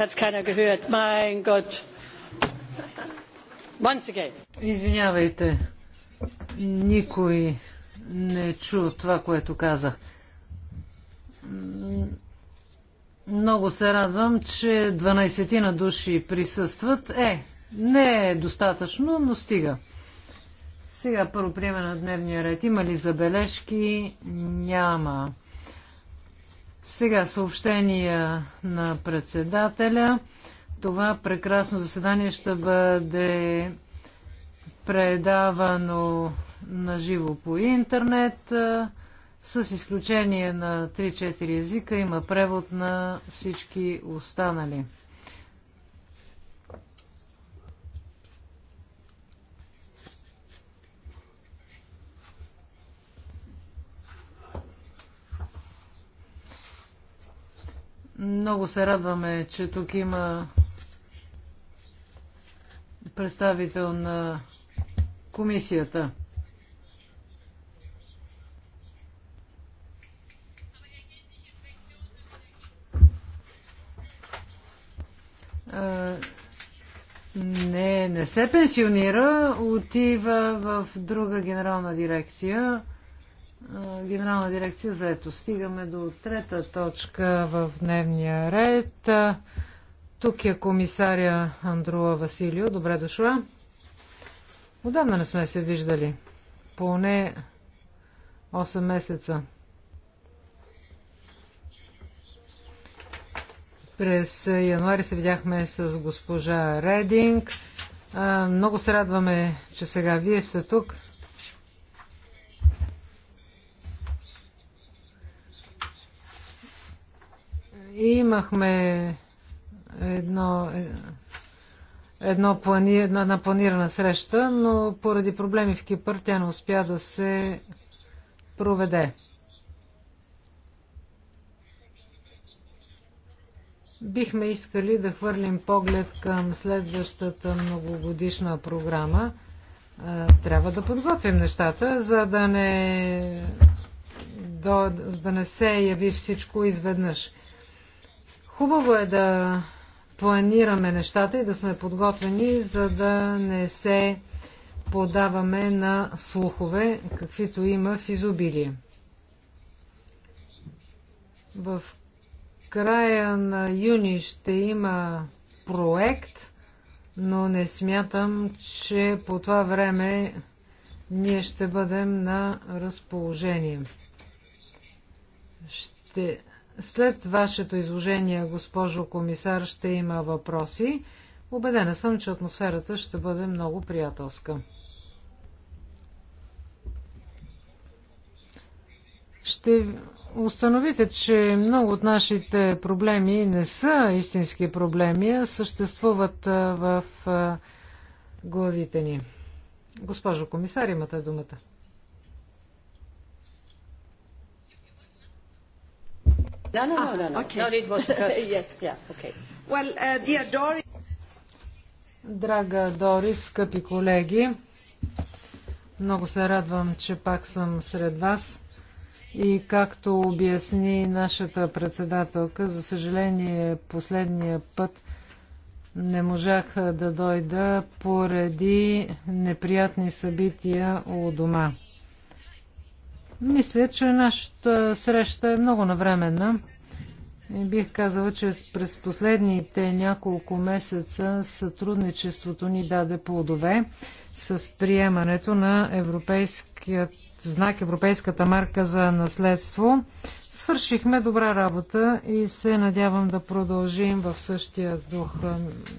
Hat es keiner gehört. Mein Gott. Once again. Извинявайте. Никой не чу това, което казах. Много се радвам, че 12 на души присъстват. Е, не е достатъчно, но стига. Сега първо приема на дневния ред. Има ли забележки? Няма. Сега съобщения на председателя. Това прекрасно заседание ще бъде предавано на живо по интернет. С изключение на 3-4 езика има превод на всички останали. Много се радваме, че тук има представител на комисията. Не, не се пенсионира, отива в друга генерална дирекция. Генерална дирекция за ето. Стигаме до трета точка в дневния ред. Тук е комисаря Андрула Василио. Добре дошла. Отдавна не сме се виждали. Поне 8 месеца. През януари се видяхме с госпожа Рединг. Много се радваме, че сега вие сте тук. Имахме едно, едно плани, една, една планирана среща, но поради проблеми в Кипър тя не успя да се проведе. Бихме искали да хвърлим поглед към следващата многогодишна програма. Трябва да подготвим нещата, за да не, да, да не се яви всичко изведнъж. Хубаво е да планираме нещата и да сме подготвени, за да не се подаваме на слухове, каквито има в изобилие. В края на юни ще има проект, но не смятам, че по това време ние ще бъдем на разположение. Ще след вашето изложение, госпожо комисар, ще има въпроси. Обедена съм, че атмосферата ще бъде много приятелска. Ще установите, че много от нашите проблеми не са истински проблеми, а съществуват в главите ни. Госпожо комисар, имате думата. No, no, no, ah, no, no. Okay. no it was yes, yeah, okay. Well, uh, dear Doris... Драга Дорис, скъпи колеги, много се радвам, че пак съм сред вас. И както обясни нашата председателка, за съжаление последния път не можах да дойда поради неприятни събития у дома. Мисля, че нашата среща е много навременна. И бих казала, че през последните няколко месеца сътрудничеството ни даде плодове с приемането на европейският знак, европейската марка за наследство. Свършихме добра работа и се надявам да продължим в същия дух.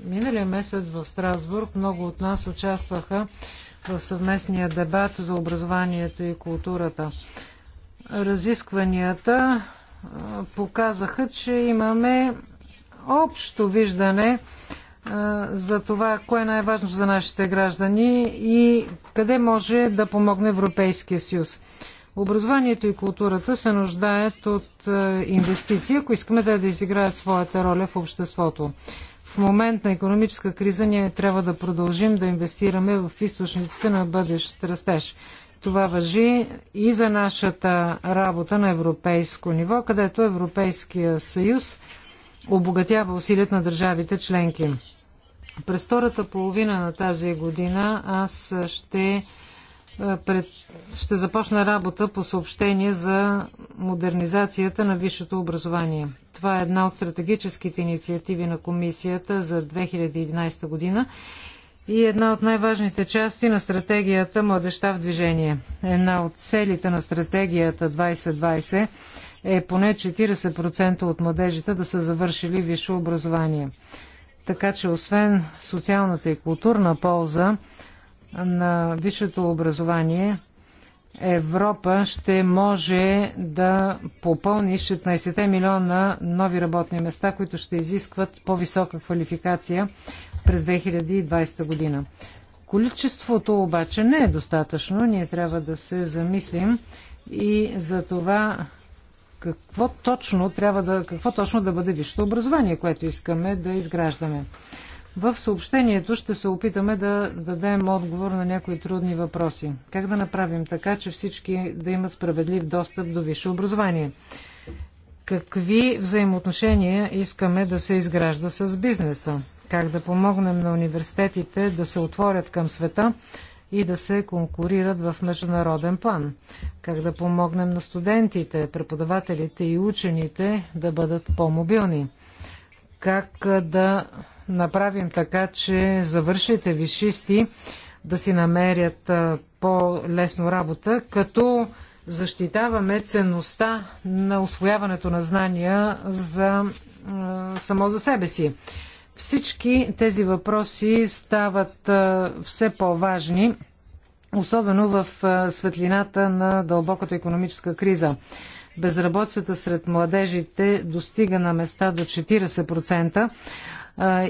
Миналия месец в Страсбург много от нас участваха в съвместния дебат за образованието и културата. Разискванията показаха, че имаме общо виждане за това, кое е най-важно за нашите граждани и къде може да помогне Европейския съюз. Образованието и културата се нуждаят от инвестиции, ако искаме да изиграят своята роля в обществото момент на економическа криза ние трябва да продължим да инвестираме в източниците на бъдещ растеж. Това въжи и за нашата работа на европейско ниво, където Европейския съюз обогатява усилият на държавите членки. През втората половина на тази година аз ще е, пред... ще започна работа по съобщение за модернизацията на висшето образование. Това е една от стратегическите инициативи на комисията за 2011 година и една от най-важните части на стратегията Младеща в движение. Една от целите на стратегията 2020 е поне 40% от младежите да са завършили висше образование. Така че освен социалната и културна полза, на висшето образование Европа ще може да попълни 16 милиона нови работни места, които ще изискват по-висока квалификация през 2020 година. Количеството обаче не е достатъчно. Ние трябва да се замислим и за това какво точно, трябва да, какво точно да бъде висшето образование, което искаме да изграждаме. В съобщението ще се опитаме да дадем отговор на някои трудни въпроси. Как да направим така, че всички да имат справедлив достъп до висше образование? Какви взаимоотношения искаме да се изгражда с бизнеса? Как да помогнем на университетите да се отворят към света и да се конкурират в международен план? Как да помогнем на студентите, преподавателите и учените да бъдат по-мобилни? Как да направим така, че завършите вишисти да си намерят по-лесно работа, като защитаваме ценността на освояването на знания за, само за себе си. Всички тези въпроси стават все по-важни, особено в светлината на дълбоката економическа криза. Безработицата сред младежите достига на места до 40%,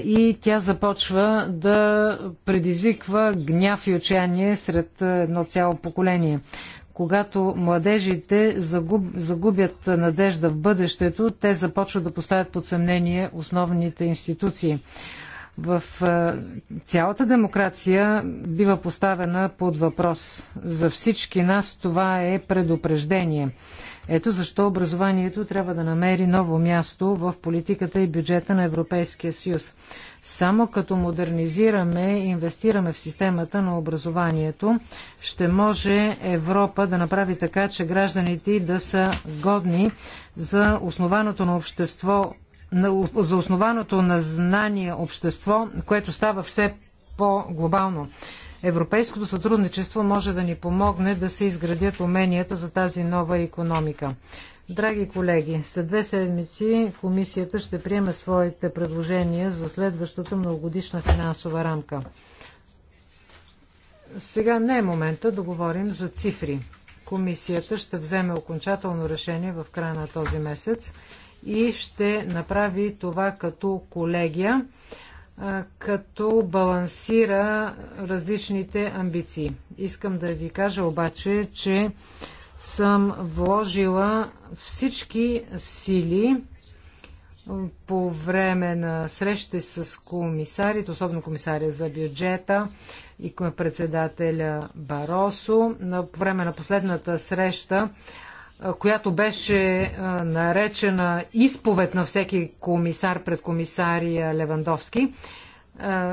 и тя започва да предизвиква гняв и отчаяние сред едно цяло поколение. Когато младежите загуб, загубят надежда в бъдещето, те започват да поставят под съмнение основните институции в цялата демокрация бива поставена под въпрос. За всички нас това е предупреждение. Ето защо образованието трябва да намери ново място в политиката и бюджета на Европейския съюз. Само като модернизираме и инвестираме в системата на образованието, ще може Европа да направи така, че гражданите да са годни за основаното на общество за основаното на знание общество, което става все по-глобално. Европейското сътрудничество може да ни помогне да се изградят уменията за тази нова економика. Драги колеги, след две седмици комисията ще приеме своите предложения за следващата многогодишна финансова рамка. Сега не е момента да говорим за цифри. Комисията ще вземе окончателно решение в края на този месец и ще направи това като колегия, като балансира различните амбиции. Искам да ви кажа обаче, че съм вложила всички сили по време на срещи с комисарите, особено комисария за бюджета и председателя Баросо. На, по време на последната среща която беше наречена изповед на всеки комисар пред комисария Левандовски.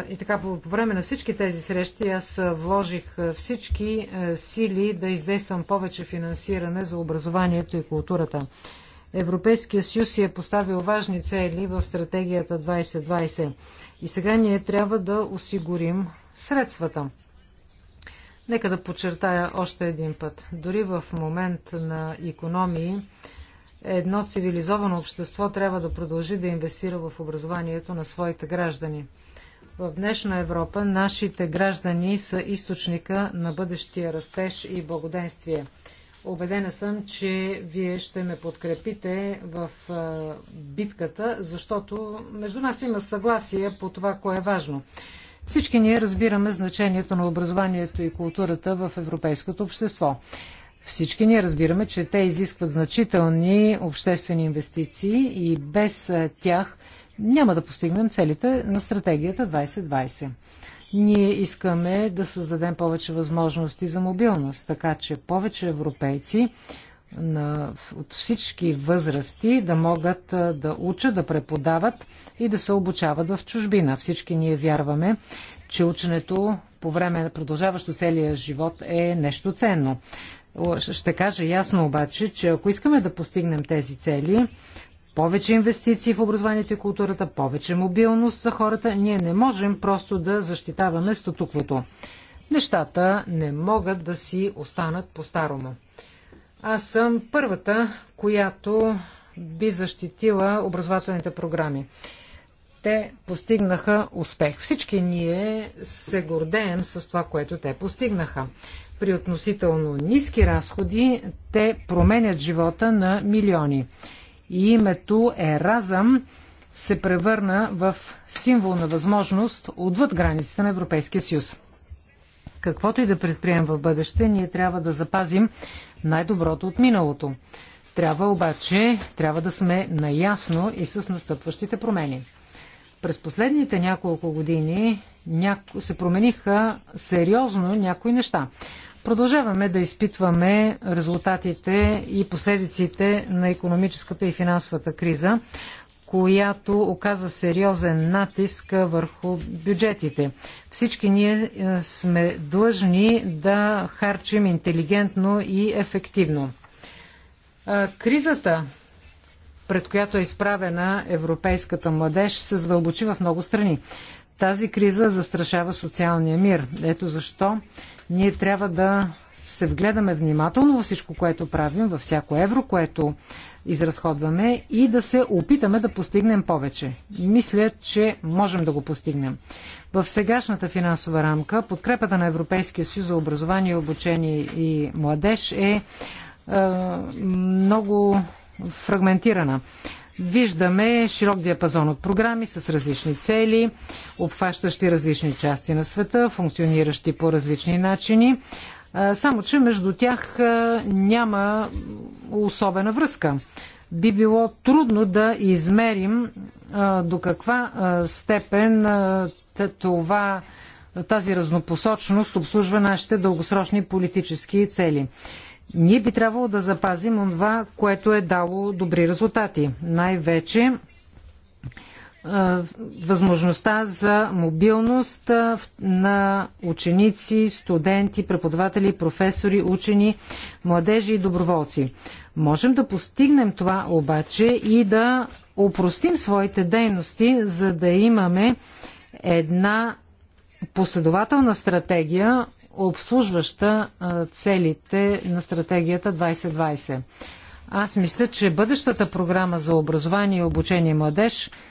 И така, по време на всички тези срещи аз вложих всички сили да издействам повече финансиране за образованието и културата. Европейския съюз си е поставил важни цели в стратегията 2020. И сега ние трябва да осигурим средствата. Нека да подчертая още един път. Дори в момент на економии, едно цивилизовано общество трябва да продължи да инвестира в образованието на своите граждани. В днешна Европа нашите граждани са източника на бъдещия растеж и благоденствие. Обедена съм, че вие ще ме подкрепите в битката, защото между нас има съгласие по това, кое е важно. Всички ние разбираме значението на образованието и културата в европейското общество. Всички ние разбираме, че те изискват значителни обществени инвестиции и без тях няма да постигнем целите на стратегията 2020. Ние искаме да създадем повече възможности за мобилност, така че повече европейци на, от всички възрасти да могат да учат, да преподават и да се обучават в чужбина. Всички ние вярваме, че ученето по време на продължаващо целия живот е нещо ценно. Ще кажа ясно обаче, че ако искаме да постигнем тези цели, повече инвестиции в образованието и културата, повече мобилност за хората, ние не можем просто да защитаваме статуквото. Нещата не могат да си останат по-старому. Аз съм първата, която би защитила образователните програми. Те постигнаха успех. Всички ние се гордеем с това, което те постигнаха. При относително ниски разходи те променят живота на милиони. И името Еразъм се превърна в символ на възможност отвъд границите на Европейския съюз. Каквото и да предприем в бъдеще, ние трябва да запазим най-доброто от миналото. Трябва обаче, трябва да сме наясно и с настъпващите промени. През последните няколко години няко... се промениха сериозно някои неща. Продължаваме да изпитваме резултатите и последиците на економическата и финансовата криза, която оказа сериозен натиск върху бюджетите. Всички ние е, сме длъжни да харчим интелигентно и ефективно. Е, кризата, пред която е изправена европейската младеж, се задълбочи в много страни. Тази криза застрашава социалния мир. Ето защо ние трябва да се вгледаме внимателно във всичко, което правим, във всяко евро, което изразходваме и да се опитаме да постигнем повече. Мисля, че можем да го постигнем. В сегашната финансова рамка подкрепата на Европейския съюз за образование, обучение и младеж е, е много фрагментирана. Виждаме широк диапазон от програми с различни цели, обхващащи различни части на света, функциониращи по различни начини. Само, че между тях няма особена връзка. Би било трудно да измерим до каква степен това, тази разнопосочност обслужва нашите дългосрочни политически цели. Ние би трябвало да запазим това, което е дало добри резултати. Най-вече възможността за мобилност на ученици, студенти, преподаватели, професори, учени, младежи и доброволци. Можем да постигнем това обаче и да упростим своите дейности, за да имаме една последователна стратегия, обслужваща целите на стратегията 2020. Аз мисля, че бъдещата програма за образование и обучение младеж –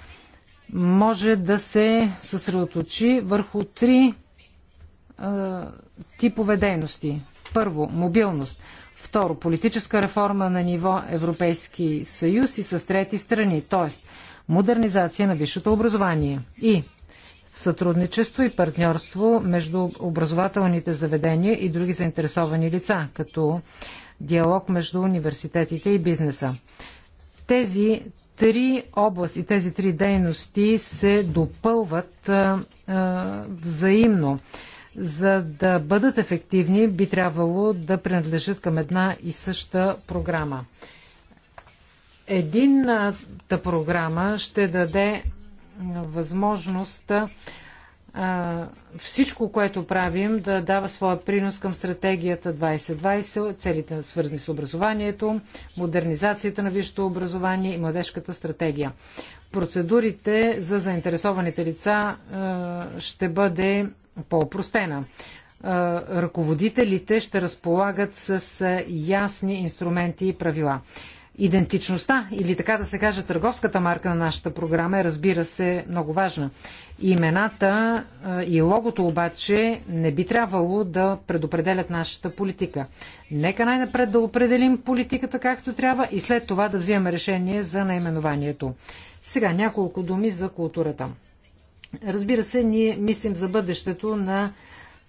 може да се съсредоточи върху три а, типове дейности. Първо, мобилност. Второ, политическа реформа на ниво Европейски съюз и с трети страни, т.е. модернизация на висшето образование. И сътрудничество и партньорство между образователните заведения и други заинтересовани лица, като диалог между университетите и бизнеса. Тези три области, тези три дейности се допълват а, а, взаимно. За да бъдат ефективни, би трябвало да принадлежат към една и съща програма. Едината програма ще даде възможността а, всичко, което правим, да дава своя принос към стратегията 2020, целите свързани с образованието, модернизацията на висшето образование и младежката стратегия. Процедурите за заинтересованите лица а, ще бъде по-простена. Ръководителите ще разполагат с ясни инструменти и правила. Идентичността или така да се каже търговската марка на нашата програма е разбира се много важна. Имената и логото обаче не би трябвало да предопределят нашата политика. Нека най-напред да определим политиката както трябва и след това да взимаме решение за наименованието. Сега няколко думи за културата. Разбира се, ние мислим за бъдещето на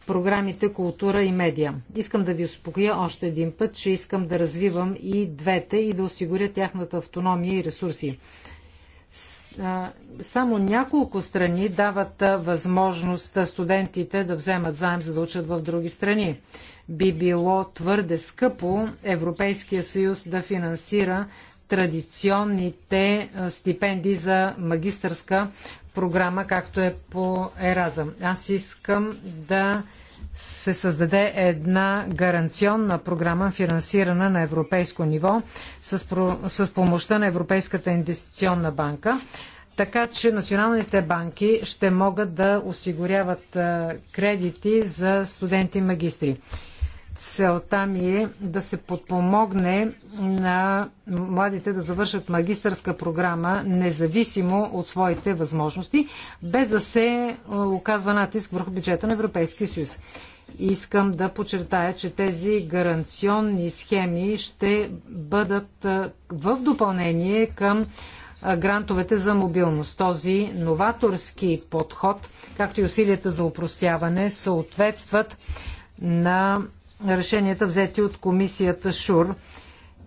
програмите Култура и медия. Искам да ви успокоя още един път, че искам да развивам и двете и да осигуря тяхната автономия и ресурси само няколко страни дават възможност студентите да вземат заем, за да учат в други страни. Би било твърде скъпо Европейския съюз да финансира традиционните стипендии за магистърска програма, както е по Еразъм. Аз искам да се създаде една гаранционна програма, финансирана на европейско ниво с, с помощта на Европейската инвестиционна банка, така че националните банки ще могат да осигуряват кредити за студенти и магистри. Целта ми е да се подпомогне на младите да завършат магистърска програма, независимо от своите възможности, без да се е, оказва натиск върху бюджета на Европейския съюз. Искам да подчертая, че тези гаранционни схеми ще бъдат е, в допълнение към е, грантовете за мобилност. Този новаторски подход, както и усилията за упростяване, съответстват на решенията взети от комисията ШУР.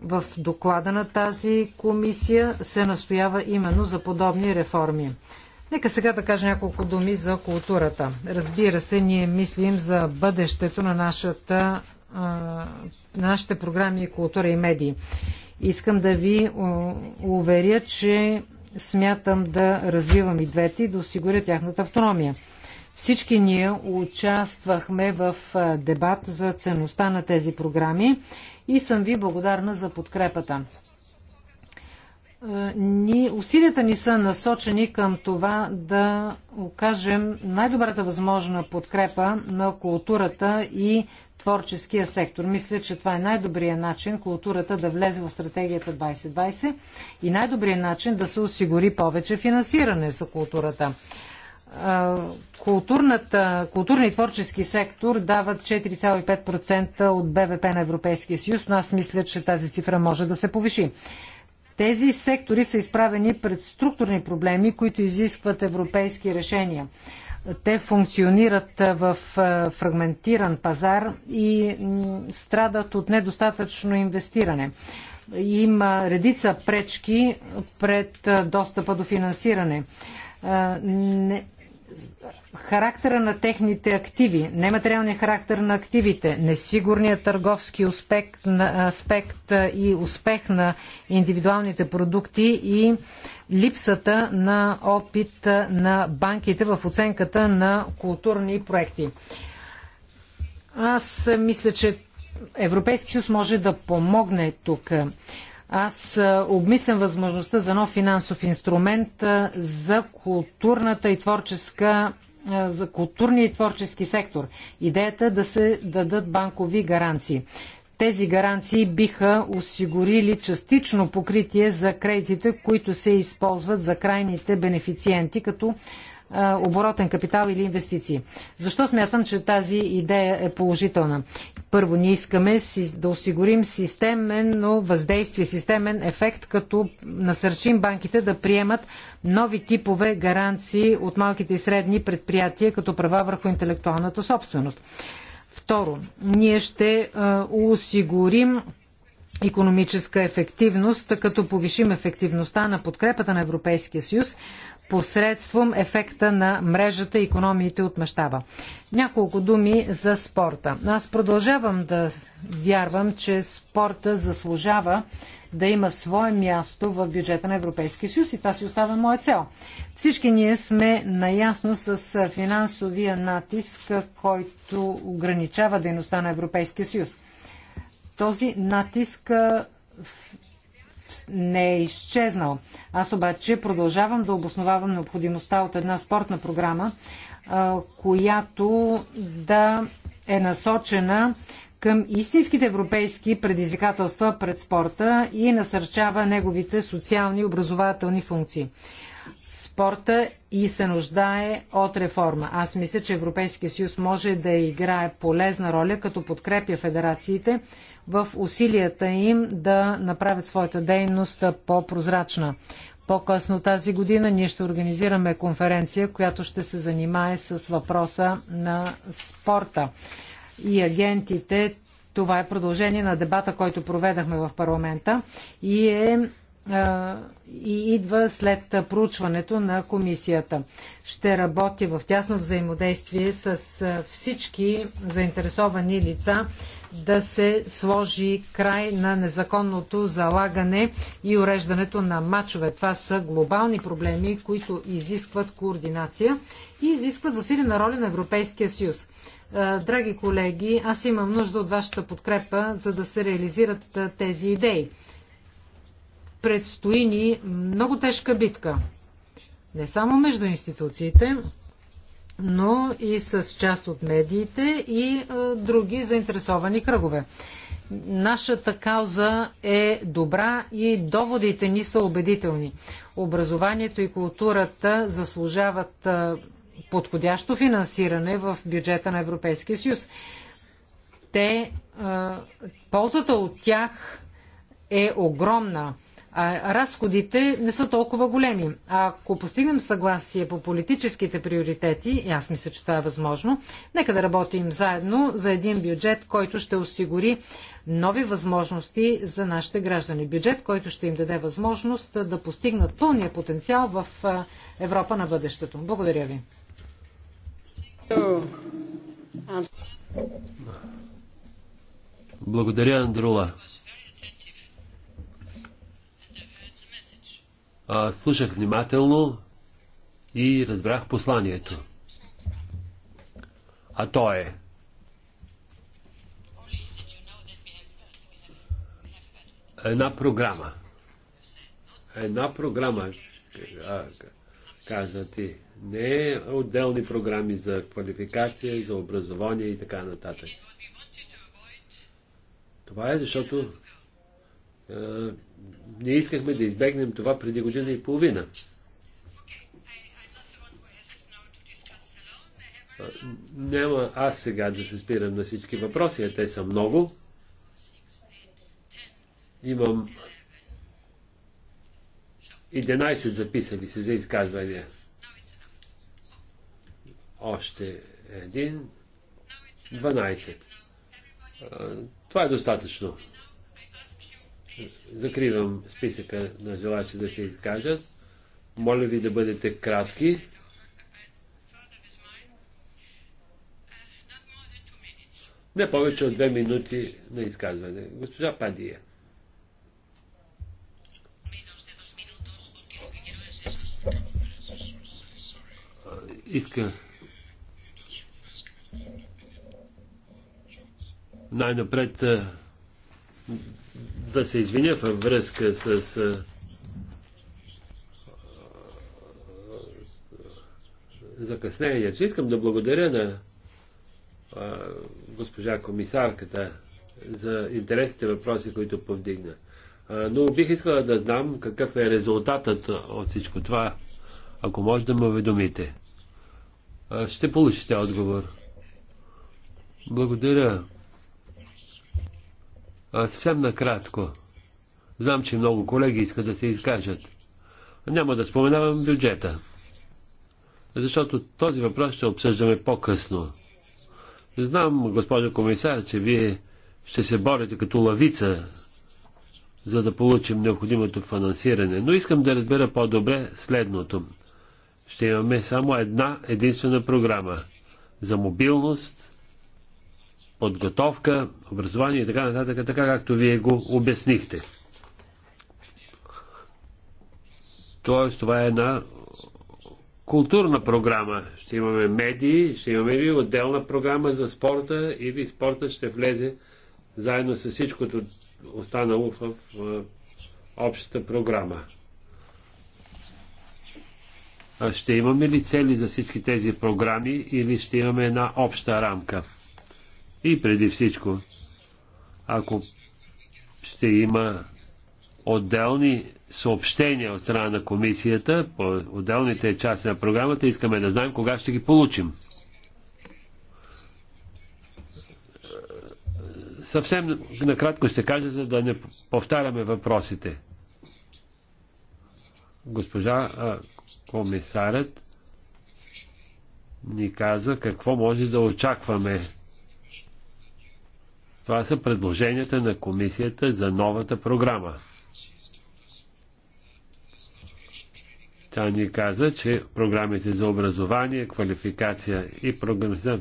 В доклада на тази комисия се настоява именно за подобни реформи. Нека сега да кажа няколко думи за културата. Разбира се, ние мислим за бъдещето на, нашата, на нашите програми култура и медии. Искам да ви уверя, че смятам да развивам и двете и да осигуря тяхната автономия. Всички ние участвахме в дебат за ценността на тези програми и съм ви благодарна за подкрепата. Ни, усилията ни са насочени към това да окажем най-добрата възможна подкрепа на културата и творческия сектор. Мисля, че това е най-добрият начин културата да влезе в стратегията 2020 и най-добрият начин да се осигури повече финансиране за културата културната, културни и творчески сектор дават 4,5% от БВП на Европейския съюз, но аз мисля, че тази цифра може да се повиши. Тези сектори са изправени пред структурни проблеми, които изискват европейски решения. Те функционират в фрагментиран пазар и страдат от недостатъчно инвестиране. Има редица пречки пред достъпа до финансиране характера на техните активи, нематериалния характер на активите, несигурният търговски аспект, аспект и успех на индивидуалните продукти и липсата на опит на банките в оценката на културни проекти. Аз мисля, че Европейски съюз може да помогне тук. Аз обмислям възможността за нов финансов инструмент за културната и творческа за културния и творчески сектор. Идеята е да се дадат банкови гаранции. Тези гаранции биха осигурили частично покритие за кредитите, които се използват за крайните бенефициенти, като оборотен капитал или инвестиции. Защо смятам, че тази идея е положителна? Първо, ние искаме да осигурим системенно въздействие, системен ефект, като насърчим банките да приемат нови типове гаранции от малките и средни предприятия като права върху интелектуалната собственост. Второ, ние ще осигурим економическа ефективност, като повишим ефективността на подкрепата на Европейския съюз посредством ефекта на мрежата и економиите от мащаба. Няколко думи за спорта. Аз продължавам да вярвам, че спорта заслужава да има свое място в бюджета на Европейския съюз и това си остава моя цел. Всички ние сме наясно с финансовия натиск, който ограничава дейността на Европейския съюз. Този натиск не е изчезнал. Аз обаче продължавам да обосновавам необходимостта от една спортна програма, която да е насочена към истинските европейски предизвикателства пред спорта и насърчава неговите социални и образователни функции. Спорта и се нуждае от реформа. Аз мисля, че Европейския съюз може да играе полезна роля, като подкрепя федерациите в усилията им да направят своята дейност по-прозрачна. По-късно тази година ние ще организираме конференция, която ще се занимае с въпроса на спорта и агентите. Това е продължение на дебата, който проведахме в парламента и е и идва след проучването на комисията. Ще работи в тясно взаимодействие с всички заинтересовани лица да се сложи край на незаконното залагане и уреждането на матчове. Това са глобални проблеми, които изискват координация и изискват засилена роля на Европейския съюз. Драги колеги, аз имам нужда от вашата подкрепа, за да се реализират тези идеи. Предстои ни много тежка битка. Не само между институциите, но и с част от медиите и а, е, други заинтересовани кръгове. Нашата кауза е добра и доводите ни са убедителни. Образованието и културата заслужават а, е, подходящо финансиране в бюджета на Европейския съюз. Те, а, е, ползата от тях е огромна разходите не са толкова големи. Ако постигнем съгласие по политическите приоритети, и аз мисля, че това е възможно, нека да работим заедно за един бюджет, който ще осигури нови възможности за нашите граждани. Бюджет, който ще им даде възможност да постигнат пълния потенциал в Европа на бъдещето. Благодаря ви. Благодаря, Андрула. А, слушах внимателно и разбрах посланието. А то е. Една програма. Една програма, каза ти. Не отделни програми за квалификация, за образование и така нататък. Това е защото не искахме да избегнем това преди година и половина. Няма аз сега да се спирам на всички въпроси, а те са много. Имам 11 записали се за изказвания. Още един. 12. Това е достатъчно. Закривам списъка на желачи да се изкажат. Моля ви да бъдете кратки. Не повече от две минути на изказване. Госпожа Падия. Иска. Най-напред да се извиня във връзка с закъснението. Искам да благодаря на госпожа комисарката за интересните въпроси, които повдигна. но бих искала да знам какъв е резултатът от всичко това, ако може да ме уведомите. ще получите отговор. Благодаря, Съвсем накратко. Знам, че много колеги искат да се изкажат. Няма да споменавам бюджета. Защото този въпрос ще обсъждаме по-късно. Знам, госпожо комисар, че вие ще се борите като лавица, за да получим необходимото финансиране. Но искам да разбера по-добре следното. Ще имаме само една единствена програма за мобилност подготовка, образование и така нататък, така както вие го обяснихте. Тоест, това е една културна програма. Ще имаме медии, ще имаме ли отделна програма за спорта или спорта ще влезе заедно с всичкото останало в, в общата програма. А ще имаме ли цели за всички тези програми или ще имаме една обща рамка? И преди всичко, ако ще има отделни съобщения от страна на комисията по отделните части на програмата, искаме да знаем кога ще ги получим. Съвсем накратко ще кажа, за да не повтаряме въпросите. Госпожа комисарът ни каза какво може да очакваме това са предложенията на комисията за новата програма. Тя ни каза, че програмите за образование, квалификация и, програмата,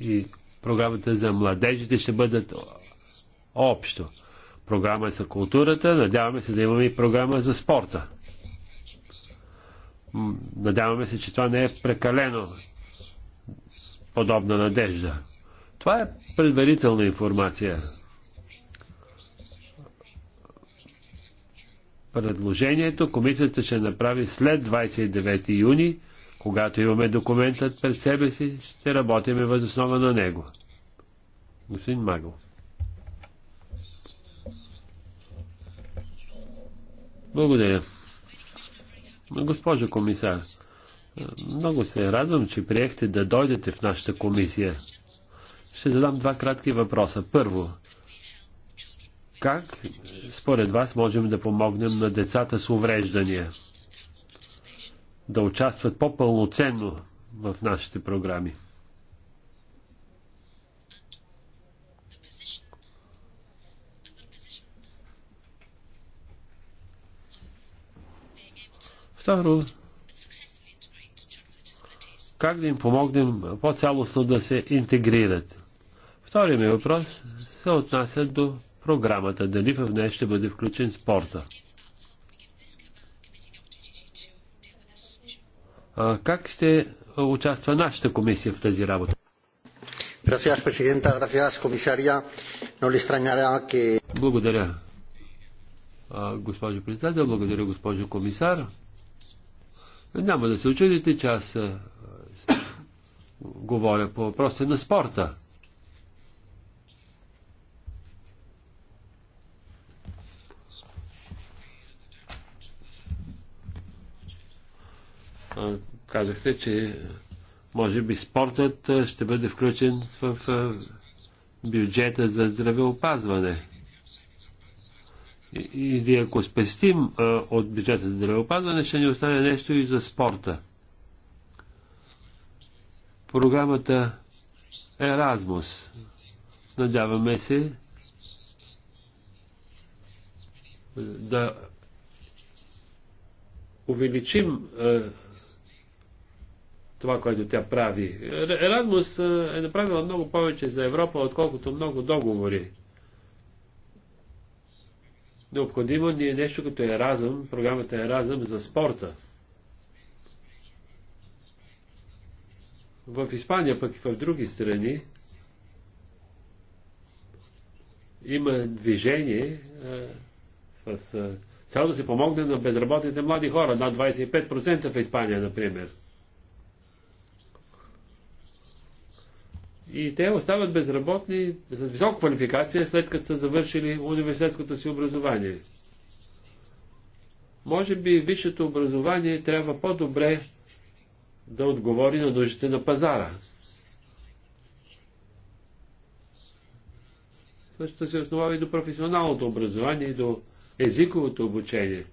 и програмата за младежите ще бъдат общо. Програма за културата, надяваме се да имаме и програма за спорта. Надяваме се, че това не е прекалено подобна надежда. Това е предварителна информация. Предложението комисията ще направи след 29 юни, когато имаме документът пред себе си, ще работим основа на него. Господин Магов. Благодаря. Госпожо комисар, много се радвам, че приехте да дойдете в нашата комисия ще задам два кратки въпроса. Първо, как според вас можем да помогнем на децата с увреждания да участват по-пълноценно в нашите програми? Второ, как да им помогнем по-цялостно да се интегрират? Втория ми въпрос се отнася до програмата. Дали в нея ще бъде включен спорта? А, как ще участва нашата комисия в тази работа? Gracias, Presidenta. Gracias, Комисария. No le extrañará que... Благодаря, госпожо председател. Благодаря, госпожо комисар. Няма да се очудите, че аз говоря по въпроса на спорта. казахте, че може би спортът ще бъде включен в бюджета за здравеопазване. Или ако спестим от бюджета за здравеопазване, ще ни остане нещо и за спорта. Програмата Еразмус. Надяваме се да увеличим това, което тя прави. Еразмус е направила много повече за Европа, отколкото много договори. Необходимо ни е нещо като Еразъм, програмата Еразъм за спорта. В Испания, пък и в други страни, има движение с а, цел да се помогне на безработните млади хора, над 25% в Испания, например. И те остават безработни с висока квалификация, след като са завършили университетското си образование. Може би висшето образование трябва по-добре да отговори на нуждите на пазара. Същото се основава и до професионалното образование, и до езиковото обучение.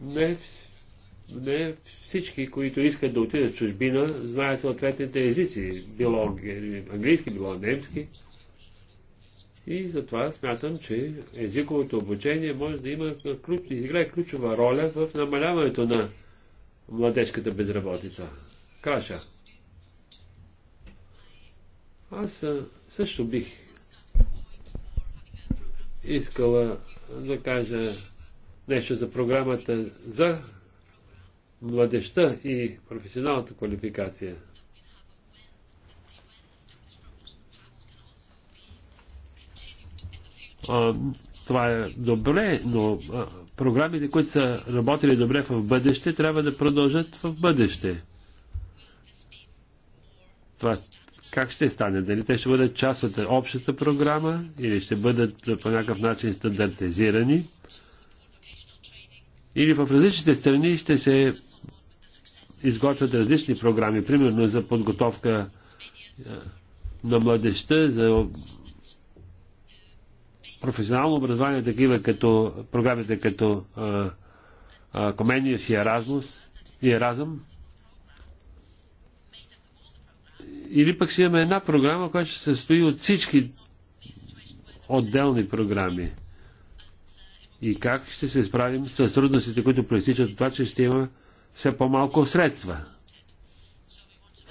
Не не всички, които искат да отидат в чужбина, знаят съответните езици, било английски, било немски. И затова смятам, че езиковото обучение може да има ключ, изиграе ключова роля в намаляването на младежката безработица. Краша. Аз също бих искала да кажа нещо за програмата за младеща и професионалната квалификация. А, това е добре, но а, програмите, които са работили добре в бъдеще, трябва да продължат в бъдеще. Това как ще стане? Дали те ще бъдат част от общата програма или ще бъдат по някакъв начин стандартизирани? Или в различните страни ще се изготвят различни програми, примерно за подготовка е, на младеща, за професионално образование, такива като програмите като Комениус е, и Еразмус и Еразъм. Или пък ще имаме една програма, която ще се състои от всички отделни програми. И как ще се справим с трудностите, които проистичат от това, че ще има все по-малко средства,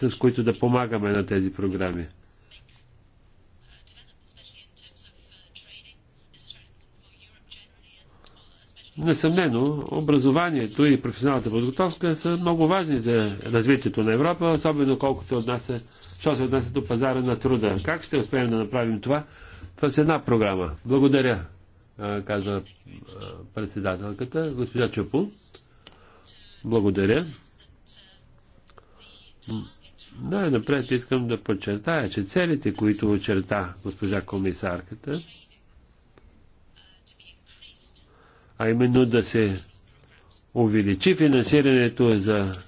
с които да помагаме на тези програми. Несъмнено, образованието и професионалната подготовка са много важни за развитието на Европа, особено колкото се отнася, що се отнася до пазара на труда. Как ще успеем да направим това Това е една програма? Благодаря, казва председателката, госпожа Чупун. Благодаря. Най-напред искам да подчертая, че целите, които очерта госпожа комисарката, а именно да се увеличи финансирането за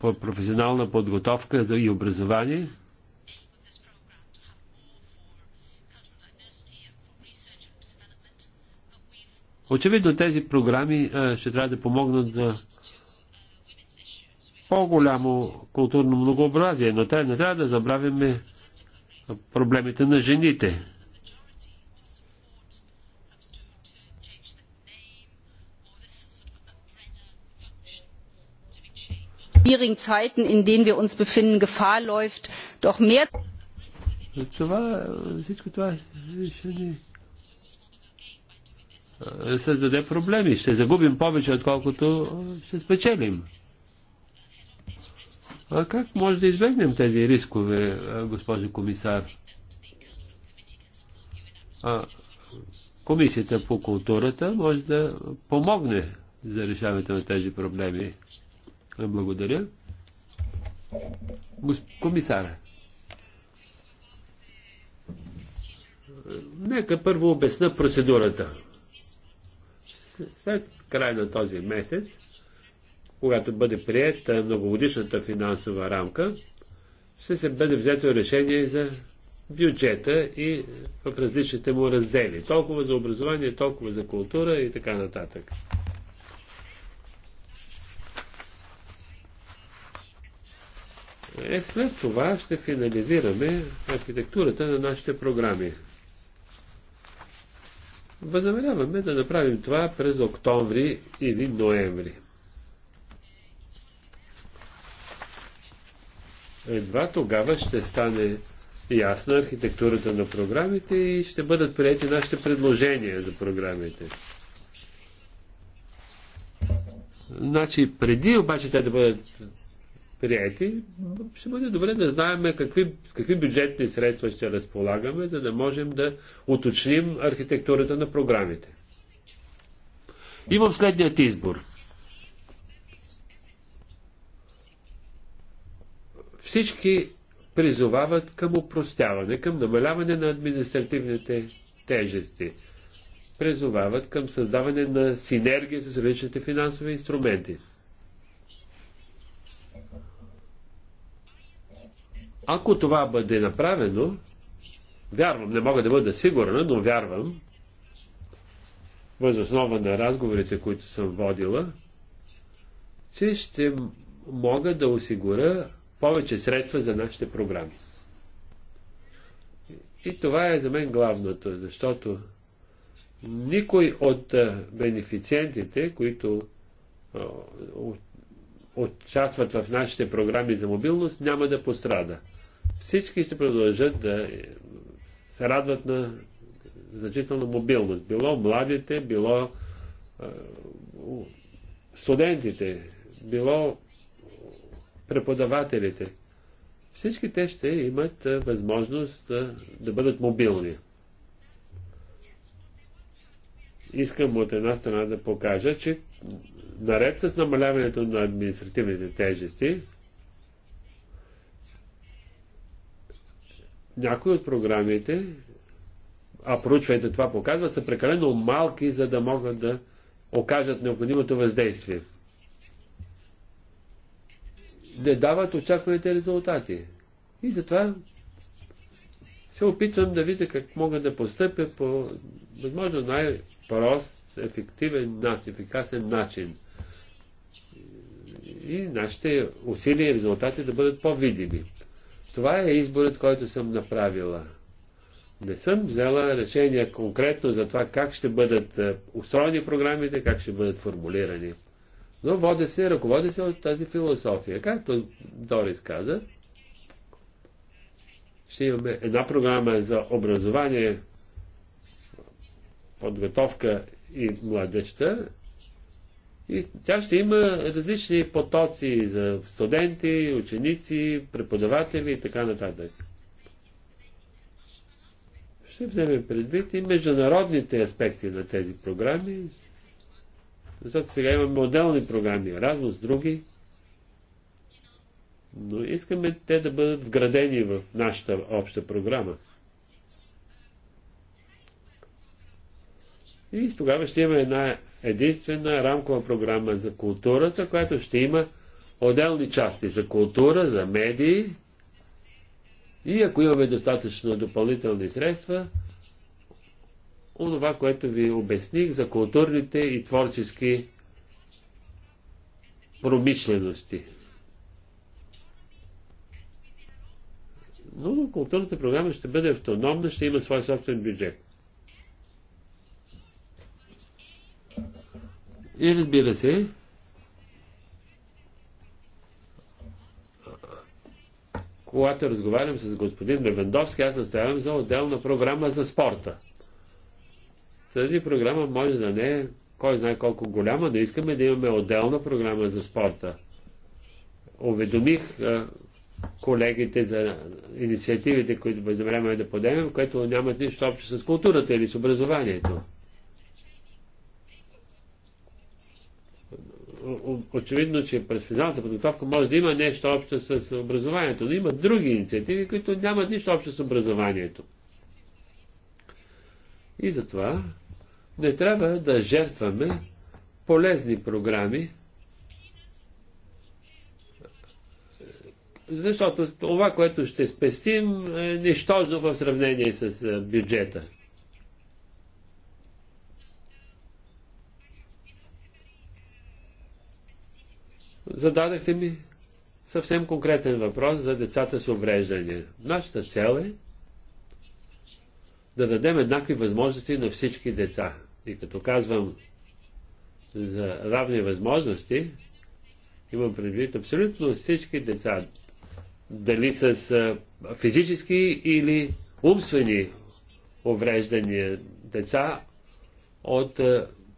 професионална подготовка и образование – Очевидно тези програми ще трябва да помогнат за по-голямо културно многообразие, но трябва, не трябва да забравяме проблемите на жените. Затова всичко това ще ни е, създаде проблеми. Ще загубим повече, отколкото е, ще спечелим. А как може да избегнем тези рискове, е, госпожо комисар? А, комисията по културата може да помогне за решаването на тези проблеми. Благодаря. Госп... Комисара. Нека първо обясна процедурата след край на този месец, когато бъде приета многогодишната финансова рамка, ще се бъде взето решение за бюджета и в различните му раздели. Толкова за образование, толкова за култура и така нататък. Е, след това ще финализираме архитектурата на нашите програми. Възнамеряваме да направим това през октомври или ноември. Едва тогава ще стане ясна архитектурата на програмите и ще бъдат приети нашите предложения за програмите. Значи, преди обаче те да бъдат прияти, ще бъде добре да знаем какви, с какви бюджетни средства ще разполагаме, за да можем да уточним архитектурата на програмите. Имам следният избор. Всички призовават към упростяване, към намаляване на административните тежести. Призовават към създаване на синергия с различните финансови инструменти. Ако това бъде направено, вярвам, не мога да бъда сигурна, но вярвам, възоснова на разговорите, които съм водила, че ще мога да осигуря повече средства за нашите програми. И това е за мен главното, защото никой от бенефициентите, които участват в нашите програми за мобилност, няма да пострада. Всички ще продължат да се радват на значителна мобилност. Било младите, било студентите, било преподавателите. Всички те ще имат възможност да бъдат мобилни. Искам от една страна да покажа, че наред с намаляването на административните тежести, някои от програмите, а проучването това показват, са прекалено малки, за да могат да окажат необходимото въздействие. Не дават очакваните резултати. И затова се опитвам да видя как мога да постъпя по възможно най-прост, ефективен начин, ефикасен начин. И нашите усилия и резултати да бъдат по-видими. Това е изборът, който съм направила. Не съм взела решение конкретно за това как ще бъдат е, устроени програмите, как ще бъдат формулирани. Но води се, ръководи се от тази философия. Както Дорис каза, ще имаме една програма за образование, подготовка и младеща и тя ще има различни потоци за студенти, ученици, преподаватели и така нататък. Ще вземем предвид и международните аспекти на тези програми, защото сега имаме отделни програми, разно с други, но искаме те да бъдат вградени в нашата обща програма. И тогава ще има една единствена рамкова програма за културата, която ще има отделни части за култура, за медии. И ако имаме достатъчно допълнителни средства, онова, което ви обясних за културните и творчески промишлености. Но културната програма ще бъде автономна, ще има свой собствен бюджет. И разбира се, когато разговарям с господин Левендовски, аз настоявам за отделна програма за спорта. Тази програма може да не е кой знае колко голяма, но искаме да имаме отделна програма за спорта. Уведомих колегите за инициативите, които възнамеряваме да подемем, което нямат нищо общо с културата или с образованието. очевидно, че през финалната подготовка може да има нещо общо с образованието, но има други инициативи, които нямат нищо общо с образованието. И затова не трябва да жертваме полезни програми, защото това, което ще спестим, е нищожно в сравнение с е, бюджета. зададахте ми съвсем конкретен въпрос за децата с увреждания. Нашата цел е да дадем еднакви възможности на всички деца. И като казвам за равни възможности, имам предвид абсолютно всички деца, дали с физически или умствени увреждания, деца от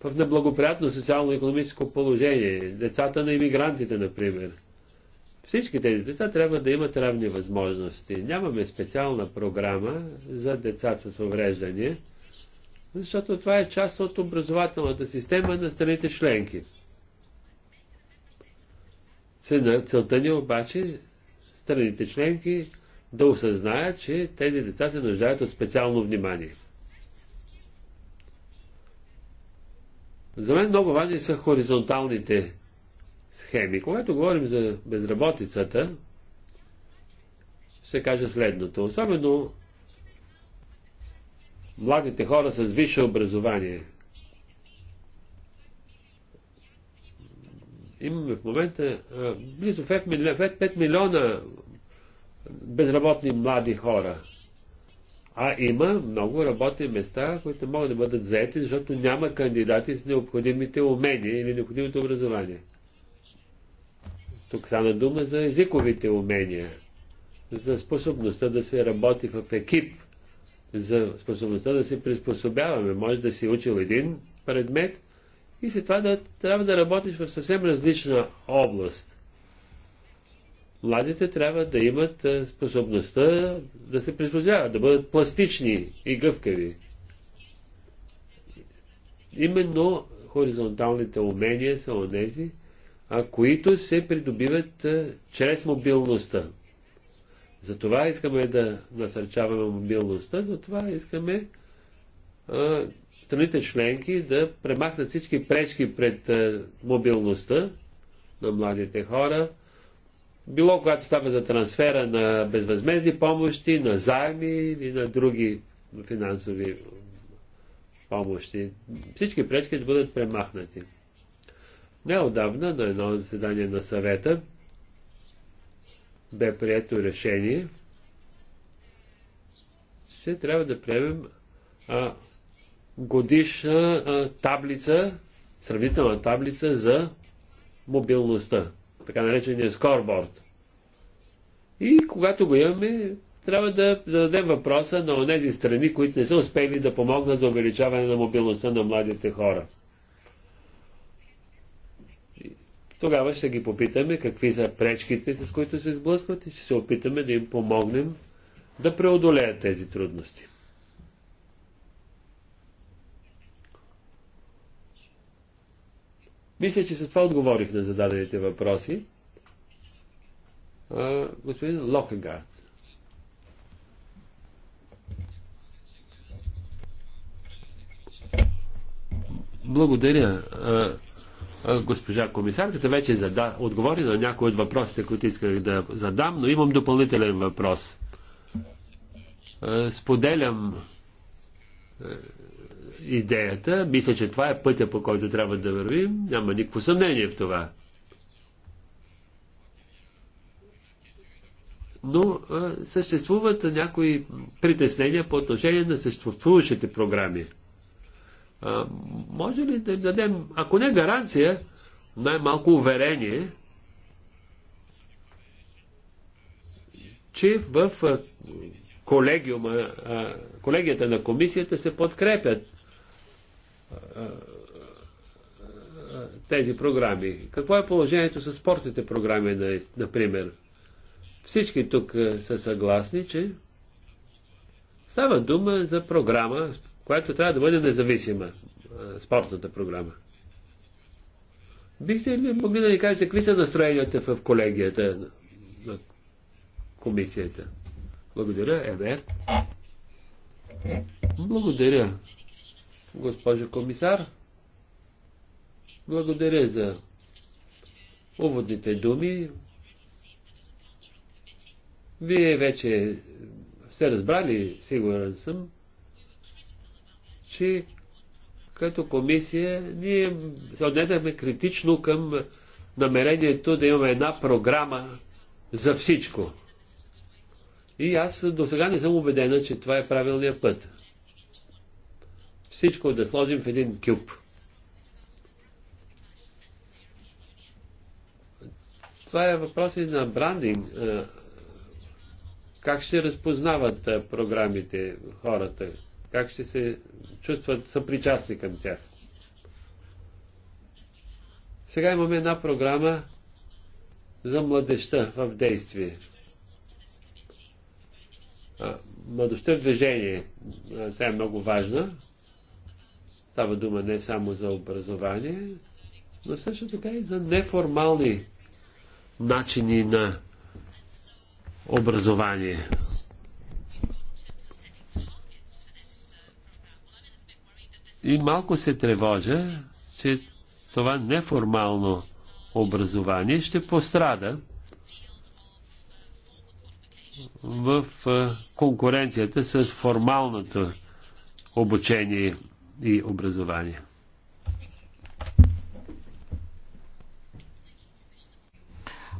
в неблагоприятно социално-економическо положение. Децата на иммигрантите, например. Всички тези деца трябва да имат равни възможности. Нямаме специална програма за децата с увреждания, защото това е част от образователната система на страните членки. Целта ни обаче страните членки да осъзнаят, че тези деца се нуждаят от специално внимание. За мен много важни са хоризонталните схеми. Когато говорим за безработицата, ще кажа следното. Особено младите хора с висше образование. Имаме в момента близо 5 милиона безработни млади хора – а има много работни места, които могат да бъдат заети, защото няма кандидати с необходимите умения или необходимото образование. Тук стана дума за езиковите умения, за способността да се работи в екип, за способността да се приспособяваме. Може да си учил един предмет и след това да трябва да работиш в съвсем различна област младите трябва да имат способността да се приспособяват, да бъдат пластични и гъвкави. Именно хоризонталните умения са онези, а които се придобиват чрез мобилността. Затова искаме да насърчаваме мобилността, затова искаме страните членки да премахнат всички пречки пред мобилността на младите хора, било когато става за трансфера на безвъзмезни помощи, на заеми или на други финансови помощи. Всички пречки ще бъдат премахнати. Неодавна на едно заседание на съвета бе прието решение, че трябва да приемем а, годишна а, таблица, сравнителна таблица за мобилността така наречения скорборд. И когато го имаме, трябва да зададем въпроса на тези страни, които не са успели да помогнат за увеличаване на мобилността на младите хора. Тогава ще ги попитаме какви са пречките, с които се сблъскват и ще се опитаме да им помогнем да преодолеят тези трудности. Мисля, че с това отговорих на зададените въпроси. А, господин Локенгард. Благодаря. Госпожа комисарката вече зада, отговори на някои от въпросите, които исках да задам, но имам допълнителен въпрос. Споделям идеята. Мисля, че това е пътя, по който трябва да вървим. Няма никакво съмнение в това. Но а, съществуват някои притеснения по отношение на съществуващите програми. А, може ли да им дадем, ако не гаранция, най-малко уверение, че в колегиума, колегията на комисията се подкрепят тези програми. Какво е положението с спортните програми, например? Всички тук е, са съгласни, че става дума за програма, която трябва да бъде независима. Е, спортната програма. Бихте ли могли да ни кажете какви са настроенията в колегията на комисията? Благодаря, Емер. Благодаря госпожо комисар. Благодаря за уводните думи. Вие вече сте разбрали, сигурен съм, че като комисия ние се отнесахме критично към намерението да имаме една програма за всичко. И аз до сега не съм убедена, че това е правилният път всичко да сложим в един кюб. Това е въпрос и на брандинг. Как ще разпознават програмите хората? Как ще се чувстват съпричастни към тях? Сега имаме една програма за младеща в действие. Младостта в движение. Тя е много важна. Става дума не само за образование, но също така и за неформални начини на образование. И малко се тревожа, че това неформално образование ще пострада в конкуренцията с формалното обучение и образование.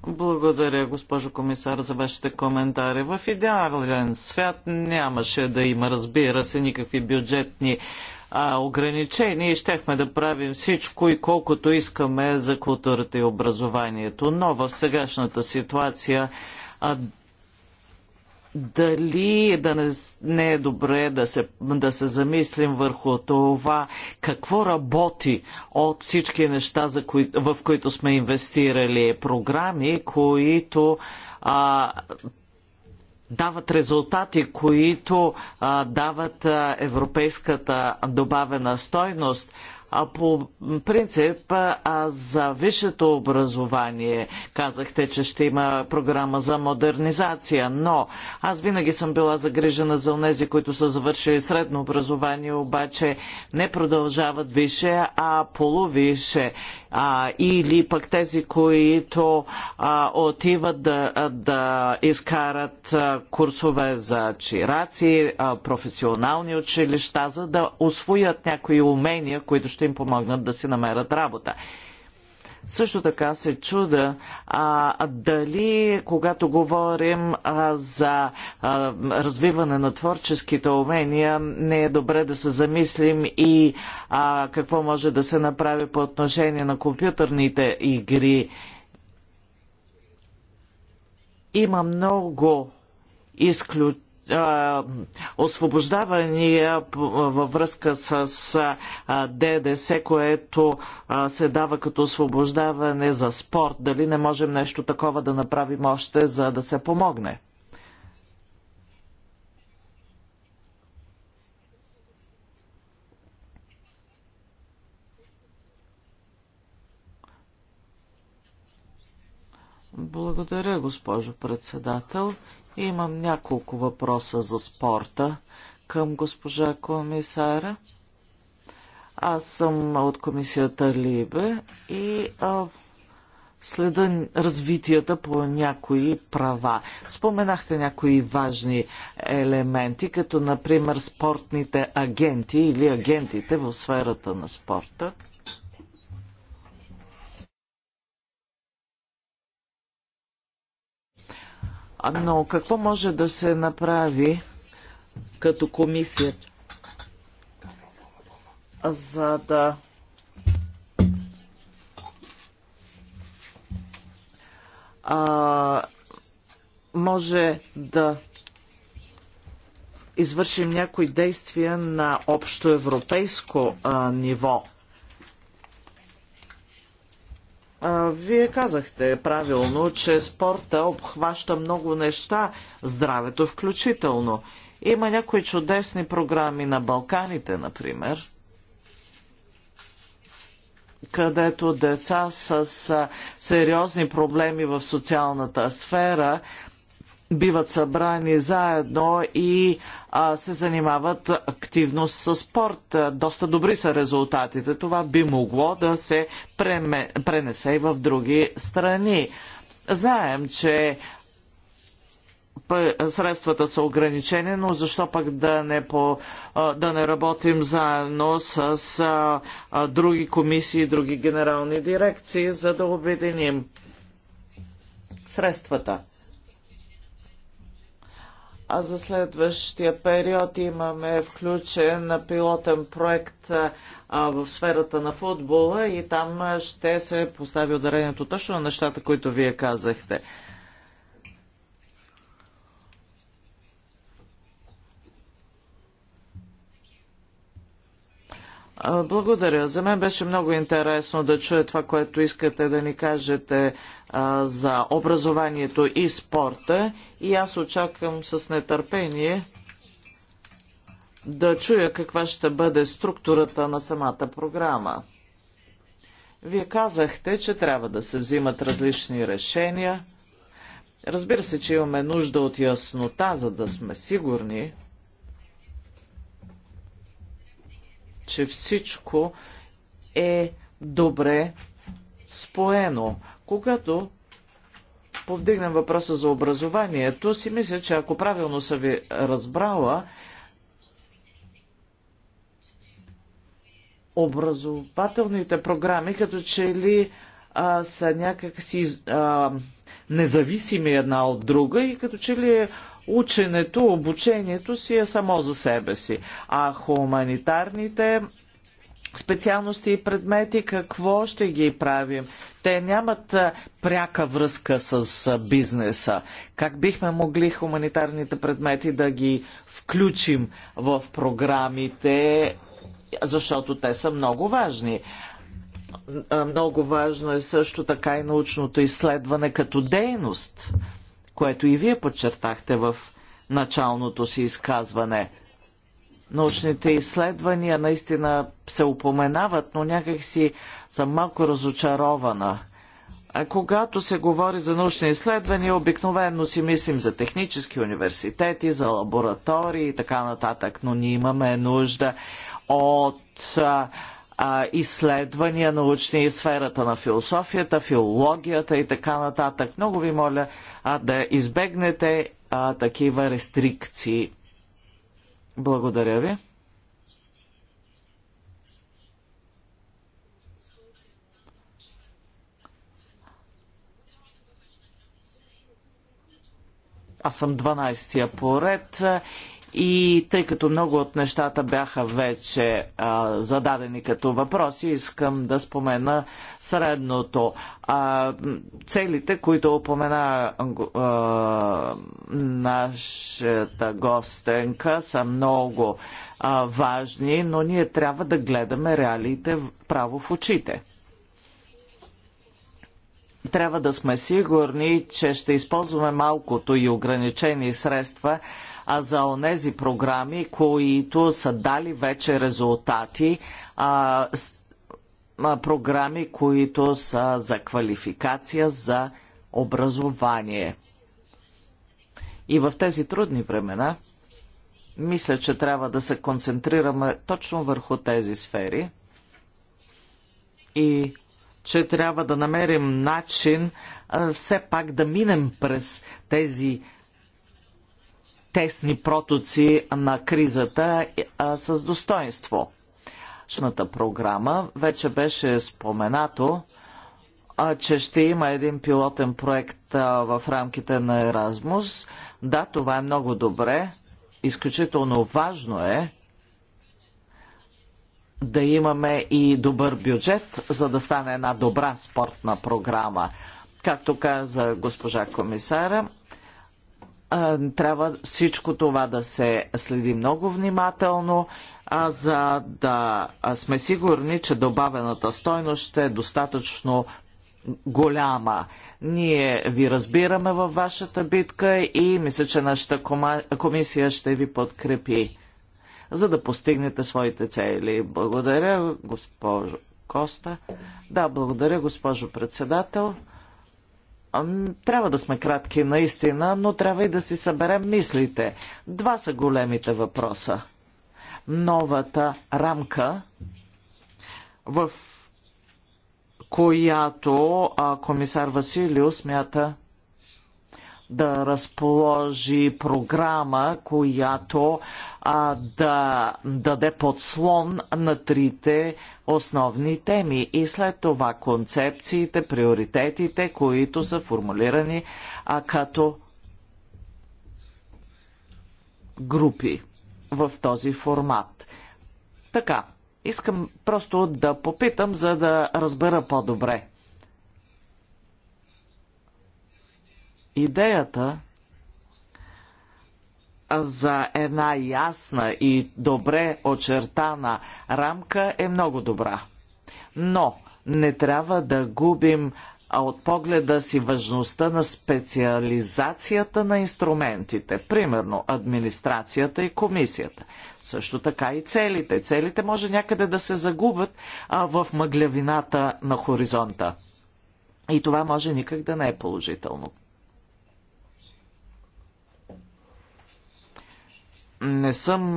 Благодаря, госпожо комисар, за вашите коментари. В идеален свят нямаше да има, разбира се, никакви бюджетни а, ограничения и щехме да правим всичко и колкото искаме за културата и образованието. Но в сегашната ситуация а, дали да не, не е добре да се, да се замислим върху това какво работи от всички неща, за кои, в които сме инвестирали програми, които а, дават резултати, които а, дават а, европейската добавена стойност. А по принцип а за висшето образование казахте, че ще има програма за модернизация, но аз винаги съм била загрижена за онези, които са завършили средно образование, обаче не продължават висше, а полувише а, или пък тези, които а, отиват да, да изкарат а, курсове за чираци, а, професионални училища, за да освоят някои умения, които ще им помогнат да си намерят работа. Също така се чуда а, дали, когато говорим а, за а, развиване на творческите умения, не е добре да се замислим и а, какво може да се направи по отношение на компютърните игри. Има много изключения освобождавания във връзка с ДДС, което се дава като освобождаване за спорт. Дали не можем нещо такова да направим още, за да се помогне? Благодаря, госпожо председател. Имам няколко въпроса за спорта към госпожа комисара. Аз съм от комисията Либе и а, следа развитията по някои права. Споменахте някои важни елементи, като например спортните агенти или агентите в сферата на спорта. Но какво може да се направи като комисия, за да а, може да извършим някои действия на общо европейско а, ниво? Вие казахте правилно, че спорта обхваща много неща, здравето включително. Има някои чудесни програми на Балканите, например, където деца с сериозни проблеми в социалната сфера биват събрани заедно и а, се занимават активно с спорт. Доста добри са резултатите. Това би могло да се преме, пренесе и в други страни. Знаем, че средствата са ограничени, но защо пък да не, по, да не работим заедно с а, други комисии, други генерални дирекции, за да обединим средствата. А за следващия период имаме включен на пилотен проект в сферата на футбола и там ще се постави ударението точно на нещата, които вие казахте. Благодаря. За мен беше много интересно да чуя това, което искате да ни кажете а, за образованието и спорта. И аз очаквам с нетърпение да чуя каква ще бъде структурата на самата програма. Вие казахте, че трябва да се взимат различни решения. Разбира се, че имаме нужда от яснота, за да сме сигурни, че всичко е добре споено. Когато повдигнем въпроса за образованието, си мисля, че ако правилно съм ви разбрала, образователните програми като че ли а, са някакси а, независими една от друга и като че ли е ученето, обучението си е само за себе си. А хуманитарните специалности и предмети, какво ще ги правим? Те нямат пряка връзка с бизнеса. Как бихме могли хуманитарните предмети да ги включим в програмите, защото те са много важни. Много важно е също така и научното изследване като дейност което и вие подчертахте в началното си изказване. Научните изследвания наистина се упоменават, но някак си съм малко разочарована. А когато се говори за научни изследвания, обикновено си мислим за технически университети, за лаборатории и така нататък, но ние имаме нужда от а, а, изследвания научни и сферата на философията, филологията и така нататък. Много ви моля а, да избегнете а, такива рестрикции. Благодаря ви. Аз съм 12-я поред и тъй като много от нещата бяха вече а, зададени като въпроси, искам да спомена средното. А, целите, които опомена а, нашата гостенка, са много а, важни, но ние трябва да гледаме реалиите право в очите трябва да сме сигурни, че ще използваме малкото и ограничени средства а за онези програми, които са дали вече резултати, а, с, а, програми, които са за квалификация, за образование. И в тези трудни времена, мисля, че трябва да се концентрираме точно върху тези сфери и че трябва да намерим начин все пак да минем през тези тесни протоци на кризата с достоинство. Шната програма вече беше споменато, че ще има един пилотен проект в рамките на Еразмус. Да, това е много добре. Изключително важно е да имаме и добър бюджет, за да стане една добра спортна програма. Както каза госпожа комисара, трябва всичко това да се следи много внимателно, а за да сме сигурни, че добавената стойност ще е достатъчно голяма. Ние ви разбираме във вашата битка и мисля, че нашата комисия ще ви подкрепи за да постигнете своите цели. Благодаря, госпожо Коста. Да, благодаря, госпожо председател. Трябва да сме кратки наистина, но трябва и да си съберем мислите. Два са големите въпроса. Новата рамка, в която комисар Василио смята да разположи програма, която а, да даде подслон на трите основни теми и след това концепциите, приоритетите, които са формулирани а, като групи в този формат. Така, искам просто да попитам, за да разбера по-добре идеята за една ясна и добре очертана рамка е много добра. Но не трябва да губим от погледа си важността на специализацията на инструментите, примерно администрацията и комисията. Също така и целите. Целите може някъде да се загубят а, в мъглявината на хоризонта. И това може никак да не е положително. не съм,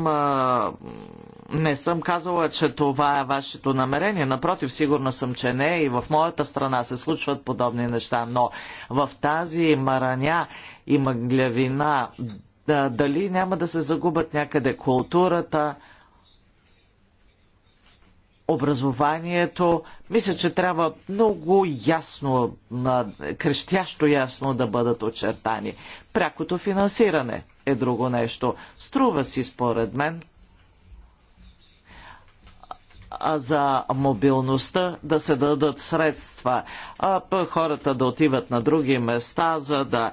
не съм казала, че това е вашето намерение. Напротив, сигурна съм, че не. И в моята страна се случват подобни неща. Но в тази мараня и мъглявина, дали няма да се загубят някъде културата, образованието. Мисля, че трябва много ясно, крещящо ясно да бъдат очертани. Прякото финансиране – е друго нещо. Струва си, според мен, за мобилността да се дадат средства, а хората да отиват на други места, за да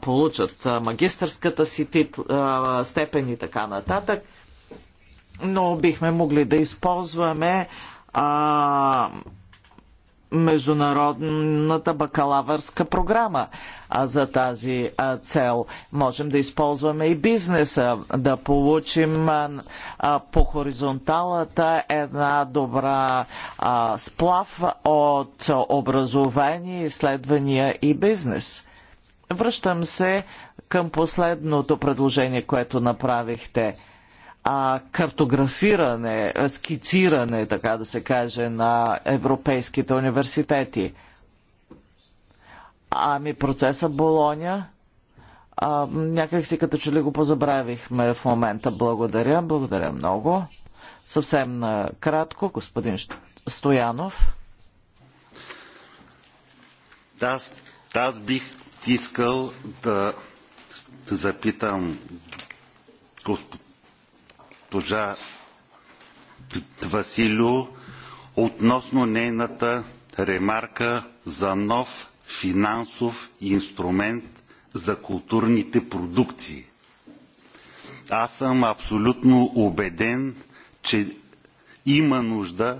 получат магистърската си титл, степен и така нататък. Но бихме могли да използваме а, международната бакалавърска програма а за тази цел. Можем да използваме и бизнеса, да получим по хоризонталата една добра сплав от образование, изследвания и бизнес. Връщам се към последното предложение, което направихте – а, картографиране, скициране, така да се каже, на европейските университети. Ами процеса Болоня, а, някак си като че ли го позабравихме в момента. Благодаря, благодаря много. Съвсем кратко, господин Стоянов. Аз, аз бих искал да запитам госп госпожа Василио относно нейната ремарка за нов финансов инструмент за културните продукции. Аз съм абсолютно убеден, че има нужда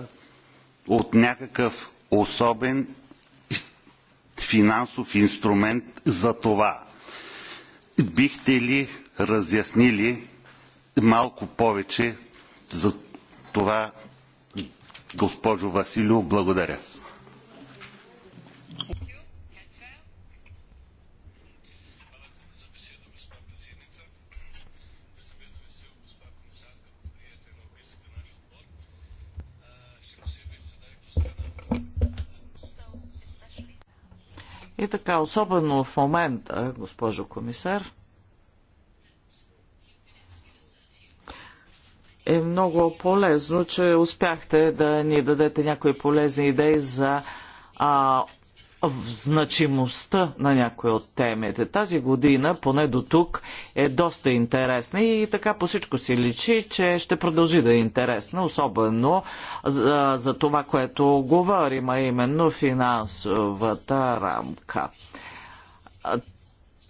от някакъв особен финансов инструмент за това. Бихте ли разяснили малко повече за това, госпожо Василио. Благодаря. И така, особено в момента, госпожо комисар, е много полезно, че успяхте да ни дадете някои полезни идеи за а, значимостта на някои от темите. Тази година, поне до тук, е доста интересна и така по всичко си личи, че ще продължи да е интересна, особено за, за това, което говорим, а именно финансовата рамка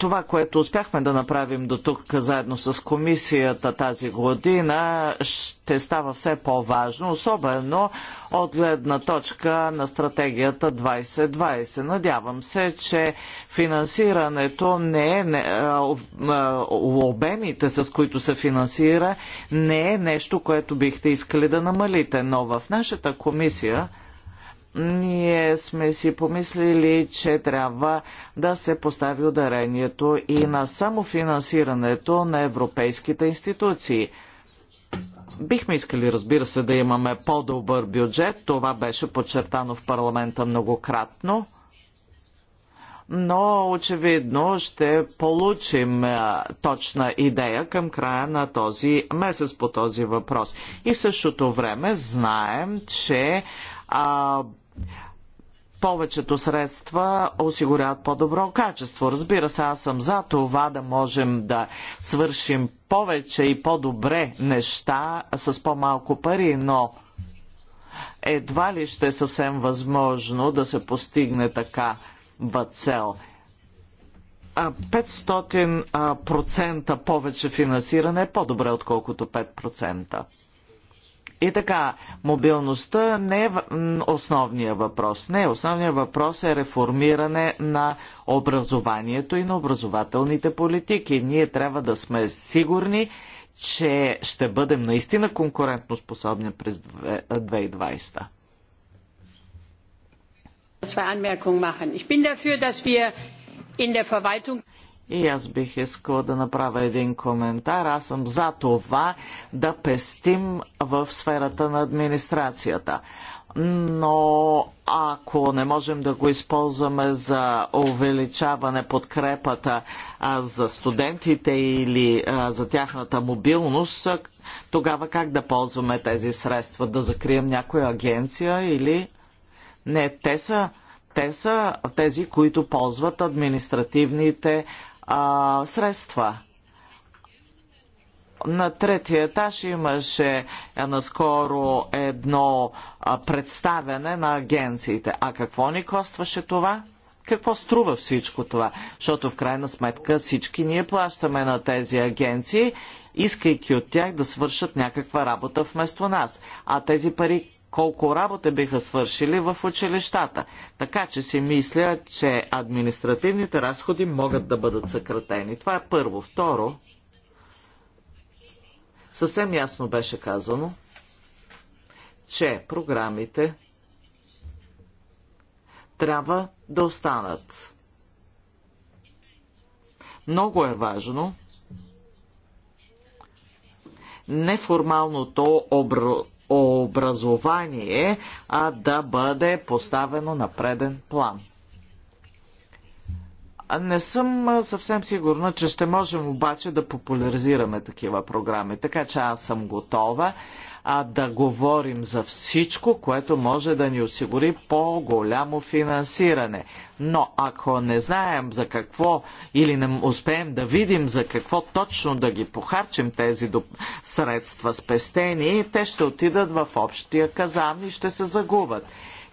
това, което успяхме да направим до тук заедно с комисията тази година, ще става все по-важно, особено от гледна точка на стратегията 2020. Надявам се, че финансирането не е, обемите, с които се финансира, не е нещо, което бихте искали да намалите. Но в нашата комисия ние сме си помислили, че трябва да се постави ударението и на самофинансирането на европейските институции. Бихме искали, разбира се, да имаме по-добър бюджет. Това беше подчертано в парламента многократно. Но очевидно ще получим точна идея към края на този месец по този въпрос. И в същото време знаем, че а, повечето средства осигуряват по-добро качество. Разбира се, аз съм за това да можем да свършим повече и по-добре неща с по-малко пари, но едва ли ще е съвсем възможно да се постигне така цел. 500% повече финансиране е по-добре, отколкото 5%. И така, мобилността не е основния въпрос. Не, основният въпрос е реформиране на образованието и на образователните политики. Ние трябва да сме сигурни, че ще бъдем наистина конкурентоспособни през 2020. Zwei Anmerkungen machen. Ich bin dafür, dass wir in der Verwaltung и аз бих искала да направя един коментар. Аз съм за това да пестим в сферата на администрацията. Но ако не можем да го използваме за увеличаване подкрепата а, за студентите или а, за тяхната мобилност, тогава как да ползваме тези средства? Да закрием някоя агенция или... Не, те са, те са тези, които ползват административните а, средства. На третия етаж имаше е, наскоро едно представяне на агенциите. А какво ни костваше това? Какво струва всичко това? Защото в крайна сметка всички ние плащаме на тези агенции, искайки от тях да свършат някаква работа вместо нас. А тези пари колко работа биха свършили в училищата. Така че си мисля, че административните разходи могат да бъдат съкратени. Това е първо. Второ, съвсем ясно беше казано, че програмите трябва да останат. Много е важно неформалното образование образование а да бъде поставено на преден план. Не съм съвсем сигурна, че ще можем обаче да популяризираме такива програми, така че аз съм готова а да говорим за всичко, което може да ни осигури по-голямо финансиране. Но ако не знаем за какво или не успеем да видим за какво точно да ги похарчим тези средства спестени, те ще отидат в общия казан и ще се загубят.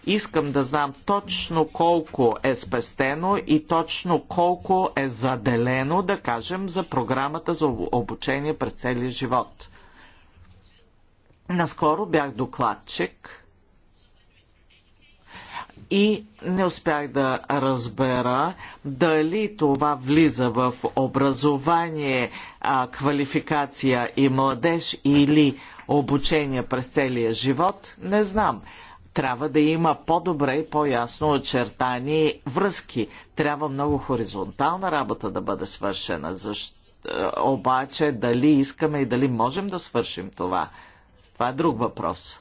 Искам да знам точно колко е спестено и точно колко е заделено, да кажем, за програмата за обучение през целия живот. Наскоро бях докладчик и не успях да разбера дали това влиза в образование, квалификация и младеж или обучение през целия живот. Не знам трябва да има по-добре и по-ясно очертани връзки. Трябва много хоризонтална работа да бъде свършена. Защо? Е, обаче дали искаме и дали можем да свършим това? Това е друг въпрос.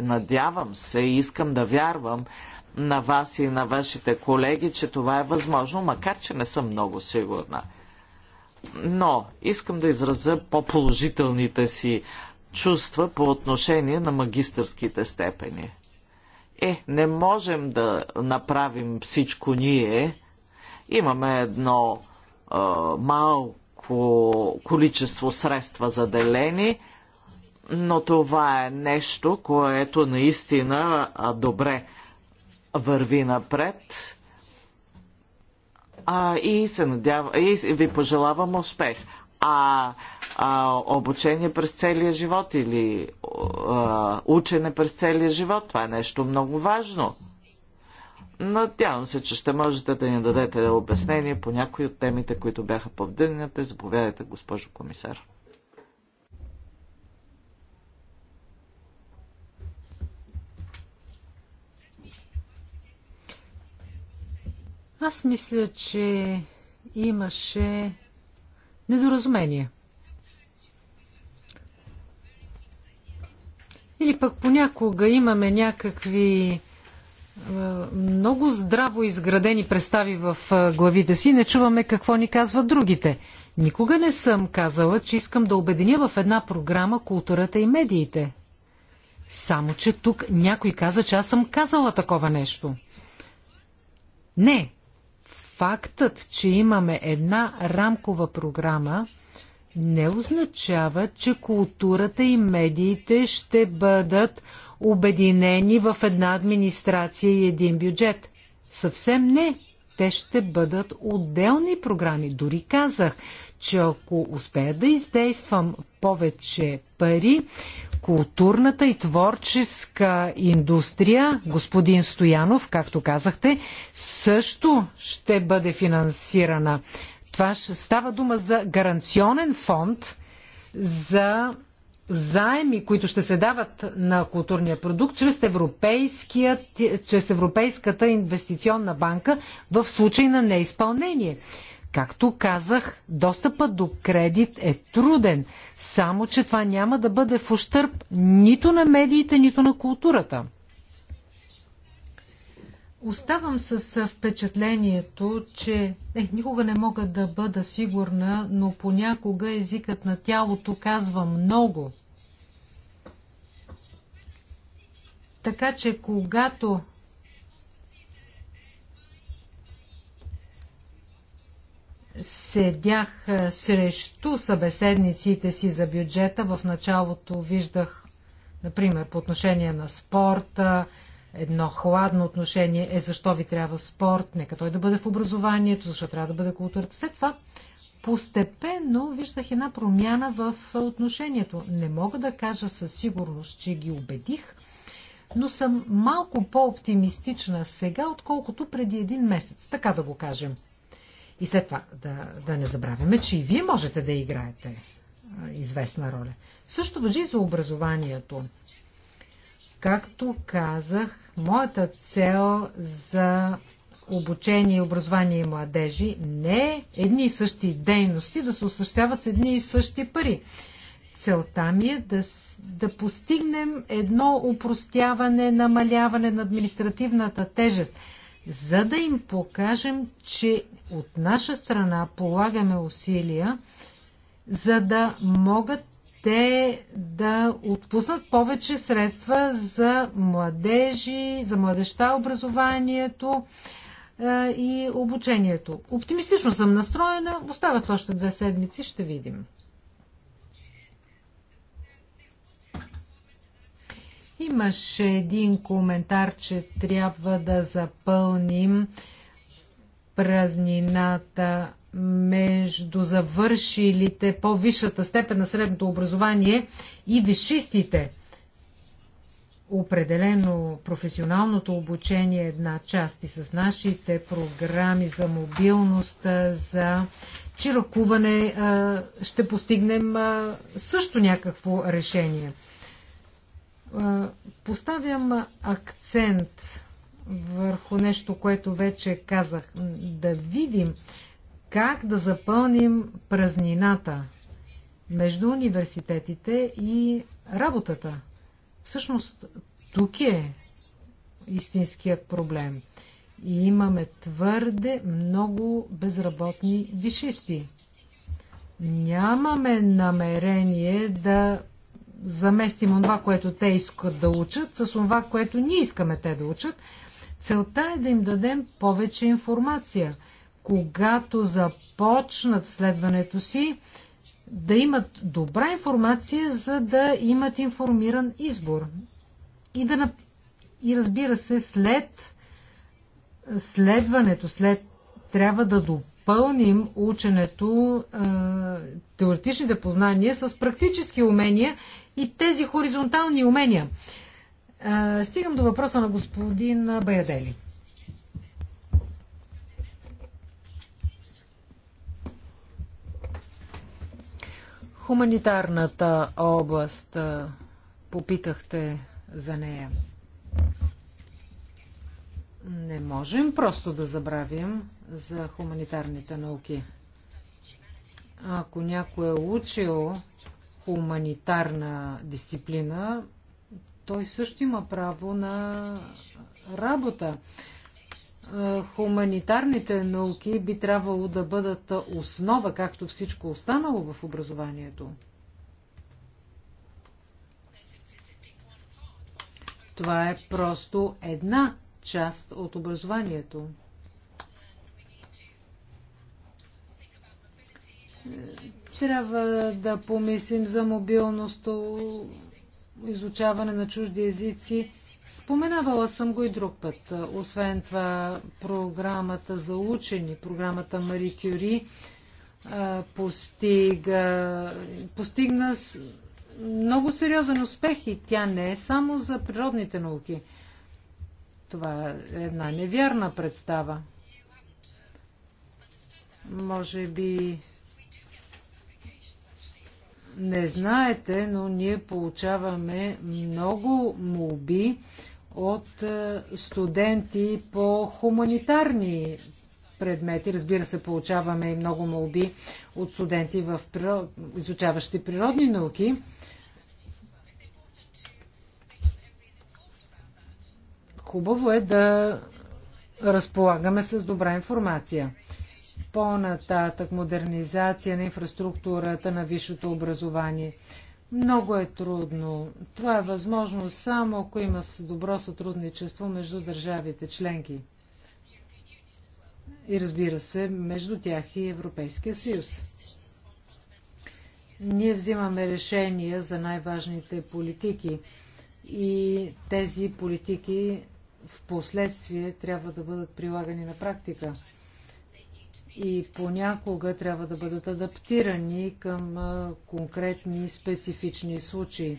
Надявам се и искам да вярвам на вас и на вашите колеги, че това е възможно, макар че не съм много сигурна. Но искам да изразя по-положителните си чувства по отношение на магистърските степени. Е, не можем да направим всичко ние. Имаме едно е, малко количество средства заделени. делени но това е нещо, което наистина добре върви напред а, и се надява, и ви пожелавам успех. А, а обучение през целия живот или а, учене през целия живот, това е нещо много важно. Надявам се, че ще можете да ни дадете обяснение по някои от темите, които бяха повдигнати. Заповядайте, госпожо комисар. Аз мисля, че имаше недоразумение. Или пък понякога имаме някакви много здраво изградени представи в главите си, не чуваме какво ни казват другите. Никога не съм казала, че искам да обединя в една програма културата и медиите. Само, че тук някой каза, че аз съм казала такова нещо. Не, фактът, че имаме една рамкова програма, не означава, че културата и медиите ще бъдат обединени в една администрация и един бюджет. Съвсем не. Те ще бъдат отделни програми. Дори казах, че ако успея да издействам повече пари, културната и творческа индустрия, господин Стоянов, както казахте, също ще бъде финансирана. Това ще става дума за гаранционен фонд за заеми, които ще се дават на културния продукт чрез, чрез Европейската инвестиционна банка в случай на неизпълнение. Както казах, достъпът до кредит е труден, само че това няма да бъде в ущърп нито на медиите, нито на културата. Оставам с впечатлението, че е, никога не мога да бъда сигурна, но понякога езикът на тялото казва много. Така че когато седях е, срещу събеседниците си за бюджета. В началото виждах, например, по отношение на спорта, едно хладно отношение е защо ви трябва спорт, нека той да бъде в образованието, защо трябва да бъде културата. След това постепенно виждах една промяна в отношението. Не мога да кажа със сигурност, че ги убедих, но съм малко по-оптимистична сега, отколкото преди един месец, така да го кажем. И след това да, да не забравяме, че и вие можете да играете известна роля. Също въжи за образованието. Както казах, моята цел за обучение, и образование и младежи не е едни и същи дейности да се осъществяват с едни и същи пари. Целта ми е да, да постигнем едно упростяване, намаляване на административната тежест – за да им покажем, че от наша страна полагаме усилия, за да могат те да отпуснат повече средства за младежи, за младеща, образованието и обучението. Оптимистично съм настроена. Остават още две седмици, ще видим. Имаше един коментар, че трябва да запълним празнината между завършилите по-висшата степен на средното образование и висшистите. Определено професионалното обучение е една част и с нашите програми за мобилност, за чиракуване ще постигнем също някакво решение. Поставям акцент върху нещо, което вече казах. Да видим как да запълним празнината между университетите и работата. Всъщност, тук е истинският проблем. И имаме твърде много безработни вишисти. Нямаме намерение да заместим това, което те искат да учат, с това, което ние искаме те да учат. Целта е да им дадем повече информация. Когато започнат следването си, да имат добра информация, за да имат информиран избор. И, да, и разбира се, след следването, след трябва да допълним ученето, теоретичните познания с практически умения и тези хоризонтални умения. Стигам до въпроса на господин Баядели. Хуманитарната област попитахте за нея. Не можем просто да забравим за хуманитарните науки. Ако някой е учил хуманитарна дисциплина, той също има право на работа. Хуманитарните науки би трябвало да бъдат основа, както всичко останало в образованието. Това е просто една част от образованието. Трябва да помислим за мобилност, изучаване на чужди езици. Споменавала съм го и друг път. Освен това, програмата за учени, програмата Мари Кюри, постига, постигна много сериозен успех и тя не е само за природните науки. Това е една невярна представа. Може би не знаете, но ние получаваме много молби от е, студенти по хуманитарни предмети. Разбира се, получаваме и много молби от студенти в природ... изучаващи природни науки. Хубаво е да разполагаме с добра информация по-нататък модернизация на инфраструктурата на висшето образование. Много е трудно. Това е възможно само ако има добро сътрудничество между държавите членки. И разбира се, между тях и Европейския съюз. Ние взимаме решения за най-важните политики и тези политики в последствие трябва да бъдат прилагани на практика и понякога трябва да бъдат адаптирани към конкретни специфични случаи.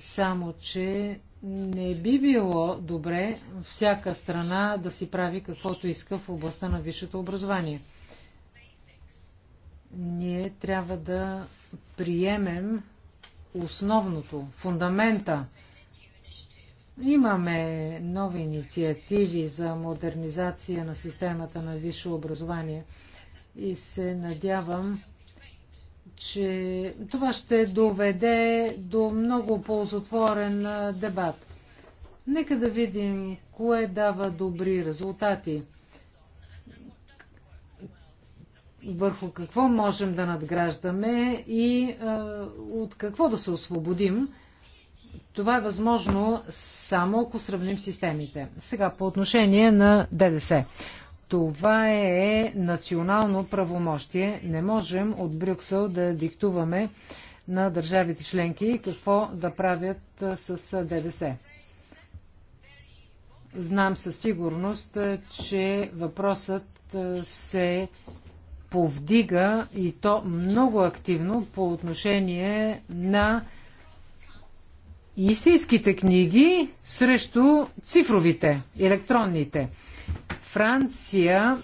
Само, че не би било добре всяка страна да си прави каквото иска в областта на висшето образование. Ние трябва да приемем основното, фундамента – Имаме нови инициативи за модернизация на системата на висше образование и се надявам, че това ще доведе до много ползотворен дебат. Нека да видим кое дава добри резултати. Върху какво можем да надграждаме и а, от какво да се освободим това е възможно само ако сравним системите. Сега по отношение на ДДС. Това е национално правомощие. Не можем от Брюксел да диктуваме на държавите членки какво да правят с ДДС. Знам със сигурност, че въпросът се повдига и то много активно по отношение на истинските книги срещу цифровите, електронните. Франция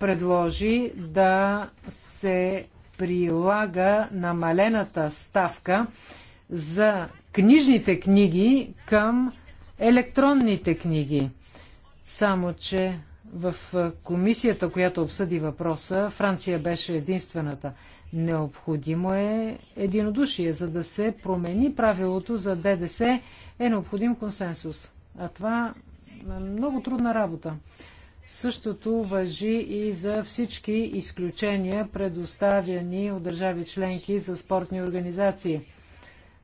предложи да се прилага намалената ставка за книжните книги към електронните книги. Само, че в комисията, която обсъди въпроса, Франция беше единствената. Необходимо е единодушие. За да се промени правилото за ДДС е необходим консенсус. А това е много трудна работа. Същото въжи и за всички изключения, предоставяни от държави членки за спортни организации.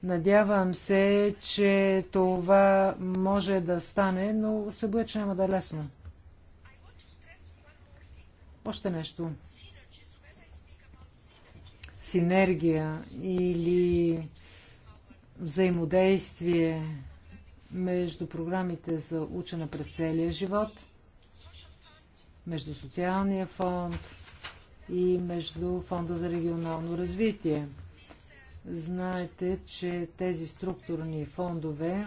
Надявам се, че това може да стане, но се боя, че няма да е лесно. Още нещо. Синергия или взаимодействие между програмите за учене през целия живот, между социалния фонд и между фонда за регионално развитие. Знаете, че тези структурни фондове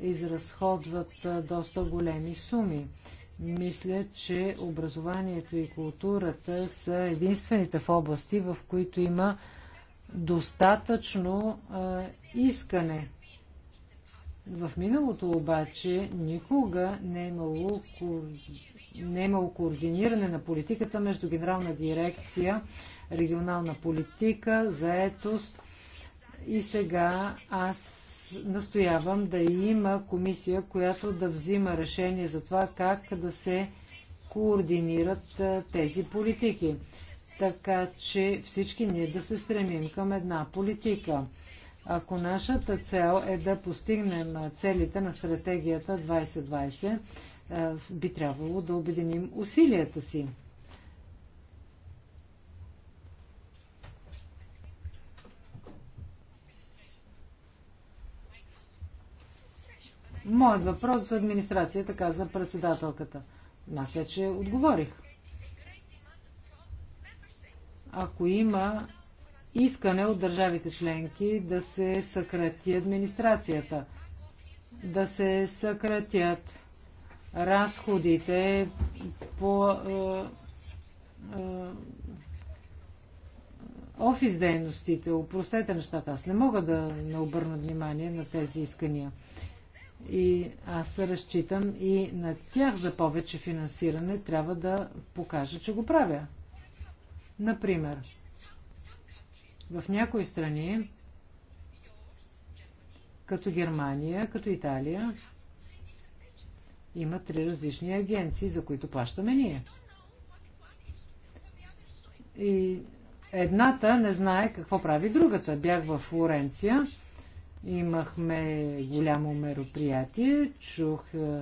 изразходват доста големи суми мисля, че образованието и културата са единствените в области, в които има достатъчно а, искане. В миналото обаче никога не е, имало, не е имало координиране на политиката между Генерална дирекция, регионална политика, заетост и сега аз настоявам да има комисия, която да взима решение за това как да се координират тези политики. Така че всички ние да се стремим към една политика. Ако нашата цел е да постигнем целите на стратегията 2020, би трябвало да обединим усилията си. Моят въпрос за администрацията, каза председателката. Аз вече отговорих. Ако има искане от държавите членки да се съкрати администрацията, да се съкратят разходите по е, е, офис дейностите, упростете нещата. Аз не мога да не обърна внимание на тези искания. И аз разчитам и на тях за повече финансиране трябва да покажа, че го правя. Например, в някои страни, като Германия, като Италия, има три различни агенции, за които плащаме ние. И едната не знае какво прави другата. Бях в Флоренция Имахме голямо мероприятие, чух е,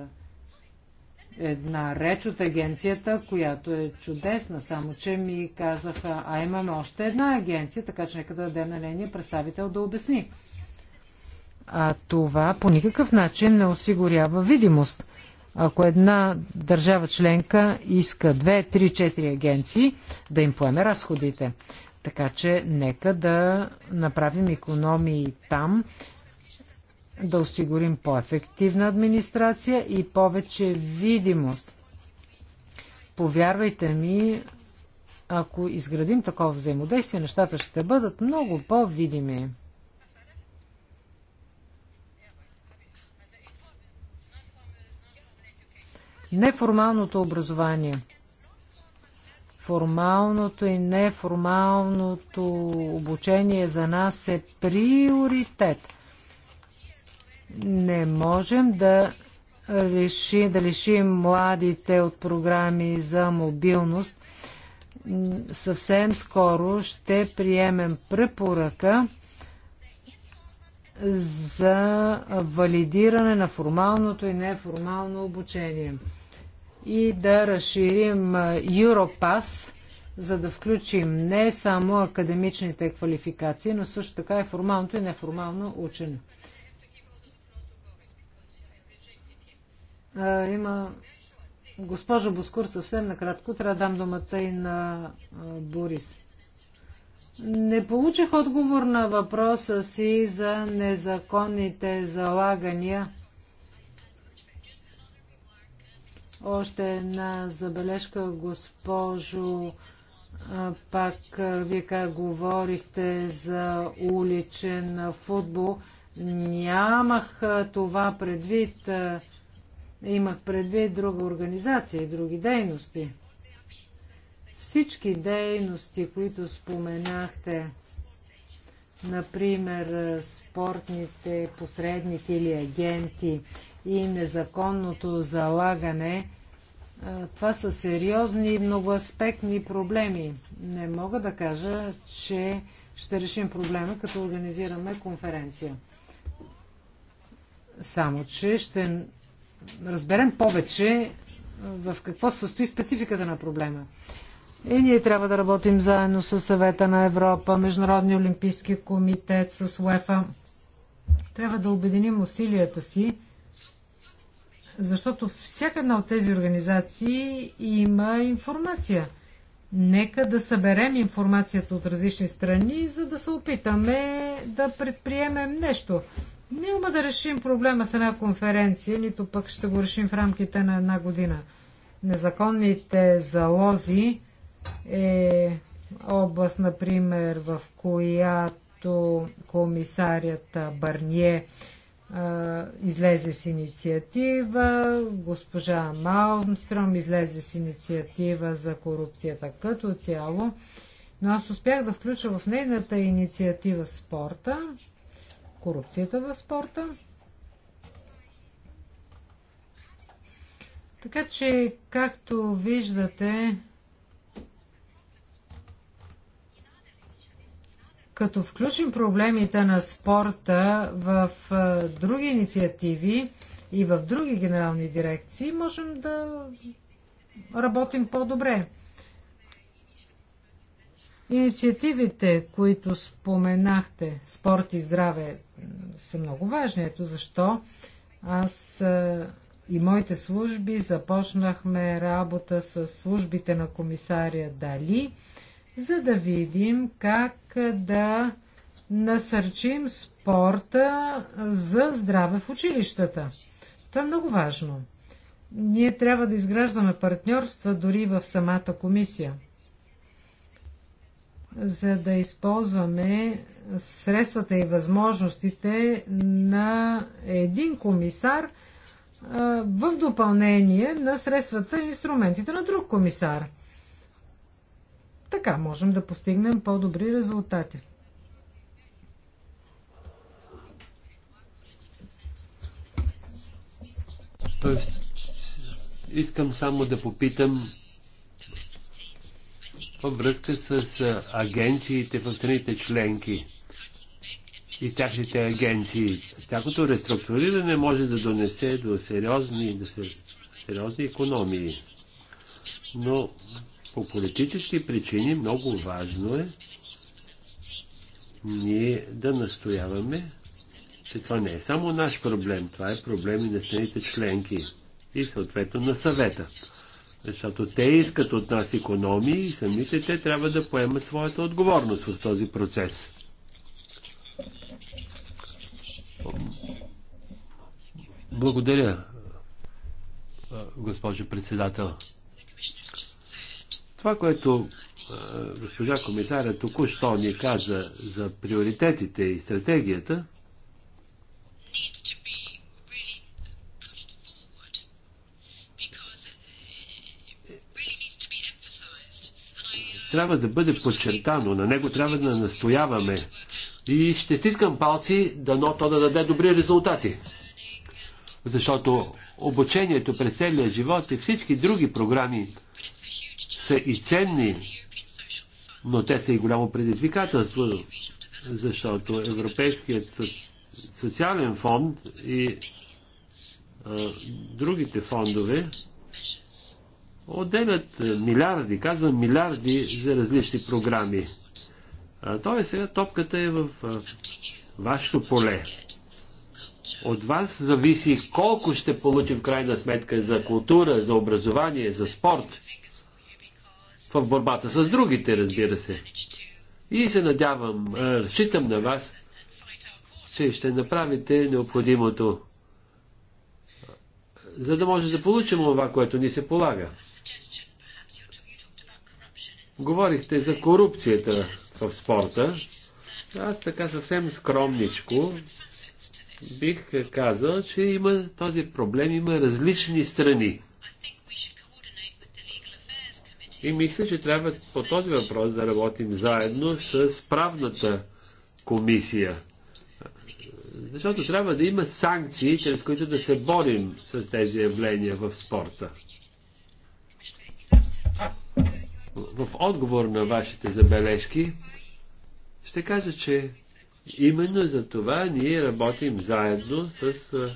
една реч от агенцията, която е чудесна, само че ми казаха, а имаме още една агенция, така че нека да дадем на нейния представител да обясни. А това по никакъв начин не осигурява видимост. Ако една държава членка иска 2, 3, 4 агенции да им поеме разходите. Така че нека да направим економии там, да осигурим по-ефективна администрация и повече видимост. Повярвайте ми, ако изградим такова взаимодействие, нещата ще бъдат много по-видими. Неформалното образование – формалното и неформалното обучение за нас е приоритет. Не можем да, реши, да лишим младите от програми за мобилност. Съвсем скоро ще приемем препоръка за валидиране на формалното и неформално обучение и да разширим Europass, за да включим не само академичните квалификации, но също така и формалното и неформално учене. Има Госпожо Боскур, съвсем накратко, трябва да дам думата и на Борис. Не получих отговор на въпроса си за незаконните залагания Още една забележка, госпожо пак вие как говорихте за уличен футбол. Нямах това предвид. Имах предвид друга организация и други дейности. Всички дейности, които споменахте, например спортните посредници или агенти и незаконното залагане, това са сериозни и многоаспектни проблеми. Не мога да кажа, че ще решим проблема, като организираме конференция. Само, че ще разберем повече в какво се състои спецификата на проблема. И ние трябва да работим заедно с съвета на Европа, Международния олимпийски комитет, с УЕФА. Трябва да обединим усилията си защото всяка една от тези организации има информация. Нека да съберем информацията от различни страни, за да се опитаме да предприемем нещо. Няма да решим проблема с една конференция, нито пък ще го решим в рамките на една година. Незаконните залози е област, например, в която комисарията Барние излезе с инициатива, госпожа Малмстром излезе с инициатива за корупцията като цяло, но аз успях да включа в нейната инициатива спорта, корупцията в спорта. Така че, както виждате, Като включим проблемите на спорта в други инициативи и в други генерални дирекции, можем да работим по-добре. Инициативите, които споменахте, спорт и здраве, са много важни. Ето защо аз и моите служби започнахме работа с службите на комисария Дали за да видим как да насърчим спорта за здраве в училищата. Това е много важно. Ние трябва да изграждаме партньорства дори в самата комисия, за да използваме средствата и възможностите на един комисар в допълнение на средствата и инструментите на друг комисар – така можем да постигнем по-добри резултати. Искам само да попитам във връзка с агенциите в страните членки и тяхните агенции. Тяхното реструктуриране може да донесе до сериозни, до сериозни економии. Но по политически причини много важно е ние да настояваме, че това не е само наш проблем, това е проблем и на страните членки и съответно на съвета. Защото те искат от нас економии и самите те трябва да поемат своята отговорност в този процес. Благодаря, госпожо председател. Това, което госпожа комисаря току-що ни каза за приоритетите и стратегията, трябва да бъде подчертано, на него трябва да настояваме. И ще стискам палци, дано то да даде добри резултати. Защото обучението през целия живот и всички други програми, са и ценни, но те са и голямо предизвикателство, защото Европейският социален фонд и а, другите фондове отделят милиарди, казвам милиарди за различни програми. Тоест сега топката е в а, вашето поле. От вас зависи колко ще получим крайна сметка за култура, за образование, за спорт в борбата с другите, разбира се. И се надявам, разчитам на вас, че ще направите необходимото, за да може да получим това, което ни се полага. Говорихте за корупцията в спорта. Аз така съвсем скромничко бих казал, че има този проблем, има различни страни. И мисля, че трябва по този въпрос да работим заедно с правната комисия. Защото трябва да има санкции, чрез които да се борим с тези явления в спорта. В отговор на вашите забележки ще кажа, че именно за това ние работим заедно с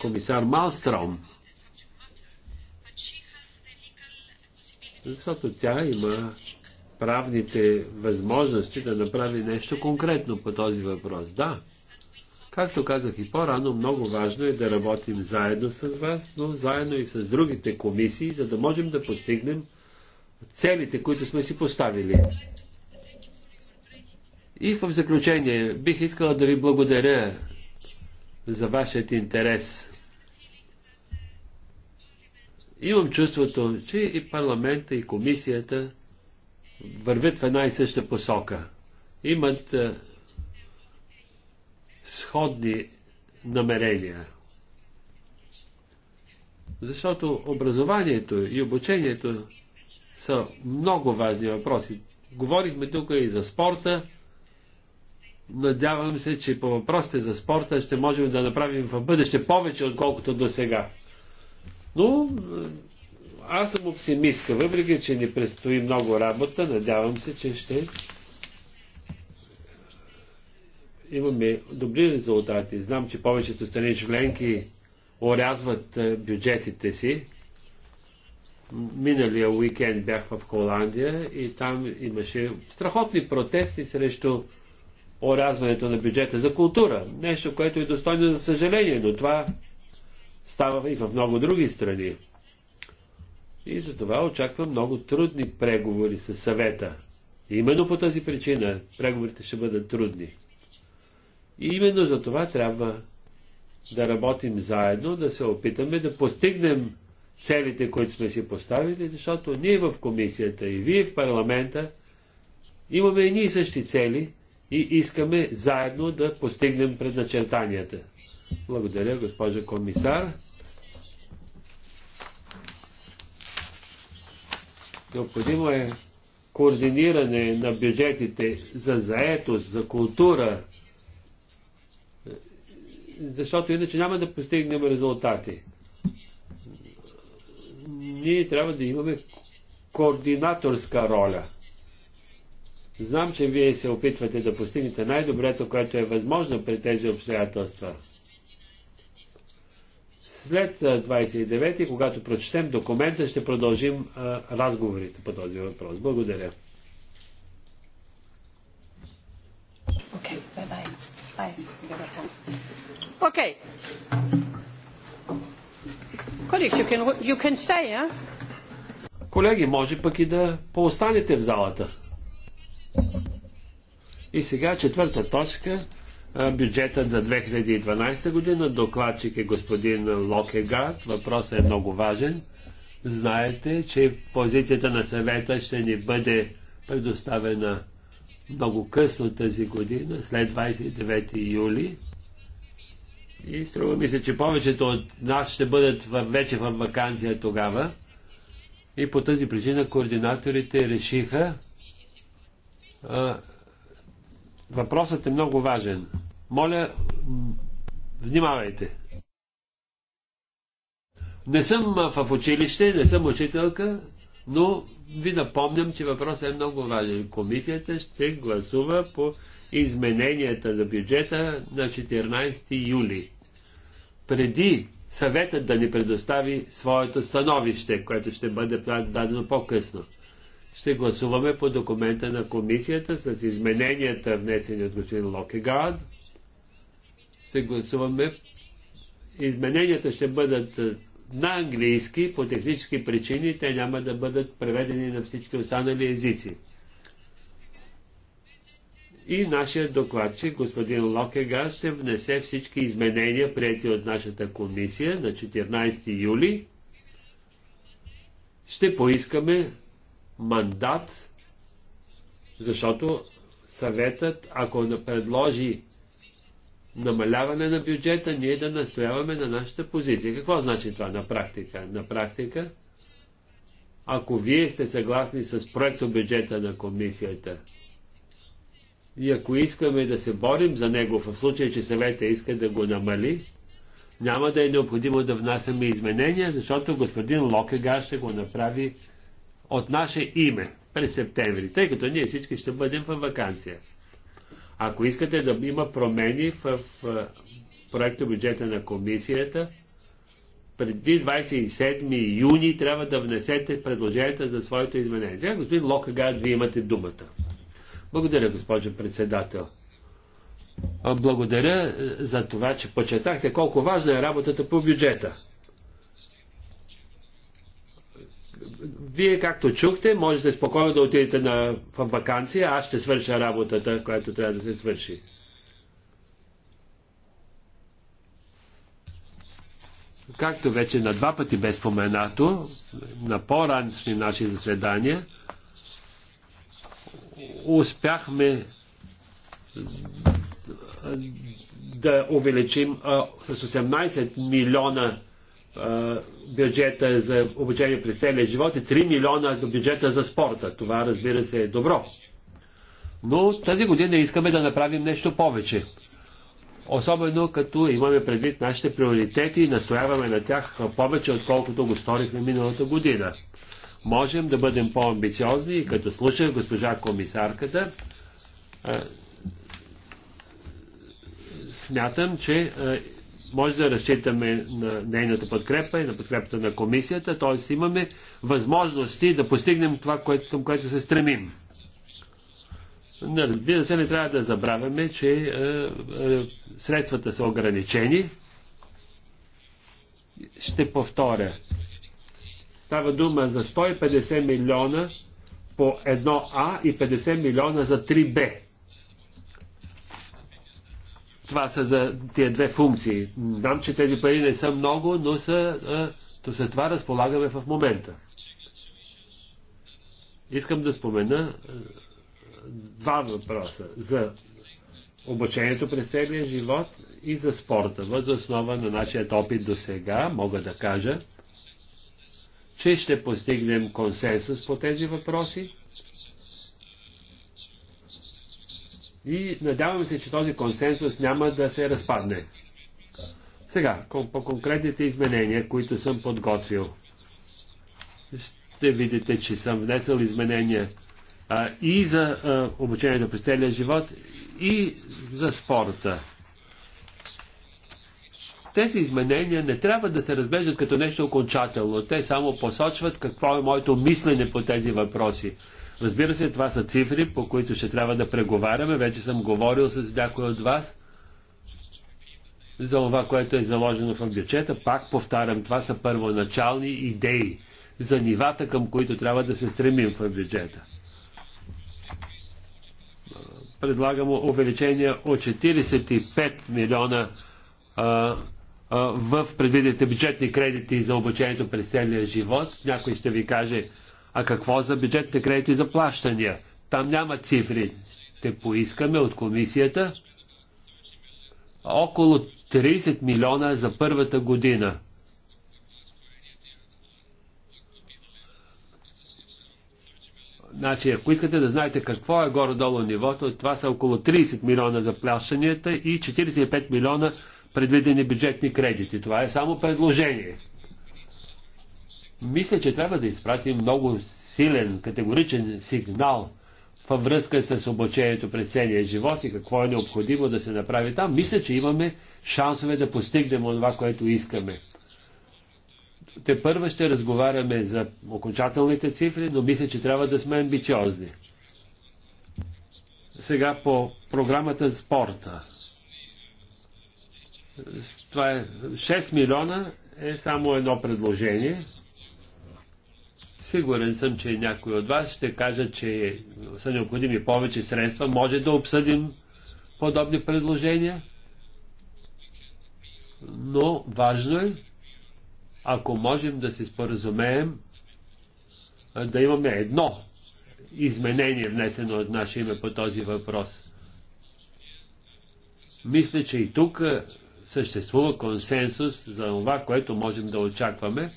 комисар Малстром. защото тя има правните възможности да направи нещо конкретно по този въпрос. Да, както казах и по-рано, много важно е да работим заедно с вас, но заедно и с другите комисии, за да можем да постигнем целите, които сме си поставили. И в заключение, бих искала да ви благодаря за вашият интерес Имам чувството, че и парламента, и комисията вървят в една и съща посока. Имат а, е, сходни намерения. Защото образованието и обучението са много важни въпроси. Говорихме тук и за спорта. Надявам се, че по въпросите за спорта ще можем да направим в бъдеще повече, отколкото до сега. Но е, аз съм оптимистка, въпреки че ни предстои много работа, надявам се, че ще имаме добри резултати. Знам, че повечето страни членки орязват е, бюджетите си. Миналия уикенд бях в Холандия и там имаше страхотни протести срещу орязването на бюджета за култура. Нещо, което е достойно за съжаление, но това става и в много други страни. И за това очаквам много трудни преговори с съвета. И именно по тази причина преговорите ще бъдат трудни. И именно за това трябва да работим заедно, да се опитаме да постигнем целите, които сме си поставили, защото ние в комисията и вие в парламента имаме едни и същи цели и искаме заедно да постигнем предначертанията. Благодаря, госпожа комисар. Необходимо е координиране на бюджетите за заетост, за култура, защото иначе няма да постигнем резултати. Ние трябва да имаме координаторска роля. Знам, че вие се опитвате да постигнете най-доброто, което е възможно при тези обстоятелства – след 29-ти, когато прочетем документа, ще продължим разговорите по този въпрос. Благодаря. Okay, bye bye. Bye. Okay. Colleagues, you can, you can stay, Колеги, може пък и да поостанете в залата. И сега четвърта точка бюджетът за 2012 година. Докладчик е господин Локегард. Въпросът е много важен. Знаете, че позицията на съвета ще ни бъде предоставена много късно тази година, след 29 юли. И струва ми се, че повечето от нас ще бъдат вече в вакансия тогава. И по тази причина координаторите решиха. А, въпросът е много важен. Моля, внимавайте. Не съм в училище, не съм учителка, но ви напомням, че въпросът е много важен. Комисията ще гласува по измененията на бюджета на 14 юли. Преди съветът да ни предостави своето становище, което ще бъде дадено по-късно. Ще гласуваме по документа на комисията с измененията, внесени от господин Локегард, ще гласуваме. Измененията ще бъдат е, на английски по технически причини. Те няма да бъдат преведени на всички останали езици. И нашия докладчик, господин Локега, ще внесе всички изменения, прияти от нашата комисия на 14 юли. Ще поискаме мандат, защото съветът, ако предложи намаляване на бюджета, ние да настояваме на нашата позиция. Какво значи това на практика? На практика, ако вие сте съгласни с проекто бюджета на комисията и ако искаме да се борим за него, в случай, че съвета иска да го намали, няма да е необходимо да внасяме изменения, защото господин Локега ще го направи от наше име през септември, тъй като ние всички ще бъдем във вакансия. Ако искате да има промени в проекта бюджета на комисията, преди 27 юни трябва да внесете предложенията за своето изменение. Сега, господин Локагард, вие имате думата. Благодаря, госпожо председател. Благодаря е, за това, че почетахте колко важна е работата по бюджета. вие, както чухте, можете спокойно да отидете на, в вакансия, аз ще свърша работата, която трябва да се свърши. Както вече на два пъти бе споменато, на по-раншни наши заседания, успяхме да увеличим а, с 18 милиона бюджета за обучение през целия живот е и 3 милиона бюджета за спорта. Това, разбира се, е добро. Но тази година искаме да направим нещо повече. Особено като имаме предвид нашите приоритети и настояваме на тях повече, отколкото го сторихме миналата година. Можем да бъдем по-амбициозни и като слушах госпожа комисарката, смятам, че може да разчитаме на нейната подкрепа и на подкрепата на комисията, т.е. имаме възможности да постигнем това, което, към което се стремим. Но нали, разбира се, не трябва да забравяме, че е, е, средствата са ограничени. Ще повторя. Става дума за 150 милиона по 1А и 50 милиона за 3Б. Това са за тия две функции. Знам, че тези пари не са много, но са, а, то са това разполагаме в момента. Искам да спомена а, два въпроса за обучението през целия живот и за спорта. Въз основа на нашия опит до сега мога да кажа, че ще постигнем консенсус по тези въпроси и надявам се, че този консенсус няма да се разпадне. Сега, по конкретните изменения, които съм подготвил. Ще видите, че съм внесъл изменения а, и за а, обучението през целия живот, и за спорта. Тези изменения не трябва да се разглеждат като нещо окончателно. Те само посочват какво е моето мислене по тези въпроси. Разбира се, това са цифри, по които ще трябва да преговаряме. Вече съм говорил с някой от вас за това, което е заложено в бюджета. Пак повтарям, това са първоначални идеи за нивата, към които трябва да се стремим в бюджета. Предлагам увеличение от 45 милиона а, а, в предвидите бюджетни кредити за обучението през целия живот. Някой ще ви каже, а какво за бюджетните кредити за плащания? Там няма цифри. Те поискаме от комисията около 30 милиона за първата година. Значи, ако искате да знаете какво е горе-долу нивото, това са около 30 милиона за плащанията и 45 милиона предвидени бюджетни кредити. Това е само предложение. Мисля, че трябва да изпратим много силен, категоричен сигнал във връзка с обучението през целия живот и какво е необходимо да се направи там. Мисля, че имаме шансове да постигнем това, което искаме. Те първо ще разговаряме за окончателните цифри, но мисля, че трябва да сме амбициозни. Сега по програмата спорта. Това е 6 милиона е само едно предложение. Сигурен съм, че някой от вас ще каже, че са необходими повече средства. Може да обсъдим подобни предложения. Но важно е, ако можем да се споразумеем, да имаме едно изменение внесено от наше име по този въпрос. Мисля, че и тук съществува консенсус за това, което можем да очакваме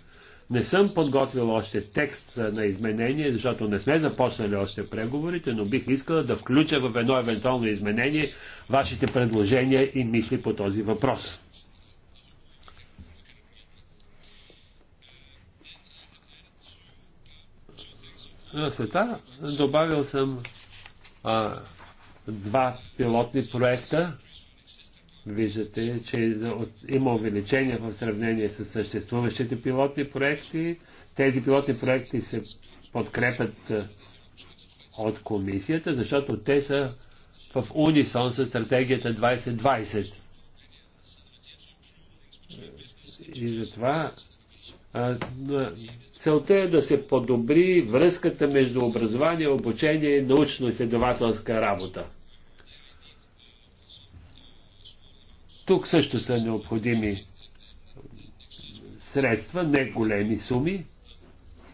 не съм подготвил още текст на изменение, защото не сме започнали още преговорите, но бих искала да включа в едно евентуално изменение вашите предложения и мисли по този въпрос. Света, добавил съм а, два пилотни проекта Виждате, че има увеличение в сравнение с съществуващите пилотни проекти. Тези пилотни проекти се подкрепят от комисията, защото те са в унисон с стратегията 2020. И затова целта е да се подобри връзката между образование, обучение и научно-изследователска работа. Тук също са необходими средства, не големи суми,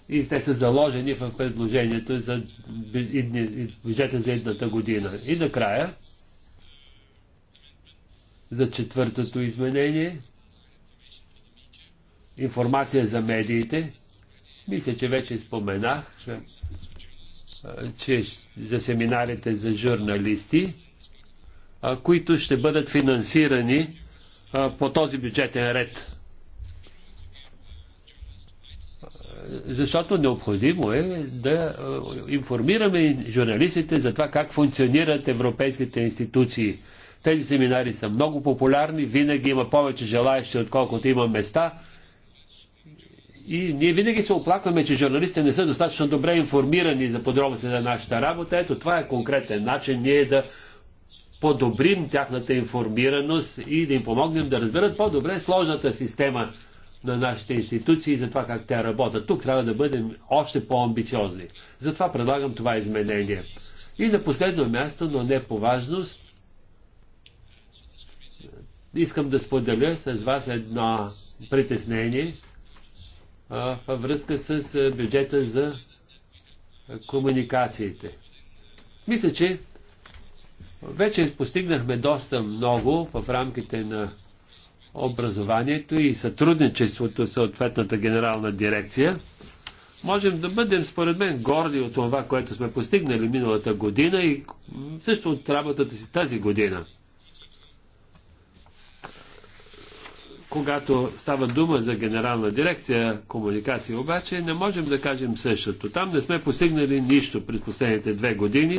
и те са заложени в предложението за бюджета за едната година. И накрая, за четвъртото изменение, информация за медиите, мисля, че вече споменах, че за семинарите за журналисти, които ще бъдат финансирани по този бюджетен ред. Защото необходимо е да информираме журналистите за това как функционират европейските институции. Тези семинари са много популярни, винаги има повече желаящи, отколкото има места. И ние винаги се оплакваме, че журналистите не са достатъчно добре информирани за подробности на нашата работа. Ето това е конкретен начин ние да подобрим тяхната информираност и да им помогнем да разберат по-добре сложната система на нашите институции и за това как те работят. Тук трябва да бъдем още по-амбициозни. Затова предлагам това изменение. И на последно място, но не по важност, искам да споделя с вас едно притеснение а, във връзка с бюджета за комуникациите. Мисля, че вече постигнахме доста много в рамките на образованието и сътрудничеството с съответната генерална дирекция. Можем да бъдем, според мен, горди от това, което сме постигнали миналата година и също от работата си тази година. Когато става дума за генерална дирекция комуникация, обаче не можем да кажем същото. Там не сме постигнали нищо през последните две години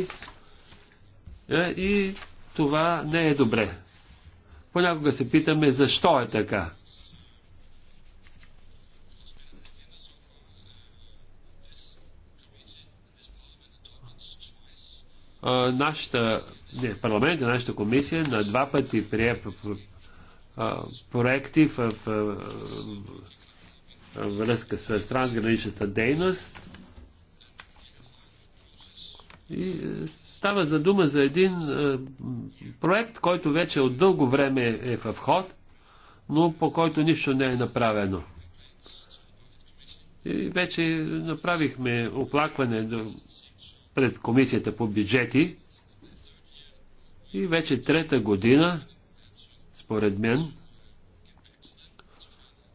е, и това не е добре. Понякога се питаме защо е така. нашата, не, парламента, нашата комисия на два пъти прие проекти в, в, в, в връзка с трансграничната дейност. И е, Става за дума за един е, проект, който вече от дълго време е в ход, но по който нищо не е направено. И вече направихме оплакване пред комисията по бюджети и вече трета година, според мен,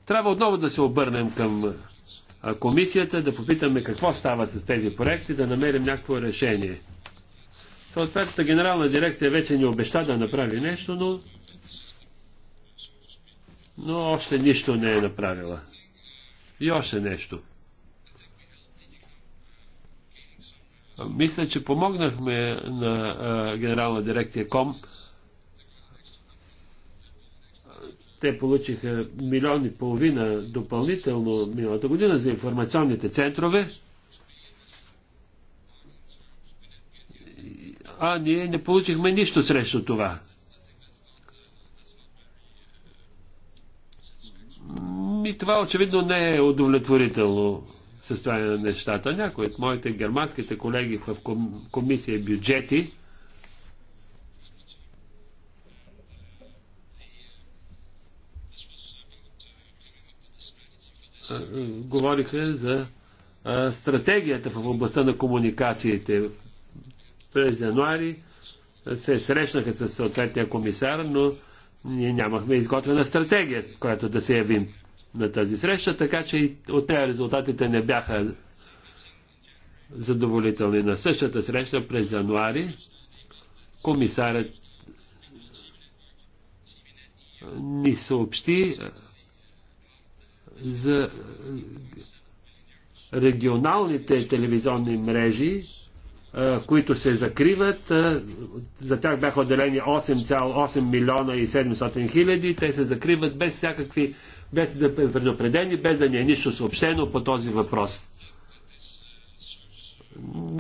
трябва отново да се обърнем към е, комисията, да попитаме какво става с тези проекти, да намерим някакво решение. Съответната генерална дирекция вече ни обеща да направи нещо, но, но още нищо не е направила. И още нещо. Мисля, че помогнахме на а, генерална дирекция КОМ. Те получиха милиони и половина допълнително миналата година за информационните центрове. а ние не получихме нищо срещу това. И това очевидно не е удовлетворително състояние на нещата. Някои от моите германските колеги в комисия бюджети говориха за стратегията в областта на комуникациите през януари се срещнаха с съответния комисар, но ние нямахме изготвена стратегия, която да се явим на тази среща, така че и от нея резултатите не бяха задоволителни. На същата среща през януари комисарят ни съобщи за регионалните телевизионни мрежи, които се закриват. За тях бяха отделени 8,8 милиона и 700 хиляди. Те се закриват без всякакви, без да предупредени, без да ни е нищо съобщено по този въпрос.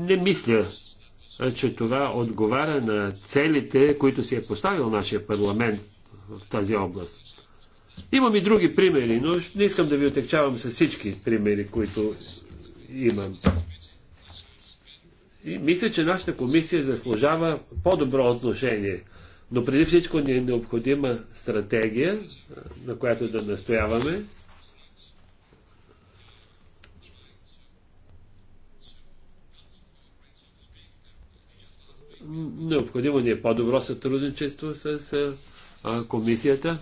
Не мисля, че това отговаря на целите, които си е поставил нашия парламент в тази област. Имам и други примери, но не искам да ви отекчавам с всички примери, които имам. И мисля, че нашата комисия заслужава по-добро отношение. Но преди всичко ни е необходима стратегия, на която да настояваме. Необходимо ни е по-добро сътрудничество с а, комисията.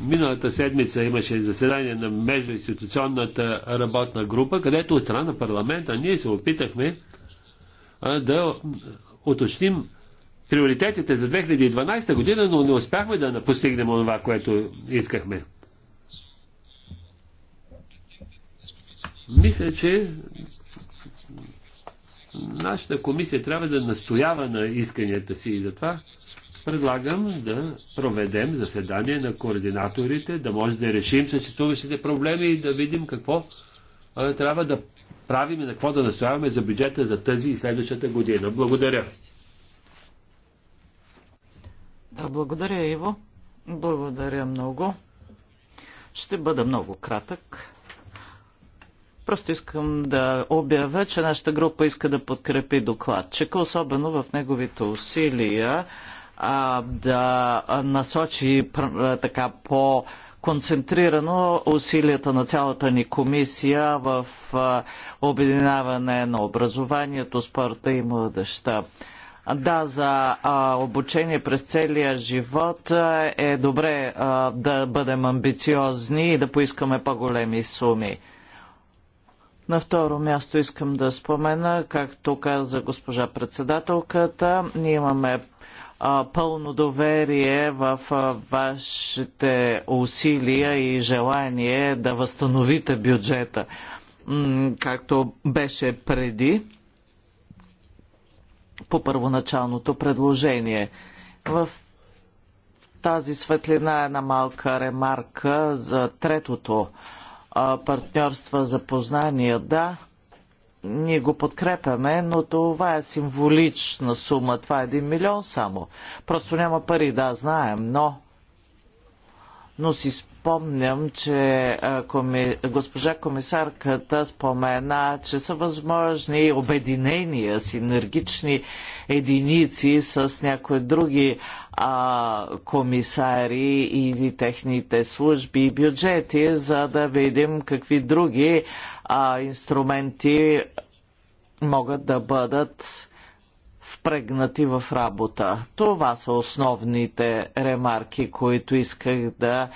Миналата седмица имаше заседание на междуинституционната работна група, където от страна на парламента ние се опитахме да уточним приоритетите за 2012 година, но не успяхме да постигнем това, което искахме. Мисля, че нашата комисия трябва да настоява на исканията си и затова предлагам да проведем заседание на координаторите, да може да решим съществуващите проблеми и да видим какво трябва да правим и на какво да настояваме за бюджета за тази и следващата година. Благодаря. Да, благодаря, Иво. Благодаря много. Ще бъда много кратък. Просто искам да обявя, че нашата група иска да подкрепи докладчика, особено в неговите усилия а, да насочи пр, така по- концентрирано усилията на цялата ни комисия в обединяване на образованието, спорта и младеща. Да, за а, обучение през целия живот е добре а, да бъдем амбициозни и да поискаме по-големи суми. На второ място искам да спомена, както каза госпожа председателката, ние имаме пълно доверие в вашите усилия и желание да възстановите бюджета, както беше преди по първоначалното предложение. В тази светлина е една малка ремарка за третото партньорство за познания. Да, ние го подкрепяме, но това е символична сума. Това е един милион само. Просто няма пари, да, знаем, но... Но си спомням, че коми... госпожа комисарката спомена, че са възможни обединения, синергични единици с някои други а, комисари или техните служби и бюджети, за да видим какви други а, инструменти могат да бъдат впрегнати в работа. Това са основните ремарки, които исках да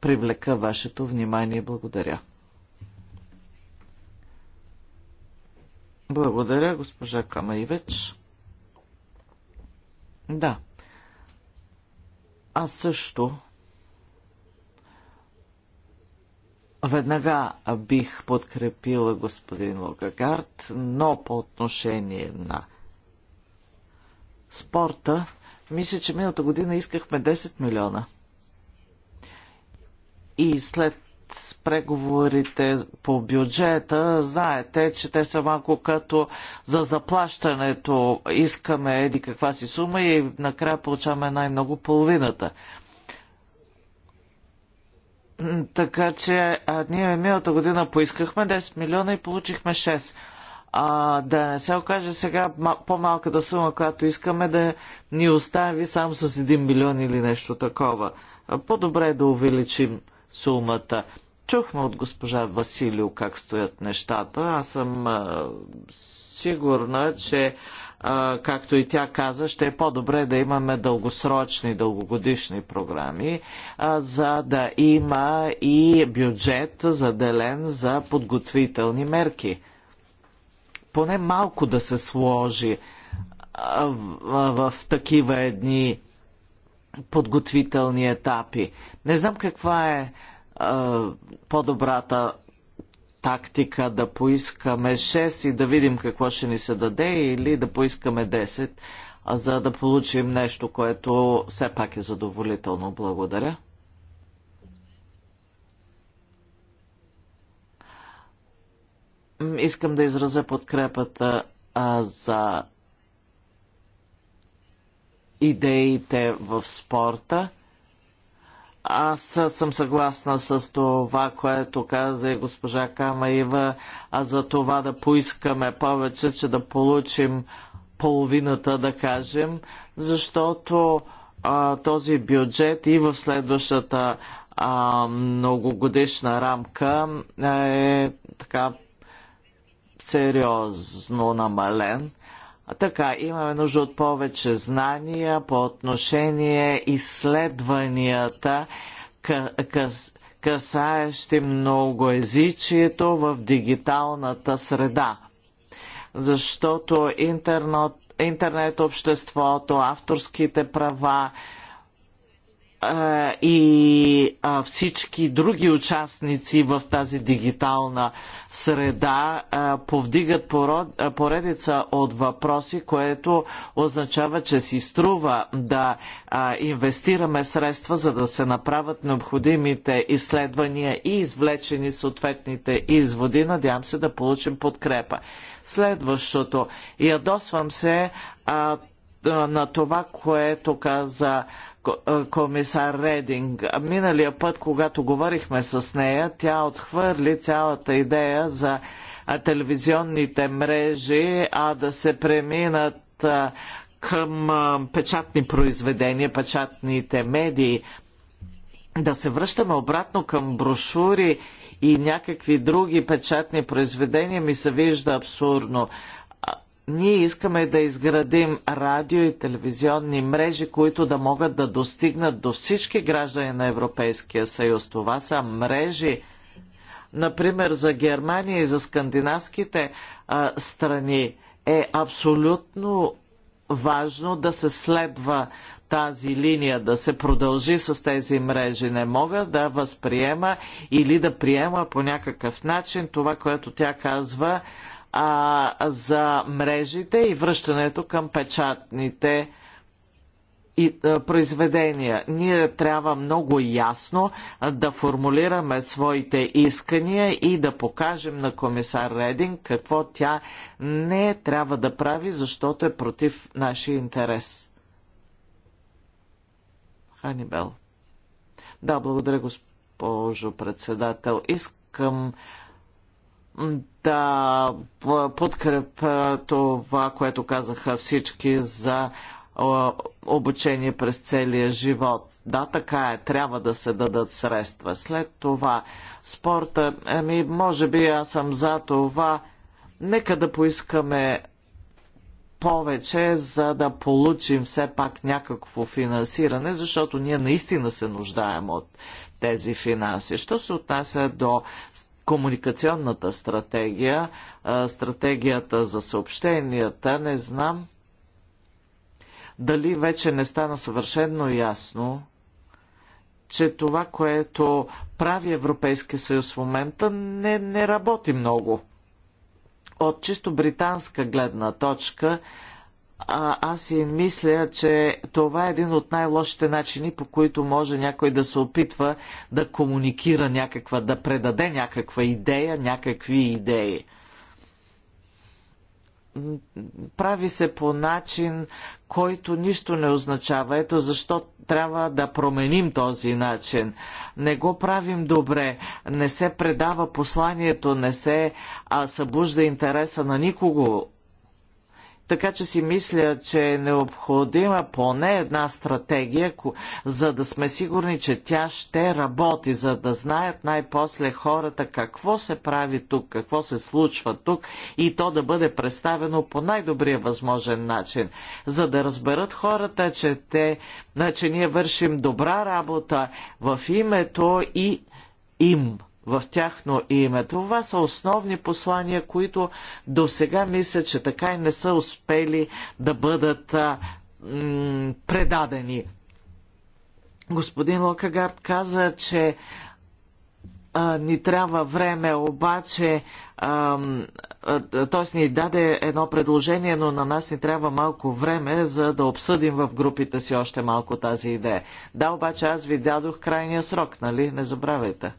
привлека вашето внимание. Благодаря. Благодаря, госпожа Камаивеч. Да. Аз също веднага бих подкрепила господин Логагард, но по отношение на спорта, мисля, че миналата година искахме 10 милиона – и след преговорите по бюджета, знаете, че те са малко като за заплащането искаме еди каква си сума и накрая получаваме най-много половината. Така че а, ние миналата година поискахме 10 милиона и получихме 6. А, да не се окаже сега по-малката сума, която искаме да ни остави само с 1 милион или нещо такова. По-добре е да увеличим сумата. Чухме от госпожа Василио как стоят нещата. Аз съм а, сигурна, че а, както и тя каза, ще е по-добре да имаме дългосрочни, дългогодишни програми, а, за да има и бюджет заделен за подготвителни мерки. Поне малко да се сложи в, в такива едни подготвителни етапи. Не знам каква е, е по-добрата тактика да поискаме 6 и да видим какво ще ни се даде или да поискаме 10, за да получим нещо, което все пак е задоволително. Благодаря. Искам да изразя подкрепата а, за идеите в спорта. Аз съм съгласна с това, което каза и госпожа Камаева, а за това да поискаме повече, че да получим половината, да кажем, защото а, този бюджет и в следващата а, многогодишна рамка е така сериозно намален. Така, имаме нужда от повече знания по отношение изследванията, касаещи многоязичието в дигиталната среда. Защото интернет, интернет обществото, авторските права, и всички други участници в тази дигитална среда повдигат поредица от въпроси, което означава, че си струва да инвестираме средства, за да се направят необходимите изследвания и извлечени съответните изводи. Надявам се да получим подкрепа. Следващото. Ядосвам се на това, което каза комисар Рединг. Миналия път, когато говорихме с нея, тя отхвърли цялата идея за телевизионните мрежи, а да се преминат към печатни произведения, печатните медии. Да се връщаме обратно към брошури и някакви други печатни произведения ми се вижда абсурдно ние искаме да изградим радио и телевизионни мрежи, които да могат да достигнат до всички граждани на Европейския съюз. Това са мрежи, например, за Германия и за скандинавските а, страни. Е абсолютно важно да се следва тази линия, да се продължи с тези мрежи. Не мога да възприема или да приема по някакъв начин това, което тя казва а, за мрежите и връщането към печатните и, а, произведения. Ние трябва много ясно да формулираме своите искания и да покажем на комисар Рединг какво тя не трябва да прави, защото е против нашия интерес. Ханибел. Да, благодаря, госпожо председател. Искам да подкрепя това, което казаха всички за обучение през целия живот. Да, така е, трябва да се дадат средства. След това спорта, ами, може би аз съм за това, нека да поискаме повече, за да получим все пак някакво финансиране, защото ние наистина се нуждаем от тези финанси. Що се отнася до комуникационната стратегия, стратегията за съобщенията, не знам дали вече не стана съвършенно ясно, че това, което прави Европейския съюз в момента, не, не работи много. От чисто британска гледна точка, а, аз си мисля, че това е един от най-лошите начини, по които може някой да се опитва да комуникира някаква, да предаде някаква идея, някакви идеи. Прави се по начин, който нищо не означава. Ето защо трябва да променим този начин. Не го правим добре, не се предава посланието, не се а, събужда интереса на никого така че си мисля, че е необходима поне една стратегия, за да сме сигурни, че тя ще работи, за да знаят най-после хората какво се прави тук, какво се случва тук и то да бъде представено по най-добрия възможен начин, за да разберат хората, че, те, че ние вършим добра работа в името и им в тяхно име. Това са основни послания, които до сега мисля, че така и не са успели да бъдат а, м- предадени. Господин Локагард каза, че а, ни трябва време, обаче, т.е. ни даде едно предложение, но на нас ни трябва малко време, за да обсъдим в групите си още малко тази идея. Да, обаче аз ви дадох крайния срок, нали? Не забравяйте.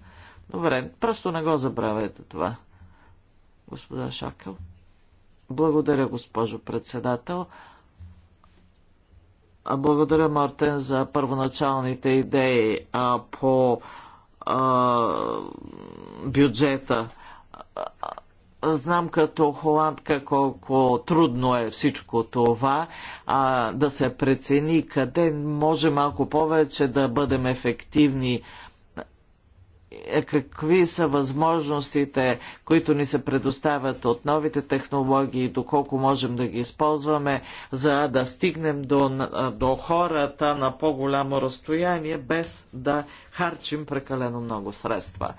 Добре, просто не го забравяйте това, господа Шакъл. Благодаря, госпожо председател. Благодаря, Мартен, за първоначалните идеи а, по а, бюджета. Знам като холандка колко трудно е всичко това а, да се прецени къде може малко повече да бъдем ефективни е, какви са възможностите, които ни се предоставят от новите технологии, доколко можем да ги използваме, за да стигнем до, до хората на по-голямо разстояние, без да харчим прекалено много средства.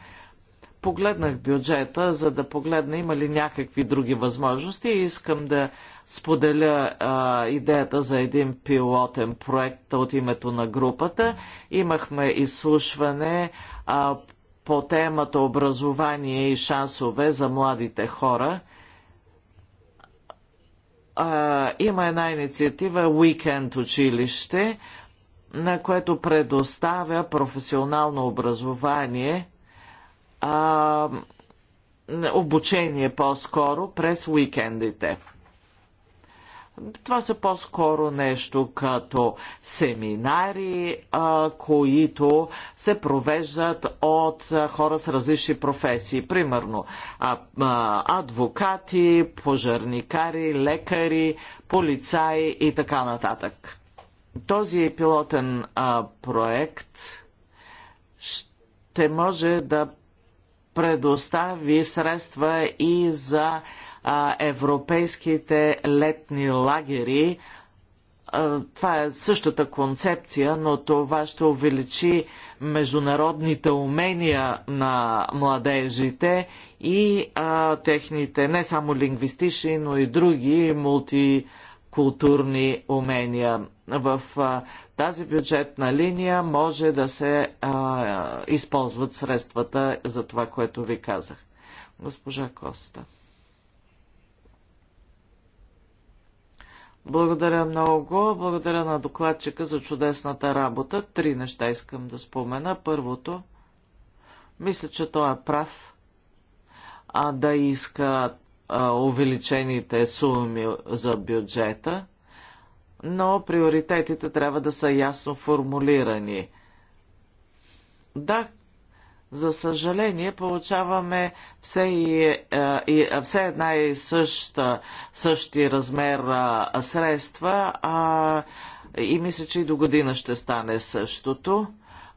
Погледнах бюджета, за да погледна има ли някакви други възможности и искам да споделя а, идеята за един пилотен проект от името на групата. Имахме изслушване а, по темата образование и шансове за младите хора, има една инициатива Weekend училище, на което предоставя професионално образование, обучение по-скоро през уикендите това са по-скоро нещо като семинари, а, които се провеждат от а, хора с различни професии. Примерно а, а, адвокати, пожарникари, лекари, полицаи и така нататък. Този пилотен а, проект ще може да предостави средства и за а, европейските летни лагери. А, това е същата концепция, но това ще увеличи международните умения на младежите и а, техните не само лингвистични, но и други мултикултурни умения. В а, тази бюджетна линия може да се а, използват средствата за това, което ви казах. Госпожа Коста. Благодаря много. Благодаря на докладчика за чудесната работа. Три неща искам да спомена. Първото, мисля, че той е прав а, да иска а, увеличените суми за бюджета, но приоритетите трябва да са ясно формулирани. Да, за съжаление, получаваме все, и, е, и, е, все една и съща, същи размер а, средства а, и мисля, че и до година ще стане същото,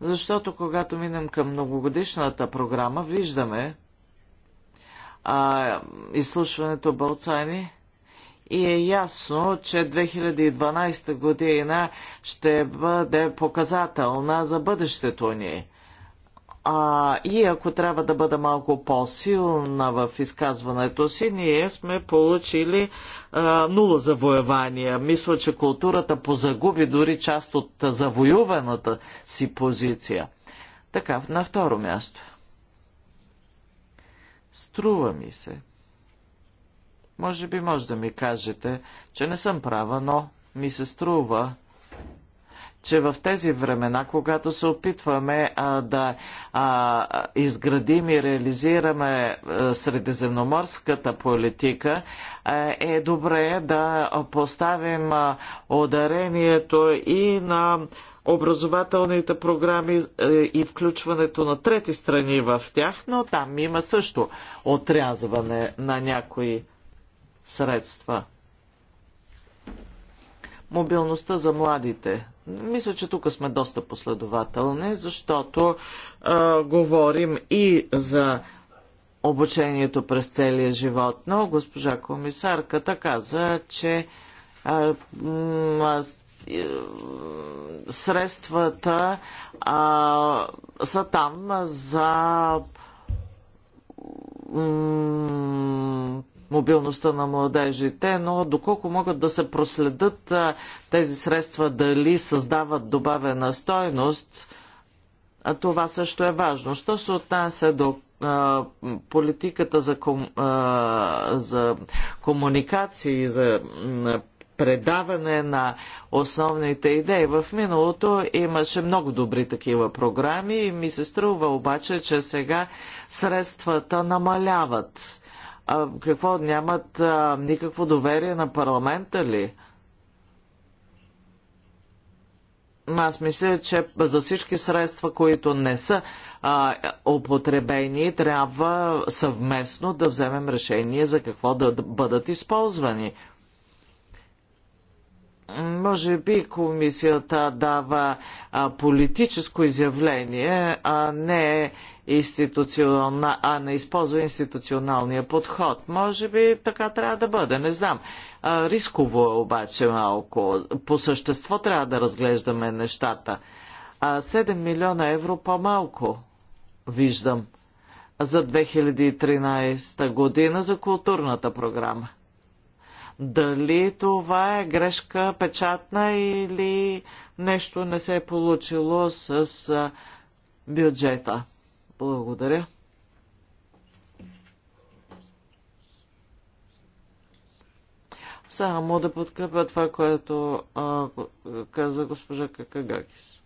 защото когато минем към многогодишната програма, виждаме а, изслушването Балцани и е ясно, че 2012 година ще бъде показателна за бъдещето ни а, и ако трябва да бъда малко по-силна в изказването си, ние сме получили а, нула завоевания. Мисля, че културата позагуби дори част от завоюваната си позиция. Така, на второ място. Струва ми се. Може би може да ми кажете, че не съм права, но ми се струва, че в тези времена, когато се опитваме а, да а, изградим и реализираме а, средиземноморската политика, а, е добре да поставим а, ударението и на образователните програми и включването на трети страни в тях, но там има също отрязване на някои средства мобилността за младите. Мисля, че тук сме доста последователни, защото а, говорим и за обучението през целия живот. Но госпожа комисарката каза, че а, а, средствата а, са там за мобилността на младежите, но доколко могат да се проследят тези средства, дали създават добавена стойност, това също е важно. Що се отнася до политиката за, ком, а, за комуникации, за предаване на основните идеи. В миналото имаше много добри такива програми и ми се струва обаче, че сега средствата намаляват а, какво, нямат а, никакво доверие на парламента ли? Аз мисля, че за всички средства, които не са а, употребени, трябва съвместно да вземем решение за какво да бъдат използвани може би комисията дава политическо изявление, а не, а не използва институционалния подход. Може би така трябва да бъде, не знам. рисково е обаче малко. По същество трябва да разглеждаме нещата. А 7 милиона евро по-малко виждам за 2013 година за културната програма. Дали това е грешка печатна или нещо не се е получило с бюджета? Благодаря. Само да подкрепя това, което а, каза госпожа Какагакис.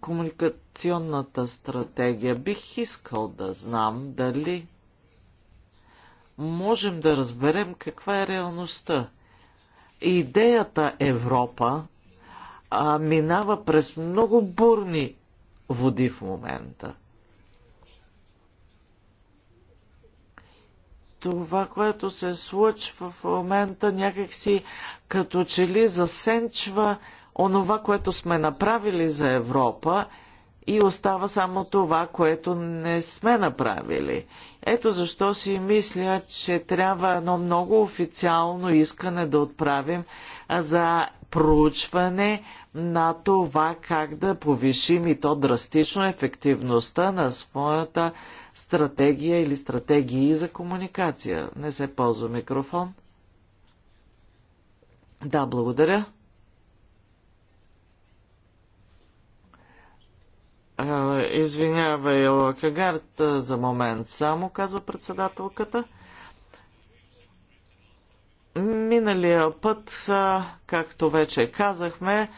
Комуникационната стратегия. Бих искал да знам дали можем да разберем каква е реалността. Идеята Европа а, минава през много бурни води в момента. Това, което се случва в момента, някакси като че ли засенчва онова, което сме направили за Европа и остава само това, което не сме направили. Ето защо си мисля, че трябва едно много официално искане да отправим за проучване на това как да повишим и то драстично ефективността на своята стратегия или стратегии за комуникация. Не се ползва микрофон. Да, благодаря. Извинявай, Лакагард, за момент само, казва председателката. Миналия път, както вече казахме,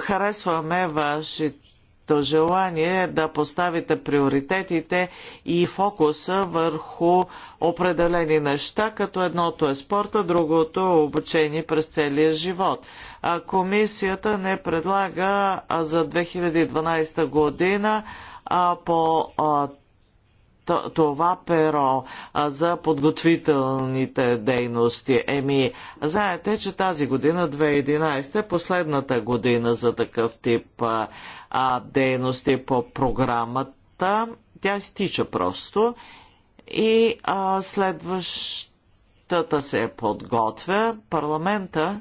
харесваме вашите вашето желание да поставите приоритетите и фокуса върху определени неща, като едното е спорта, другото е обучение през целия живот. А комисията не предлага за 2012 година а по а, това перо за подготвителните дейности. Еми, знаете, че тази година, 2011, е последната година за такъв тип а, дейности по програмата. Тя стича просто и а, следващата се подготвя. Парламента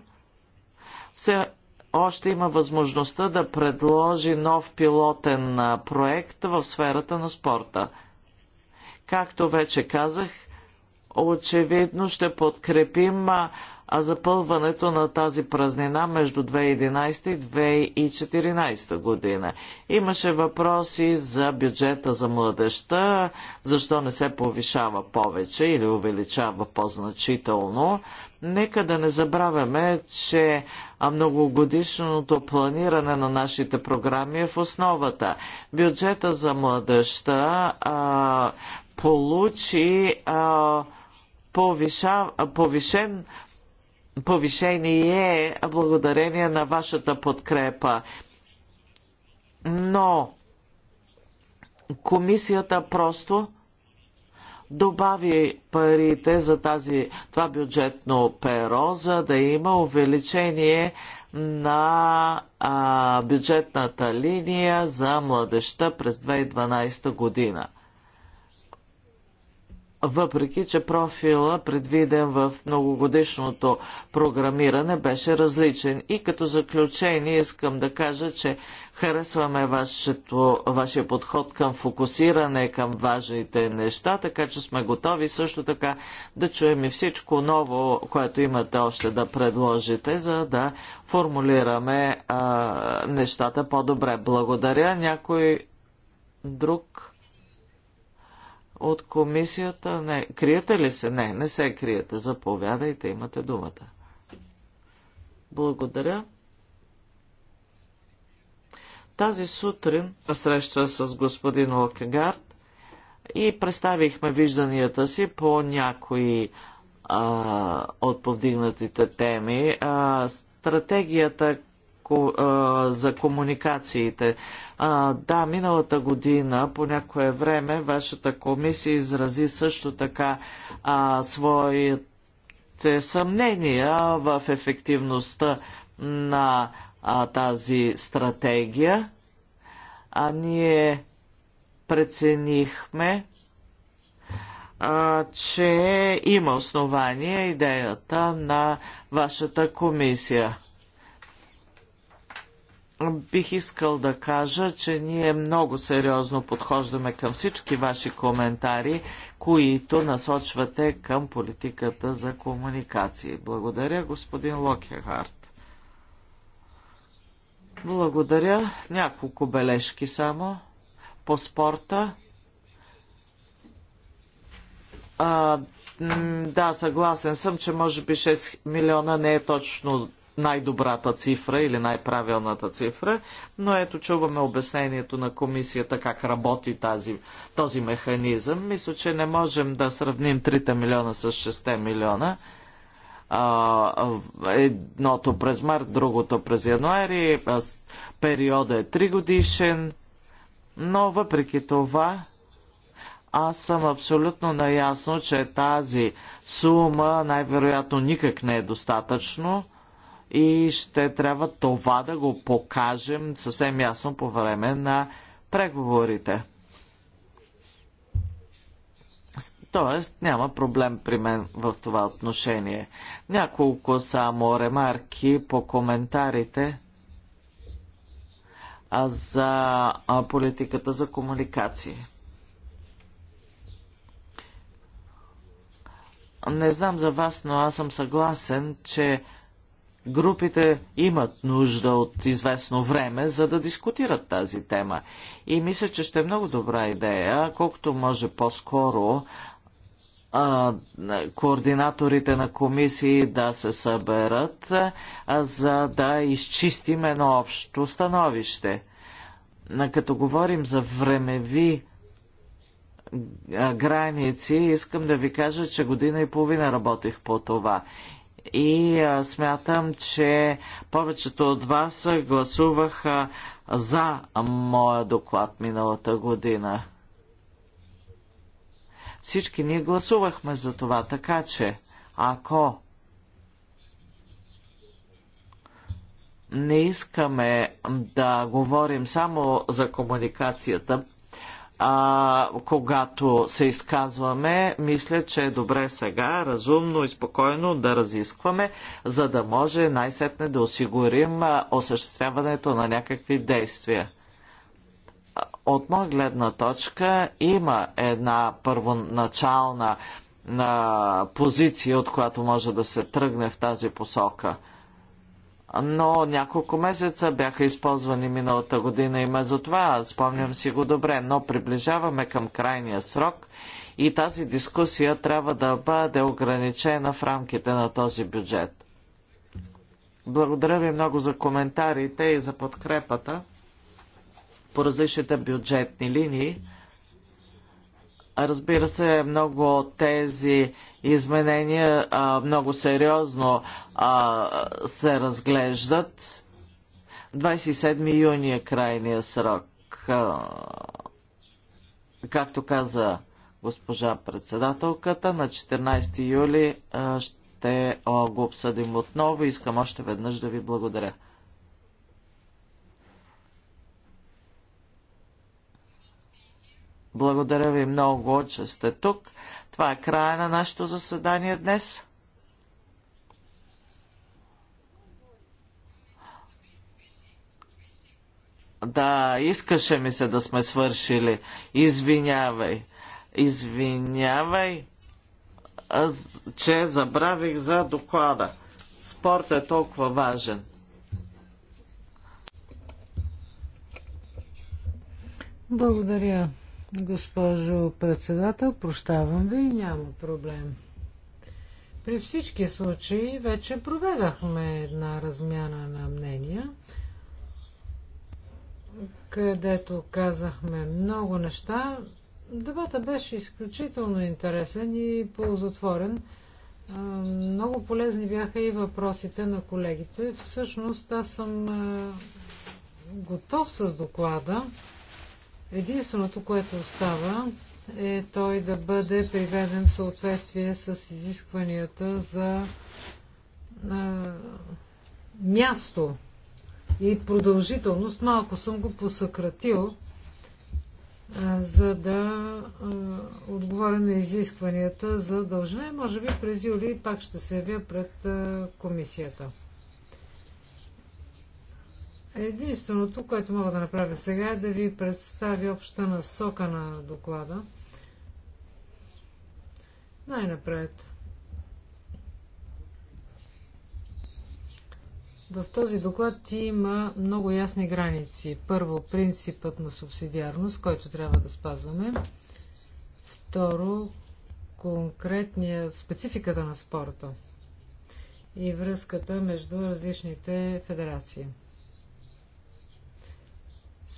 се още има възможността да предложи нов пилотен проект в сферата на спорта – Както вече казах, очевидно ще подкрепим запълването на тази празнина между 2011 и 2014 година. Имаше въпроси за бюджета за младеща, защо не се повишава повече или увеличава по-значително. Нека да не забравяме, че многогодишното планиране на нашите програми е в основата. Бюджета за младеща а, получи а, повиша, повишен повишение благодарение на вашата подкрепа. Но комисията просто добави парите за тази, това бюджетно перо, за да има увеличение на а, бюджетната линия за младеща през 2012 година въпреки че профила, предвиден в многогодишното програмиране, беше различен. И като заключение искам да кажа, че харесваме вашето, вашия подход към фокусиране, към важните неща, така че сме готови също така да чуем и всичко ново, което имате още да предложите, за да формулираме а, нещата по-добре. Благодаря. Някой друг? от комисията. Не. Криете ли се? Не, не се криете. Заповядайте, имате думата. Благодаря. Тази сутрин среща с господин Локегард и представихме вижданията си по някои а, от повдигнатите теми. А, стратегията за комуникациите. А, да, миналата година по някое време вашата комисия изрази също така а, своите съмнения в ефективността на а, тази стратегия. А ние преценихме, че има основание идеята на вашата комисия бих искал да кажа, че ние много сериозно подхождаме към всички ваши коментари, които насочвате към политиката за комуникации. Благодаря, господин Локехарт. Благодаря. Няколко бележки само по спорта. А, да, съгласен съм, че може би 6 милиона не е точно най-добрата цифра или най-правилната цифра, но ето чуваме обяснението на комисията как работи тази, този механизъм. Мисля, че не можем да сравним 3 милиона с 6 милиона. А, едното през март, другото през януари. Периода е 3 годишен, но въпреки това аз съм абсолютно наясно, че тази сума най-вероятно никак не е достатъчно и ще трябва това да го покажем съвсем ясно по време на преговорите. Тоест няма проблем при мен в това отношение. Няколко само ремарки по коментарите за политиката за комуникации. Не знам за вас, но аз съм съгласен, че групите имат нужда от известно време, за да дискутират тази тема. И мисля, че ще е много добра идея, колкото може по-скоро координаторите на комисии да се съберат, за да изчистим едно общо становище. Като говорим за времеви граници, искам да ви кажа, че година и половина работих по това и а, смятам, че повечето от вас гласуваха за моя доклад миналата година. Всички ние гласувахме за това, така че ако не искаме да говорим само за комуникацията а, когато се изказваме, мисля, че е добре сега, разумно и спокойно да разискваме, за да може най-сетне да осигурим а, осъществяването на някакви действия. От моя гледна точка има една първоначална а, позиция, от която може да се тръгне в тази посока – но няколко месеца бяха използвани миналата година и затова спомням си го добре, но приближаваме към крайния срок и тази дискусия трябва да бъде ограничена в рамките на този бюджет. Благодаря ви много за коментарите и за подкрепата по различните бюджетни линии. Разбира се, много тези изменения а, много сериозно а, се разглеждат. 27 юни е крайния срок. А, както каза госпожа председателката, на 14 юли а, ще а, го обсъдим отново. Искам още веднъж да ви благодаря. Благодаря ви много, че сте тук. Това е края на нашето заседание днес. Да, искаше ми се да сме свършили. Извинявай. Извинявай, че забравих за доклада. Спорт е толкова важен. Благодаря. Госпожо председател, прощавам ви, и няма проблем. При всички случаи вече проведахме една размяна на мнения, където казахме много неща. Дебата беше изключително интересен и ползотворен. Много полезни бяха и въпросите на колегите. Всъщност аз съм готов с доклада. Единственото, което остава, е той да бъде приведен в съответствие с изискванията за а, място и продължителност. Малко съм го посъкратил, а, за да а, отговоря на изискванията за дължина. Може би през юли пак ще се явя пред а, комисията. Единственото, което мога да направя сега е да ви представя обща насока на доклада. Най-напред. В този доклад има много ясни граници. Първо, принципът на субсидиарност, който трябва да спазваме. Второ, конкретния, спецификата на спорта и връзката между различните федерации.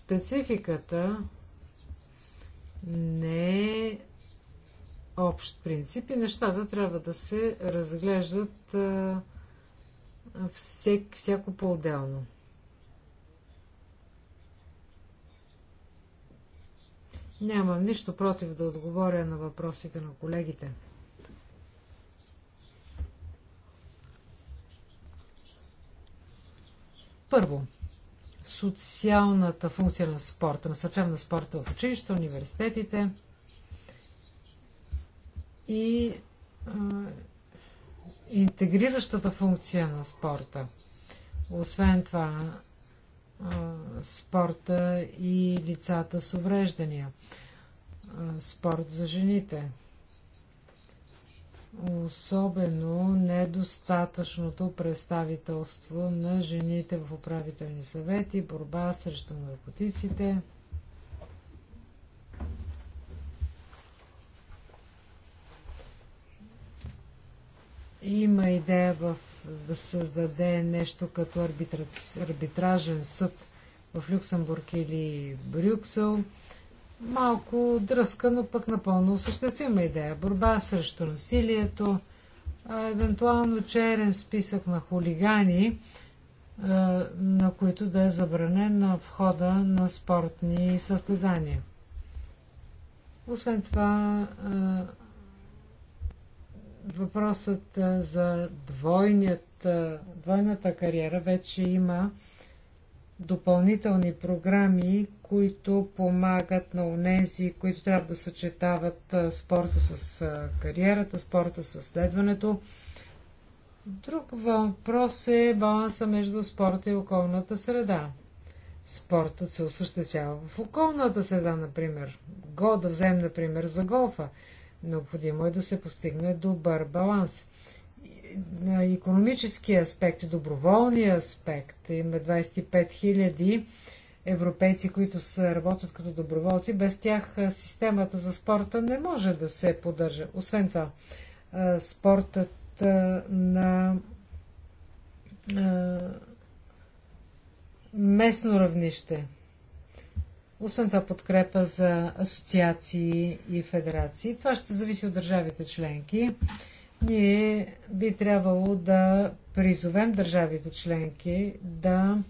Спецификата не е общ принцип и нещата трябва да се разглеждат а, всек, всяко по-отделно. Нямам нищо против да отговоря на въпросите на колегите. Първо, социалната функция на спорта, насърчаване на спорта в училища, университетите и интегриращата функция на спорта. Освен това, спорта и лицата с увреждания, спорт за жените особено недостатъчното представителство на жените в управителни съвети, борба срещу наркотиците. Има идея в, да създаде нещо като арбитраж, арбитражен съд в Люксембург или Брюксел малко дръска, но пък напълно осъществима идея. Борба срещу насилието, а евентуално черен списък на хулигани, на които да е забранен на входа на спортни състезания. Освен това, въпросът за двойният, двойната кариера вече има допълнителни програми, които помагат на унези, които трябва да съчетават спорта с кариерата, спорта с следването. Друг въпрос е баланса между спорта и околната среда. Спортът се осъществява в околната среда, например. Го, да вземем, например, за голфа. Необходимо е да се постигне добър баланс. Економически аспект, доброволния аспект, има 25 000 европейци, които са, работят като доброволци. Без тях системата за спорта не може да се поддържа. Освен това, спортът на местно равнище. Освен това подкрепа за асоциации и федерации. Това ще зависи от държавите членки. Ние би трябвало да призовем държавите членки да а,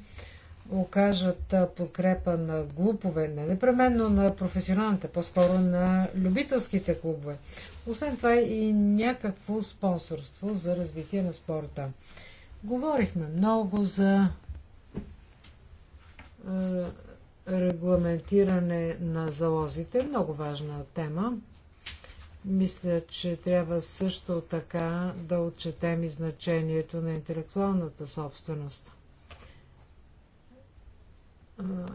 окажат подкрепа на глупове, не непременно на професионалните, по-скоро на любителските клубове. Освен това и някакво спонсорство за развитие на спорта. Говорихме много за регламентиране на залозите. Много важна тема. Мисля, че трябва също така да отчетем и значението на интелектуалната собственост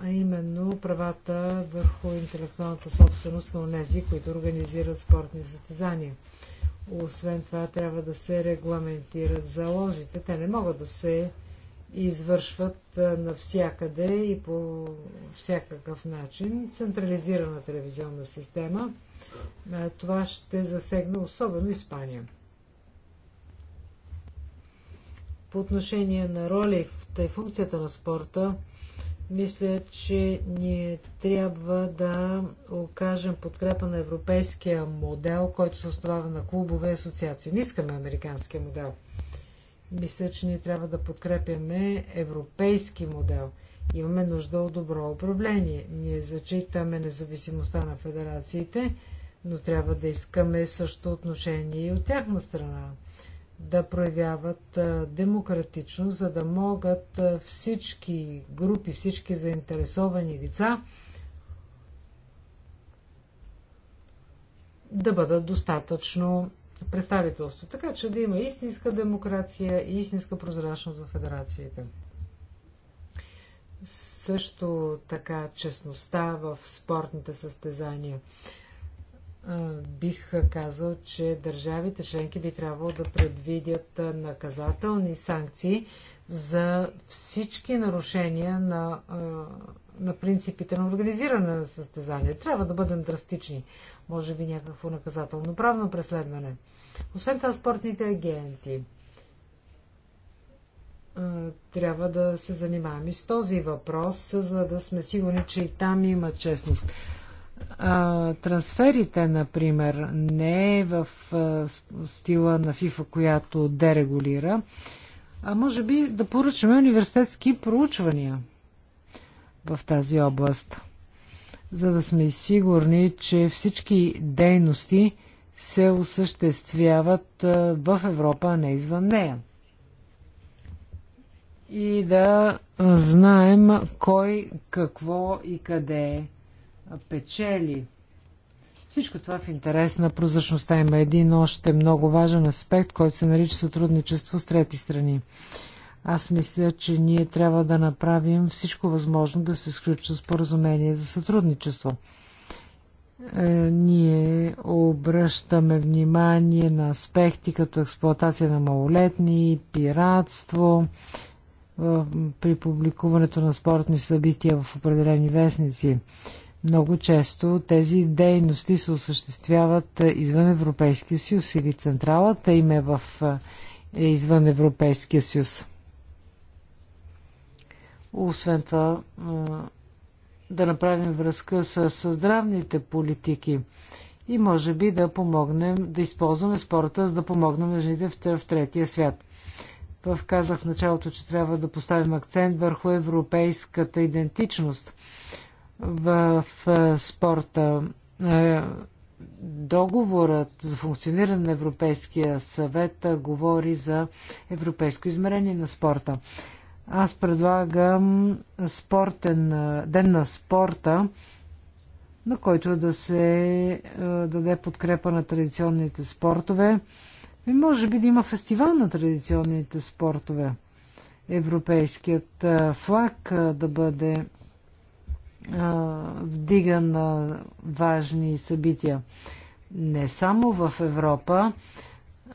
а именно правата върху интелектуалната собственост на тези, които организират спортни състезания. Освен това, трябва да се регламентират залозите. Те не могат да се извършват навсякъде и по всякакъв начин. Централизирана телевизионна система. Това ще засегне особено Испания. По отношение на роли и функцията на спорта, мисля, че ние трябва да окажем подкрепа на европейския модел, който се основава на клубове и асоциации. Не искаме американския модел. Мисля, че ние трябва да подкрепяме европейски модел. Имаме нужда от добро управление. Ние зачитаме независимостта на федерациите, но трябва да искаме също отношение и от тяхна страна да проявяват демократично, за да могат всички групи, всички заинтересовани лица да бъдат достатъчно представителство. Така че да има истинска демокрация и истинска прозрачност в федерациите. Също така честността в спортните състезания бих казал, че държавите членки би трябвало да предвидят наказателни санкции за всички нарушения на, на принципите на организиране на състезание. Трябва да бъдем драстични. Може би някакво наказателно правно преследване. Освен това, спортните агенти. Трябва да се занимаваме с този въпрос, за да сме сигурни, че и там има честност а, трансферите, например, не е в а, стила на ФИФА, която дерегулира, а може би да поръчаме университетски проучвания в тази област, за да сме сигурни, че всички дейности се осъществяват а, в Европа, а не извън нея. И да знаем кой, какво и къде е печели. Всичко това в интерес на прозрачността има един още много важен аспект, който се нарича сътрудничество с трети страни. Аз мисля, че ние трябва да направим всичко възможно да се сключва споразумение за сътрудничество. Е, ние обръщаме внимание на аспекти като експлоатация на малолетни, пиратство, при публикуването на спортни събития в определени вестници. Много често тези дейности се осъществяват е, извън Европейския съюз или централата им е в, е извън Европейския съюз. Освен това, е, да направим връзка с здравните политики и може би да помогнем, да използваме спорта, за да помогнем на жените в, в третия свят. В казах в началото, че трябва да поставим акцент върху европейската идентичност в е, спорта. Е, договорът за функциониране на Европейския съвет говори за европейско измерение на спорта. Аз предлагам спортен, е, ден на спорта, на който да се даде подкрепа на традиционните спортове. И може би да има фестивал на традиционните спортове. Европейският флаг да бъде вдига на важни събития. Не само в Европа,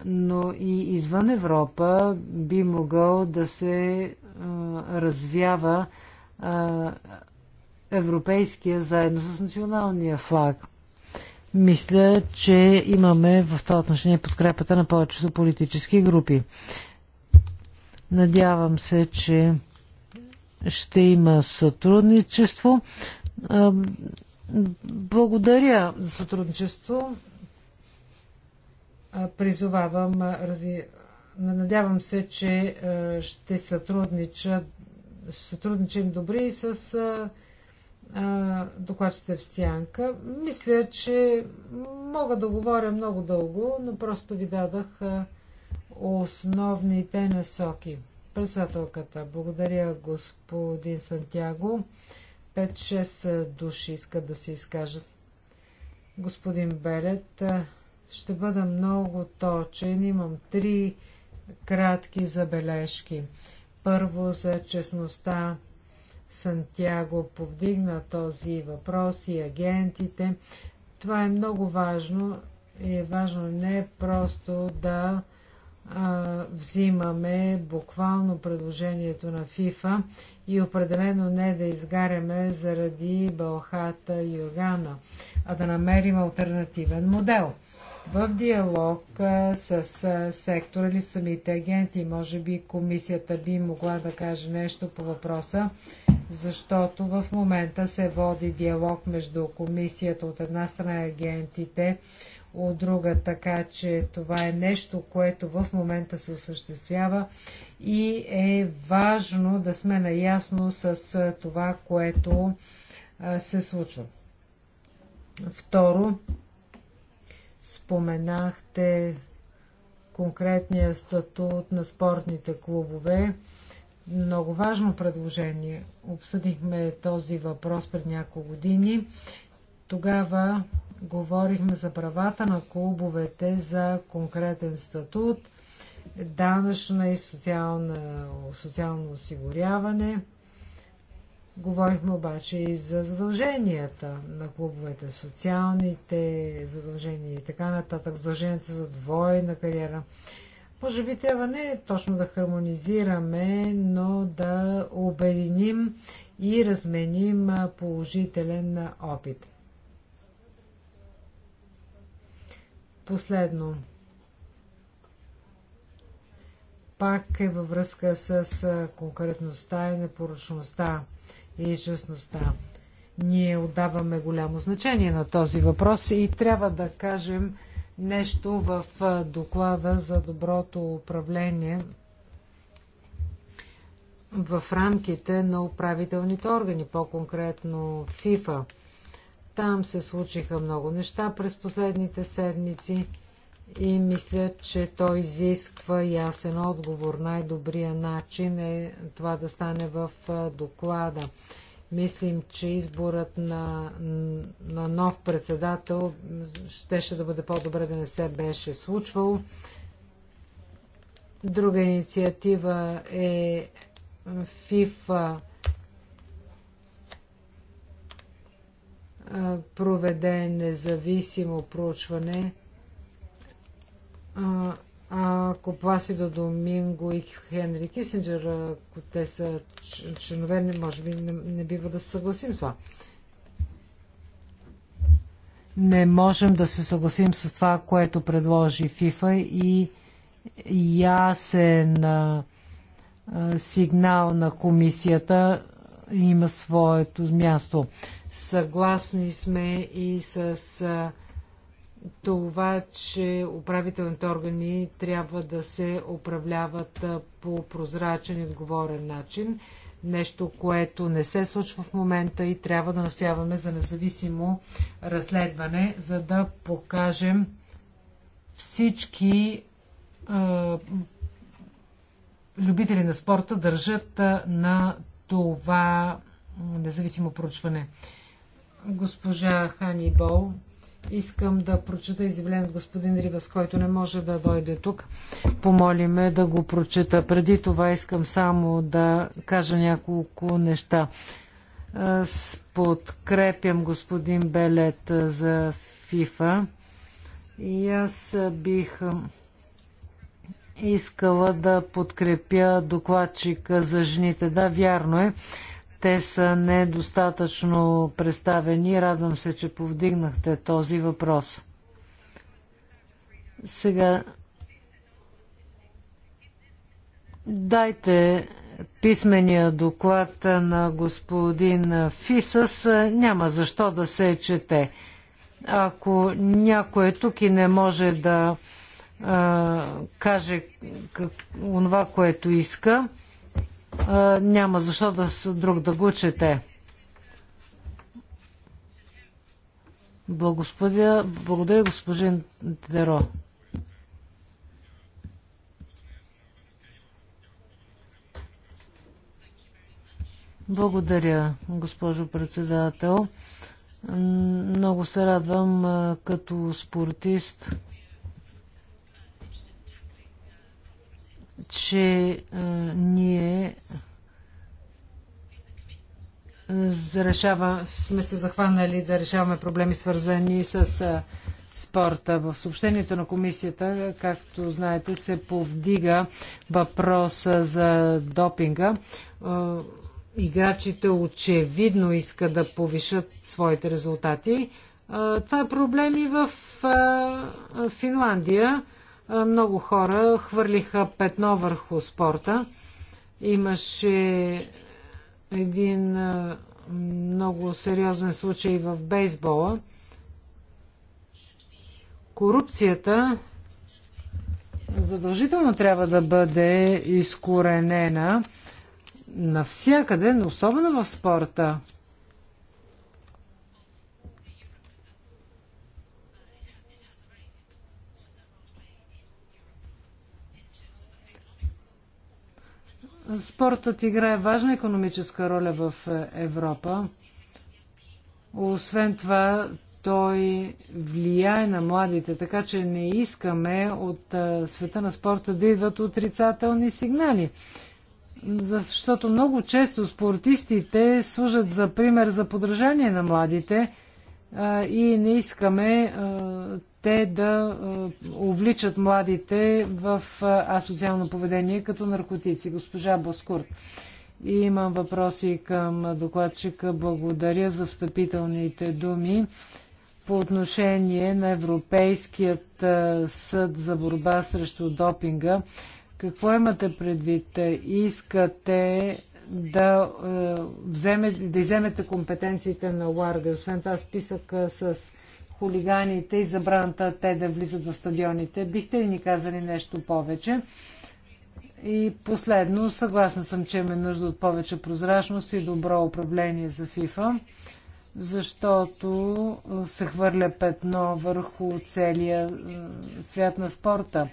но и извън Европа би могъл да се развява европейския заедно с националния флаг. Мисля, че имаме в това отношение подкрепата на повечето политически групи. Надявам се, че ще има сътрудничество. Благодаря за сътрудничество. Призовавам, надявам се, че ще сътрудничат сътрудничим добре и с докладчите в сянка. Мисля, че мога да говоря много дълго, но просто ви дадах основните насоки. Председателката, благодаря господин Сантяго. 5-6 души искат да се изкажат. Господин Белет, ще бъда много точен. Имам три кратки забележки. Първо за честността. Сантяго повдигна този въпрос и агентите. Това е много важно и е важно не просто да взимаме буквално предложението на ФИФА и определено не да изгаряме заради Балхата и Йогана, а да намерим альтернативен модел. В диалог с сектора или самите агенти, може би комисията би могла да каже нещо по въпроса, защото в момента се води диалог между комисията от една страна агентите, от друга, така че това е нещо, което в момента се осъществява и е важно да сме наясно с това, което се случва. Второ, споменахте конкретния статут на спортните клубове. Много важно предложение. Обсъдихме този въпрос пред няколко години. Тогава Говорихме за правата на клубовете, за конкретен статут, данъчна и социална, социално осигуряване. Говорихме обаче и за задълженията на клубовете, социалните задължения и така нататък, задълженията за двойна кариера. Може би трябва не точно да хармонизираме, но да обединим и разменим положителен опит. Последно. Пак е във връзка с конкретността и непоръчността и честността. Ние отдаваме голямо значение на този въпрос и трябва да кажем нещо в доклада за доброто управление в рамките на управителните органи, по-конкретно ФИФА – там се случиха много неща през последните седмици и мисля, че той изисква ясен отговор. Най-добрият начин е това да стане в доклада. Мислим, че изборът на, на нов председател щеше да бъде по-добре да не се беше случвало. Друга инициатива е FIFA проведе независимо проучване. Ако до Доминго и Хенри Кисенджер, ако те са членове, може би не, не бива да се съгласим с това. Не можем да се съгласим с това, което предложи ФИФА и ясен сигнал на комисията има своето място. Съгласни сме и с това, че управителните органи трябва да се управляват по прозрачен и отговорен начин. Нещо, което не се случва в момента и трябва да настояваме за независимо разследване, за да покажем всички а, любители на спорта държат на това независимо проучване госпожа Хани Бол. Искам да прочета изявление от господин Рибас, който не може да дойде тук. Помолиме да го прочета. Преди това искам само да кажа няколко неща. Аз е, подкрепям господин Белет е, за ФИФА и аз бих е, искала да подкрепя докладчика за жените. Да, вярно е те са недостатъчно представени. Радвам се, че повдигнахте този въпрос. Сега дайте писмения доклад на господин Фисъс. Няма защо да се чете. Ако някой е тук и не може да а, каже как, онова, което иска, няма защо да с друг да го чете. благодаря, господин Деро. Благодаря, госпожо председател. Много се радвам като спортист че а, ние решава, сме се захванали да решаваме проблеми свързани с а, спорта. В съобщението на комисията, както знаете, се повдига въпроса за допинга. А, играчите очевидно искат да повишат своите резултати. А, това е проблем и в Финландия много хора хвърлиха петно върху спорта. Имаше един много сериозен случай в бейсбола. Корупцията задължително трябва да бъде изкоренена навсякъде, но особено в спорта. Спортът играе важна економическа роля в е, Европа. Освен това, той влияе на младите, така че не искаме от е, света на спорта да идват отрицателни сигнали. Защото много често спортистите служат за пример за подражание на младите – и не искаме те да увличат младите в асоциално поведение като наркотици. Госпожа Боскурт. И имам въпроси към докладчика. Благодаря за встъпителните думи по отношение на Европейският съд за борба срещу допинга. Какво имате предвид? Искате да, е, вземе, да иземете компетенциите на Ларга. Освен това списък с хулиганите и забраната те да влизат в стадионите. Бихте ли ни казали нещо повече? И последно, съгласна съм, че имаме нужда от повече прозрачност и добро управление за ФИФА, защото се хвърля петно върху целия е, свят на спорта.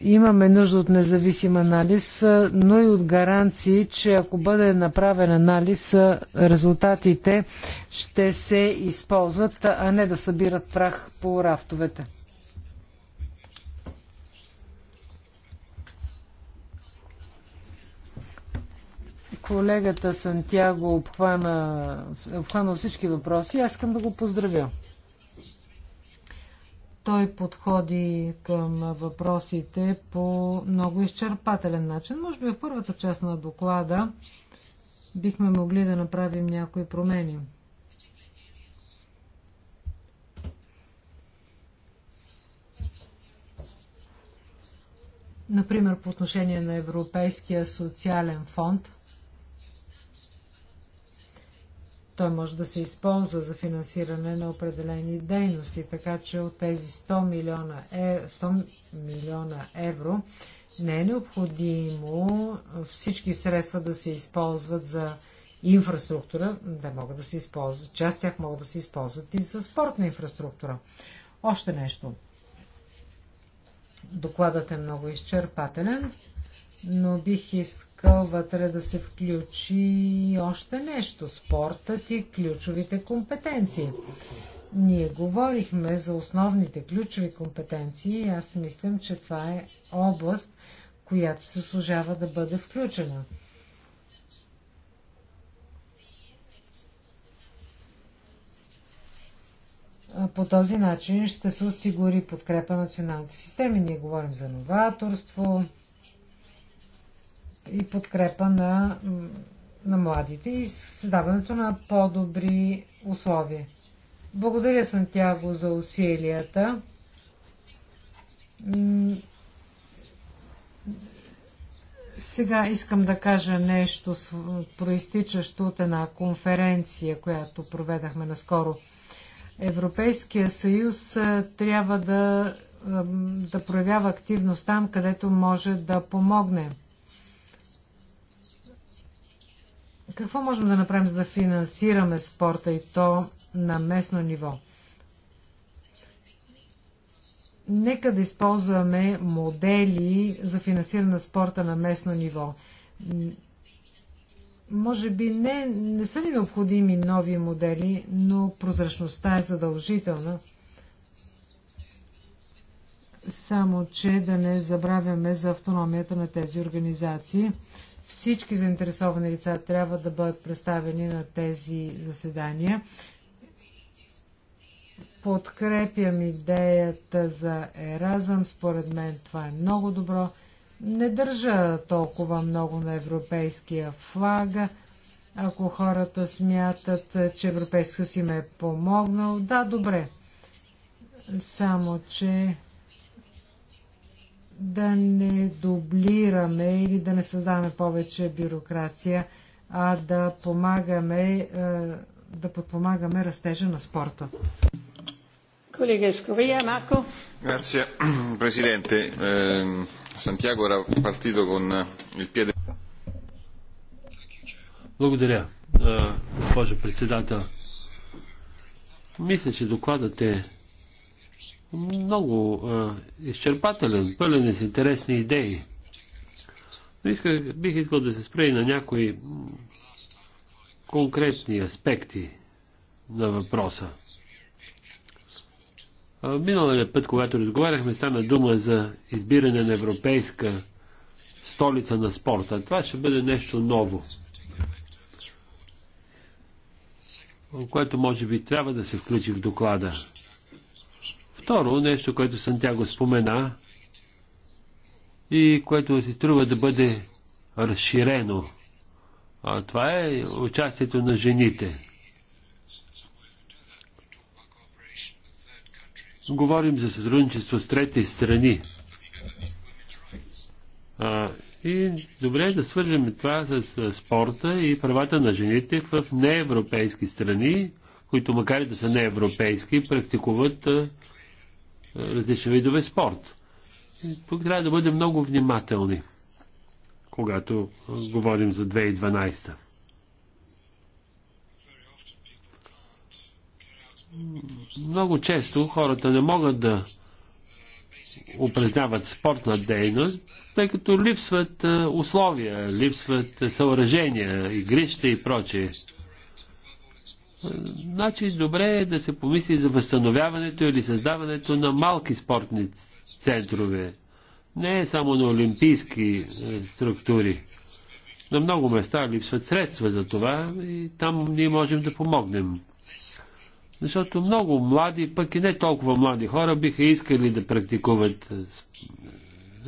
Имаме нужда от независим анализ, но и от гаранции, че ако бъде направен анализ, резултатите ще се използват, а не да събират прах по рафтовете. колегата Сантяго обхвана, обхвана всички въпроси. Аз искам да го поздравя. Той подходи към въпросите по много изчерпателен начин. Може би в първата част на доклада бихме могли да направим някои промени. Например, по отношение на Европейския социален фонд – той може да се използва за финансиране на определени дейности, така че от тези 100 милиона, е, 100 милиона евро не е необходимо всички средства да се използват за инфраструктура, да могат да се използват, част тях могат да се използват и за спортна инфраструктура. Още нещо. Докладът е много изчерпателен, но бих искал искал вътре да се включи още нещо. Спортът и ключовите компетенции. Ние говорихме за основните ключови компетенции и аз мислям, че това е област, която се служава да бъде включена. По този начин ще се осигури подкрепа на националните системи. Ние говорим за новаторство, и подкрепа на, на младите и създаването на по-добри условия. Благодаря го за усилията. Сега искам да кажа нещо, проистичащо от една конференция, която проведахме наскоро. Европейския съюз трябва да, да проявява активност там, където може да помогне. Какво можем да направим, за да финансираме спорта и то на местно ниво? Нека да използваме модели за финансиране на спорта на местно ниво. Може би не, не са ни необходими нови модели, но прозрачността е задължителна. Само, че да не забравяме за автономията на тези организации. Всички заинтересовани лица трябва да бъдат представени на тези заседания. Подкрепям идеята за Еразъм. Според мен това е много добро. Не държа толкова много на европейския флага. Ако хората смятат, че Европейско си ме е помогнал, да, добре. Само, че да не дублираме или да не създаваме повече бюрокрация, а да помагаме, е, да подпомагаме растежа на спорта. Колега е, il piede. Благодаря, е, госпожо председател. Мисля, че докладът е много а, изчерпателен, пълен с интересни идеи. Но исках, бих искал да се спре на някои конкретни аспекти на въпроса. Миналия път, когато разговаряхме, стана дума за избиране на европейска столица на спорта. Това ще бъде нещо ново, което може би трябва да се включи в доклада. Второ, нещо, което Сантяго спомена и което се струва да бъде разширено, а това е участието на жените. Говорим за сътрудничество с трети страни. А, и добре е да свържем това с спорта и правата на жените в неевропейски страни, които макар и да са неевропейски, практикуват различни видове спорт. Тук Трябва да бъдем много внимателни, когато говорим за 2012. Много често хората не могат да упражняват спортна дейност, тъй като липсват условия, липсват съоръжения, игрища и прочее. Значи добре е да се помисли за възстановяването или създаването на малки спортни центрове. Не е само на олимпийски е, структури. На много места липсват средства за това и там ние можем да помогнем. Защото много млади, пък и не толкова млади хора биха искали да практикуват е,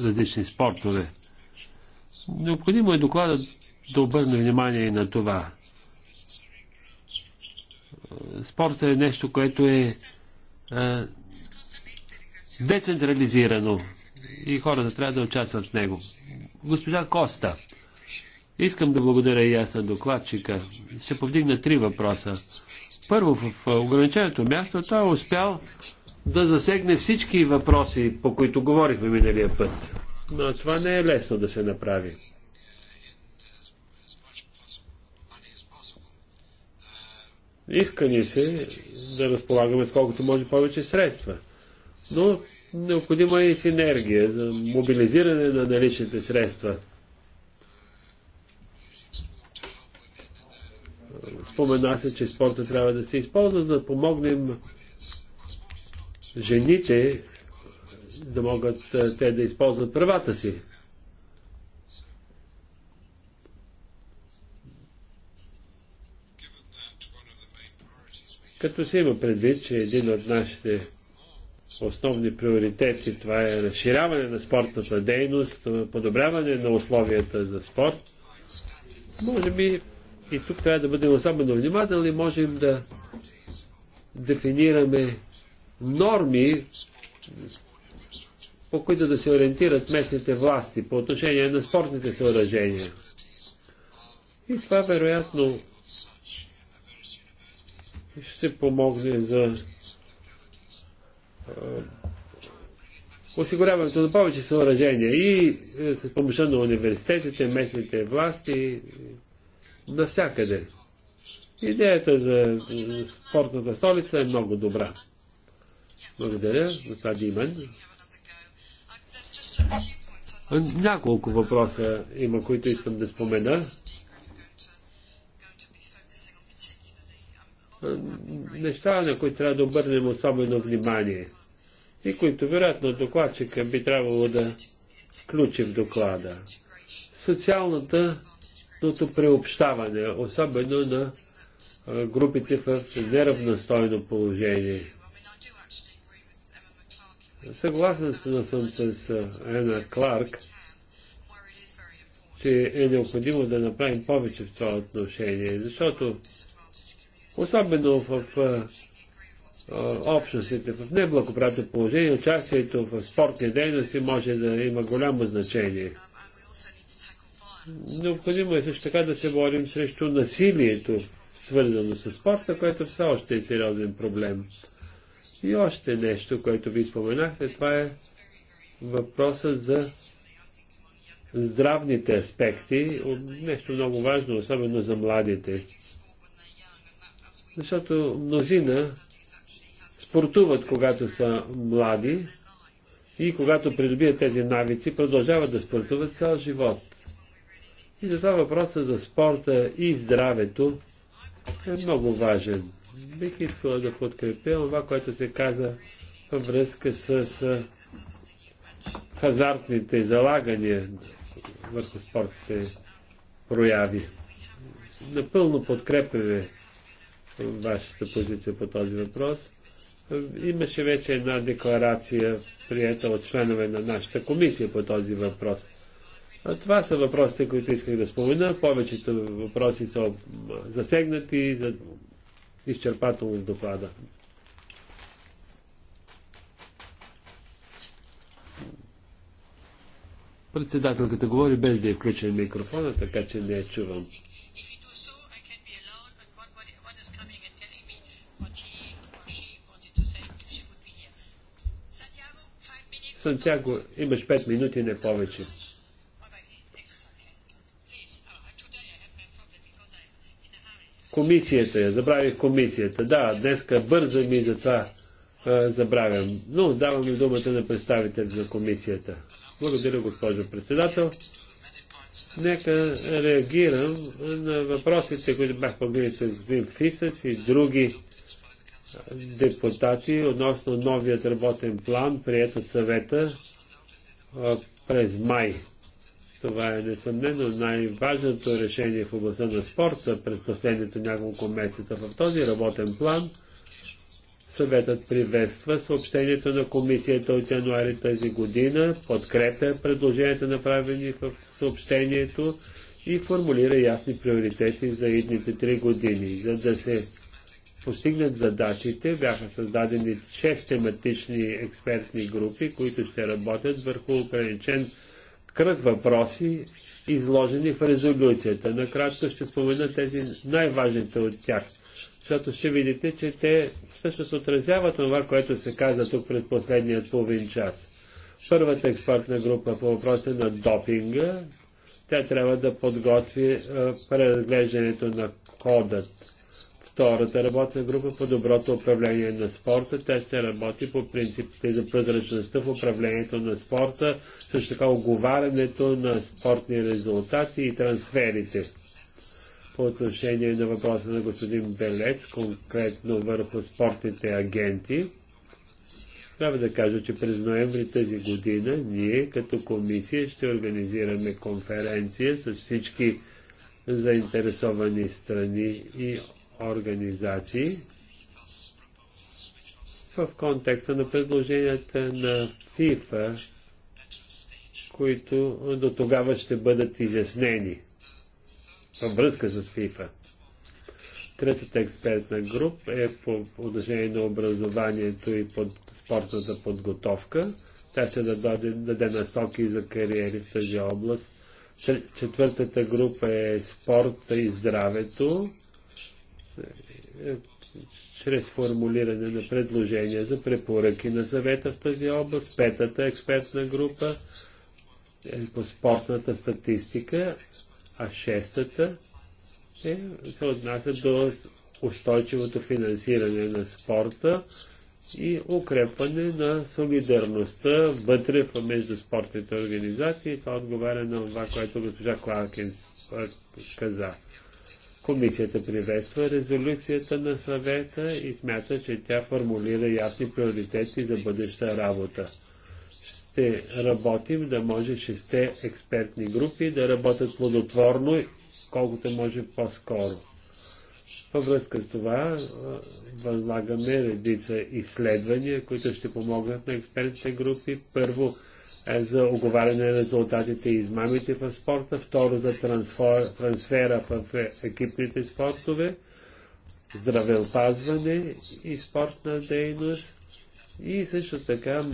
различни спортове. Необходимо е докладът да обърне внимание и на това спортът е нещо, което е а, децентрализирано и хората трябва да участват в него. Госпожа Коста, искам да благодаря и аз на докладчика. Ще повдигна три въпроса. Първо, в ограниченото място той е успял да засегне всички въпроси, по които говорихме миналия път. Но това не е лесно да се направи. Иска ни се да разполагаме с колкото може повече средства. Но необходима е и синергия за мобилизиране на наличните средства. Спомена се, че спорта трябва да се използва, за да помогнем жените да могат те да използват правата си. Като се има предвид, че един от нашите основни приоритети това е разширяване на спортната дейност, подобряване на условията за спорт, може би и тук трябва да бъдем особено внимателни, можем да дефинираме норми, по които да се ориентират местните власти по отношение на спортните съоръжения. И това вероятно ще помогне за осигуряването на повече съоръжения и е, с помощта на университетите, местните власти, навсякъде. Идеята за спортната столица е много добра. Благодаря, госпожа Диман. Няколко въпроса има, които искам да спомена. неща, на които трябва да обърнем особено внимание и които вероятно докладчика би трябвало да включи в доклада. Социалната приобщаване, особено на групите в неравностойно положение. Съгласен съм с Ена Кларк, че е необходимо да направим повече в това отношение, защото Особено в общностите, в неблагоприятно положение, участието в спортни дейности може да има голямо значение. Необходимо е също така да се борим срещу насилието, свързано с спорта, което е все още е сериозен проблем. И още нещо, което ви споменахте, това е въпросът за здравните аспекти, нещо много важно, особено за младите. Защото мнозина спортуват, когато са млади и когато придобият тези навици, продължават да спортуват цял живот. И затова въпросът за спорта и здравето е много важен. Бих искала да подкрепя това, което се каза във връзка с хазартните залагания върху спортните прояви. Напълно подкрепяме вашата позиция по този въпрос. Имаше вече една декларация, приета от членове на нашата комисия по този въпрос. А това са въпросите, които исках да спомена. Повечето въпроси са засегнати за изчерпателно в доклада. Председателката говори без да е включен микрофона, така че не я чувам. Сантьяго, имаш 5 минути, не повече. Комисията я, забравих комисията. Да, днеска бързам и затова това забравям. Но даваме думата на представител за комисията. Благодаря, госпожо председател. Нека реагирам на въпросите, които бях подминали с господин Фисъс и други депутати относно новият работен план, прият от съвета през май. Това е несъмнено най-важното решение в областта на спорта през последните няколко месеца. В този работен план съветът приветства съобщението на комисията от януари тази година, подкрепя предложенията направени в съобщението и формулира ясни приоритети за едните три години, за да се постигнат задачите, бяха създадени 6 тематични експертни групи, които ще работят върху ограничен кръг въпроси, изложени в резолюцията. Накратко ще спомена тези най-важните от тях, защото ще видите, че те всъщност отразяват това, което се каза тук пред последния половин час. Първата експертна група по въпроса на допинга, тя трябва да подготви преразглеждането на кодът втората работна група по доброто управление на спорта. Тя ще работи по принципите за прозрачността в управлението на спорта, също така оговарянето на спортни резултати и трансферите. По отношение на въпроса на господин Белец, конкретно върху спортните агенти, трябва да кажа, че през ноември тази година ние като комисия ще организираме конференция с всички заинтересовани страни и организации в контекста на предложенията на ФИФА, които до тогава ще бъдат изяснени във връзка с ФИФА. Третата експертна група е по отношение на образованието и под спортната подготовка. Тя ще даде, даде насоки за кариери в тази област. Четвъртата група е спорта и здравето. Е, чрез формулиране на предложения за препоръки на съвета в тази област, петата експертна група е по спортната статистика, а шестата е, се отнася до устойчивото финансиране на спорта и укрепване на солидарността вътре между спортните организации. Това отговаря на това, което госпожа Кларкин е, каза. Комисията приветства резолюцията на съвета и смята, че тя формулира ясни приоритети за бъдеща работа. Ще работим да може шесте експертни групи да работят плодотворно, колкото може по-скоро. Във връзка с това възлагаме редица изследвания, които ще помогнат на експертните групи. Първо, е, за оговаряне на резултатите и измамите в спорта, второ за трансфер, трансфера в екипните спортове, здравеопазване и спортна дейност и също така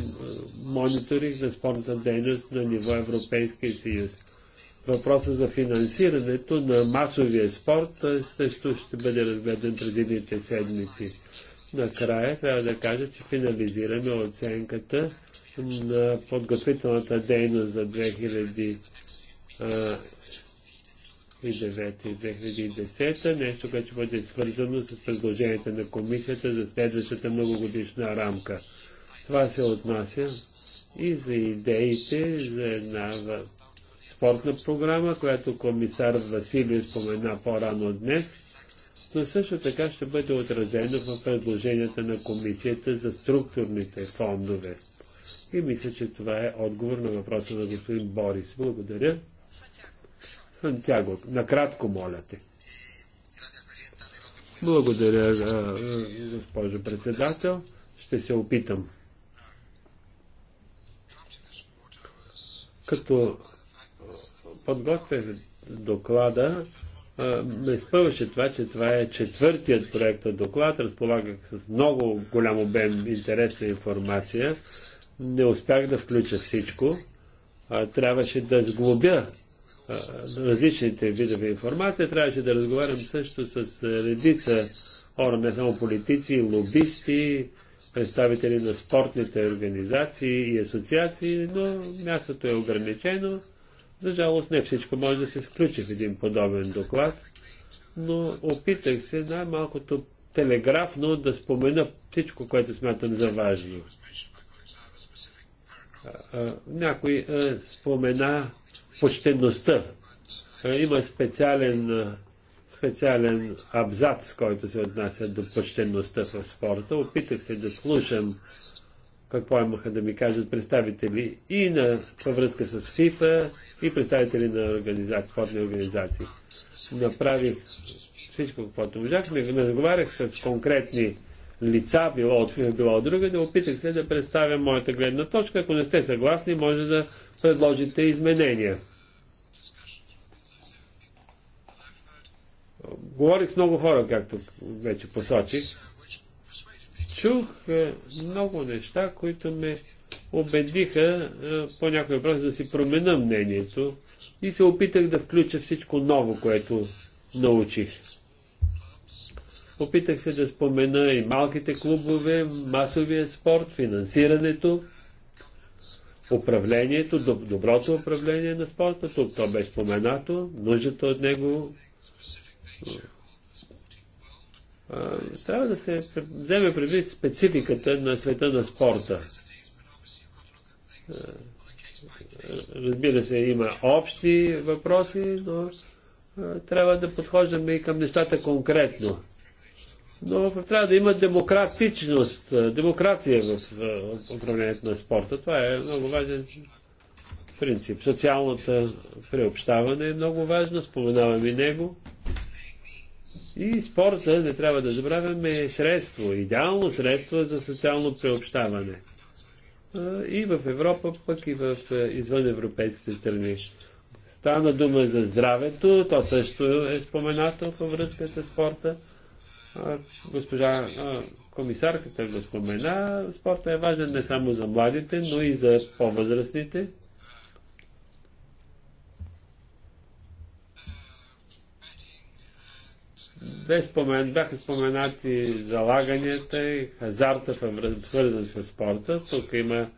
мониторинг на спортна дейност на ниво Европейския съюз. Въпросът за финансирането на масовия спорт също ще бъде разгледан през следните седмици накрая трябва да кажа, че финализираме оценката на подготвителната дейност за 2009 и 2010, нещо, което бъде свързано с предложенията на комисията за следващата многогодишна рамка. Това се отнася и за идеите за една спортна програма, която комисар Василий спомена по-рано днес – но също така ще бъде отразено в предложенията на комисията за структурните фондове. И мисля, че това е отговор на въпроса на господин Борис. Благодаря. Сантяго, накратко моля те. Благодаря, госпожо председател. Ще се опитам. Като подготвях доклада, ме изпълваше това, че това е четвъртият проект от доклад. Разполагах с много голям обем интересна информация. Не успях да включа всичко. Трябваше да сглобя различните видове информация. Трябваше да разговарям също с редица хора, не само политици, лобисти, представители на спортните организации и асоциации, но мястото е ограничено за жалост не всичко може да се включи в един подобен доклад, но опитах се най-малкото телеграфно да спомена всичко, което смятам за важно. Някой спомена почтенността. Има специален, специален абзац, който се отнася до почтенността в спорта. Опитах се да слушам какво имаха да ми кажат представители и на, във връзка с ФИФА, и представители на организации, спортни организации. Направих всичко, каквото Не Разговарях с конкретни лица, било от ФИФА, било от друга, да опитах се да представя моята гледна точка. Ако не сте съгласни, може да предложите изменения. Говорих с много хора, както вече посочих чух е, много неща, които ме убедиха е, по някой въпрос да си променя мнението и се опитах да включа всичко ново, което научих. Опитах се да спомена и малките клубове, масовия спорт, финансирането, управлението, доброто управление на спорта, тук то бе споменато, нуждата от него, трябва да се вземе предвид спецификата на света на спорта. Разбира се, има общи въпроси, но трябва да подхождаме и към нещата конкретно. Но трябва да има демократичност, демокрация в управлението на спорта. Това е много важен принцип. Социалното приобщаване е много важно, споменавам и него. И спорта, не трябва да забравяме, е средство, идеално средство за социално преобщаване. И в Европа, пък и в е, извън европейските страни. Стана дума за здравето, то също е споменато във връзка с спорта. Госпожа комисарката го спомена, спорта е важен не само за младите, но и за по-възрастните. Бе спомен, бяха споменати залаганията и хазарта, свързан с спорта. Тук има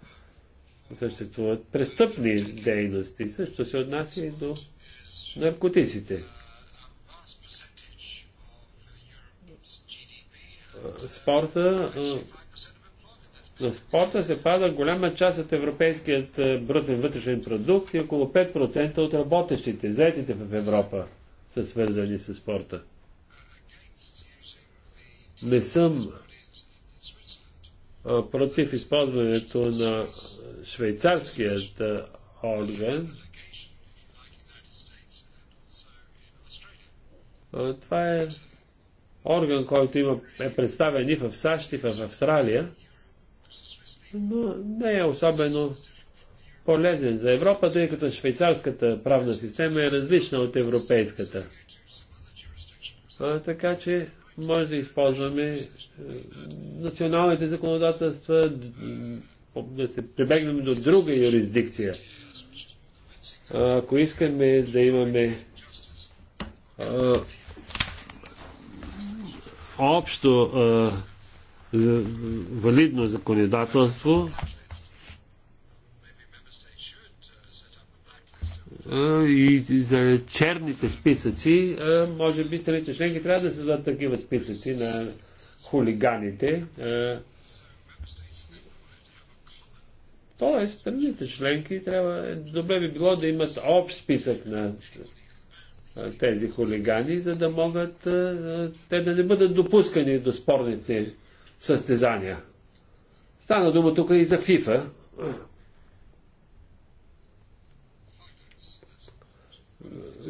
съществуват престъпни дейности. Също се отнася и до наркотиците. Спорта на спорта се пада голяма част от европейският брутен вътрешен продукт и около 5% от работещите, заетите в Европа, са свързани с спорта не съм против използването на швейцарският орган. това е орган, който има, е представен и в САЩ, и в Австралия, но не е особено полезен за Европа, тъй като швейцарската правна система е различна от европейската. А, така че може да използваме е, националните законодателства, да се прибегнем до друга юрисдикция. Ако искаме да имаме общо валидно законодателство, и за черните списъци, може би страните членки трябва да се дадат такива списъци на хулиганите. Тоест, страните членки трябва, добре би било да имат общ списък на тези хулигани, за да могат те да не бъдат допускани до спорните състезания. Стана дума тук и за ФИФА.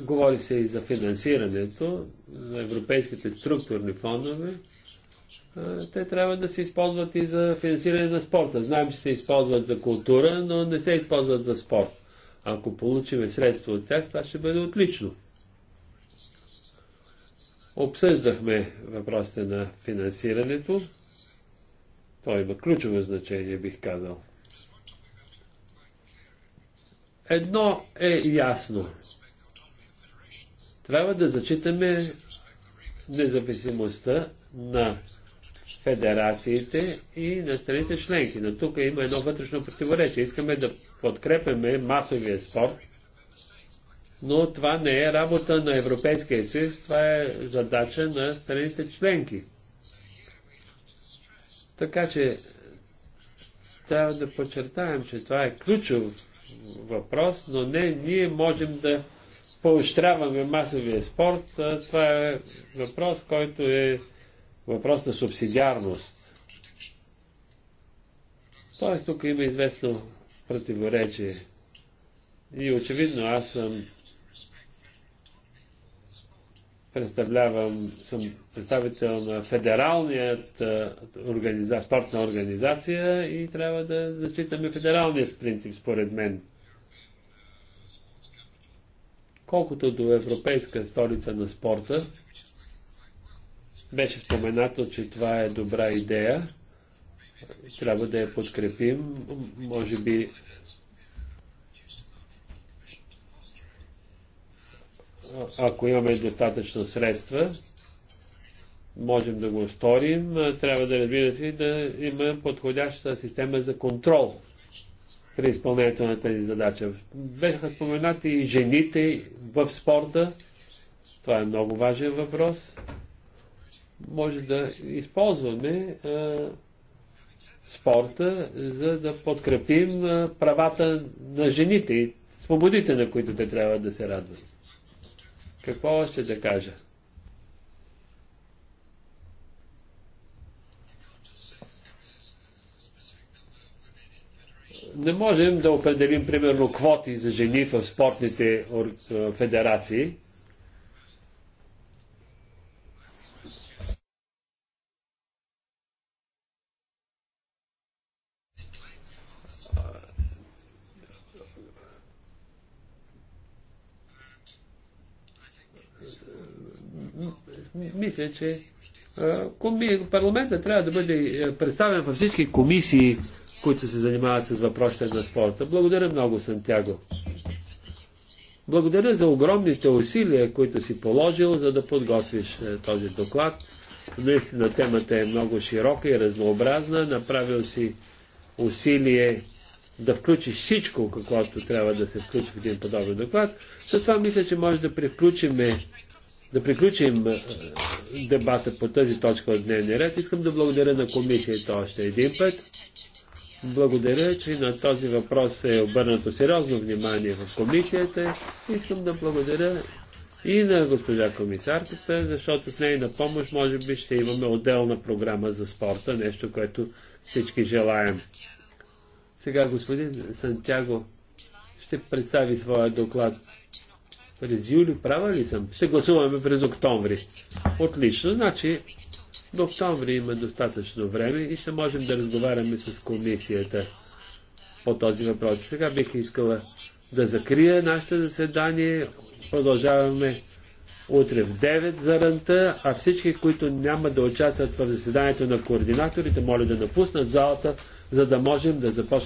Говори се и за финансирането на европейските структурни фондове. Те трябва да се използват и за финансиране на спорта. Знаем, че се използват за култура, но не се използват за спорт. Ако получиме средства от тях, това ще бъде отлично. Обсъждахме въпросите на финансирането. Той има ключово значение, бих казал. Едно е ясно. Трябва да зачитаме независимостта на федерациите и на страните членки. Но тук има едно вътрешно противоречие. Искаме да подкрепяме масовия спорт, но това не е работа на Европейския съюз, това е задача на страните членки. Така че трябва да подчертаем, че това е ключов въпрос, но не ние можем да поощряваме масовия спорт, това е въпрос, който е въпрос на субсидиарност. Тоест тук има известно противоречие. И очевидно аз съм представлявам, съм представител на федералният организа, спортна организация и трябва да зачитаме федералният принцип, според мен. Колкото до Европейска столица на спорта, беше споменато, че това е добра идея. Трябва да я подкрепим. Може би ако имаме достатъчно средства, можем да го сторим. Трябва да разбира се да има подходяща система за контрол при изпълнението на тази задача. Бяха споменати и жените в спорта. Това е много важен въпрос. Може да използваме а, спорта, за да подкрепим а, правата на жените и свободите, на които те трябва да се радват. Какво още да кажа? не можем да определим, примерно, квоти за жени в спортните федерации. Мисля, че парламента трябва да бъде е, представен във всички комисии, които се занимават с въпросите на спорта. Благодаря много, Сантяго. Благодаря за огромните усилия, които си положил, за да подготвиш е, този доклад. Наистина темата е много широка и разнообразна. Направил си усилие да включиш всичко, каквото трябва да се включи в един подобен доклад. Затова мисля, че може да приключим, да приключим е, дебата по тази точка от дневния ред. Искам да благодаря на комисията още един път благодаря, че на този въпрос е обърнато сериозно внимание в комисията. Искам да благодаря и на госпожа комисарката, защото с нейна помощ може би ще имаме отделна програма за спорта, нещо, което всички желаем. Сега господин Сантяго ще представи своя доклад през юли, права ли съм? Ще гласуваме през октомври. Отлично, значи до октомври има достатъчно време и ще можем да разговаряме с комисията по този въпрос. Сега бих искала да закрия нашето заседание. Продължаваме утре в 9 за ранта, а всички, които няма да участват в заседанието на координаторите, моля да напуснат залата, за да можем да започнем.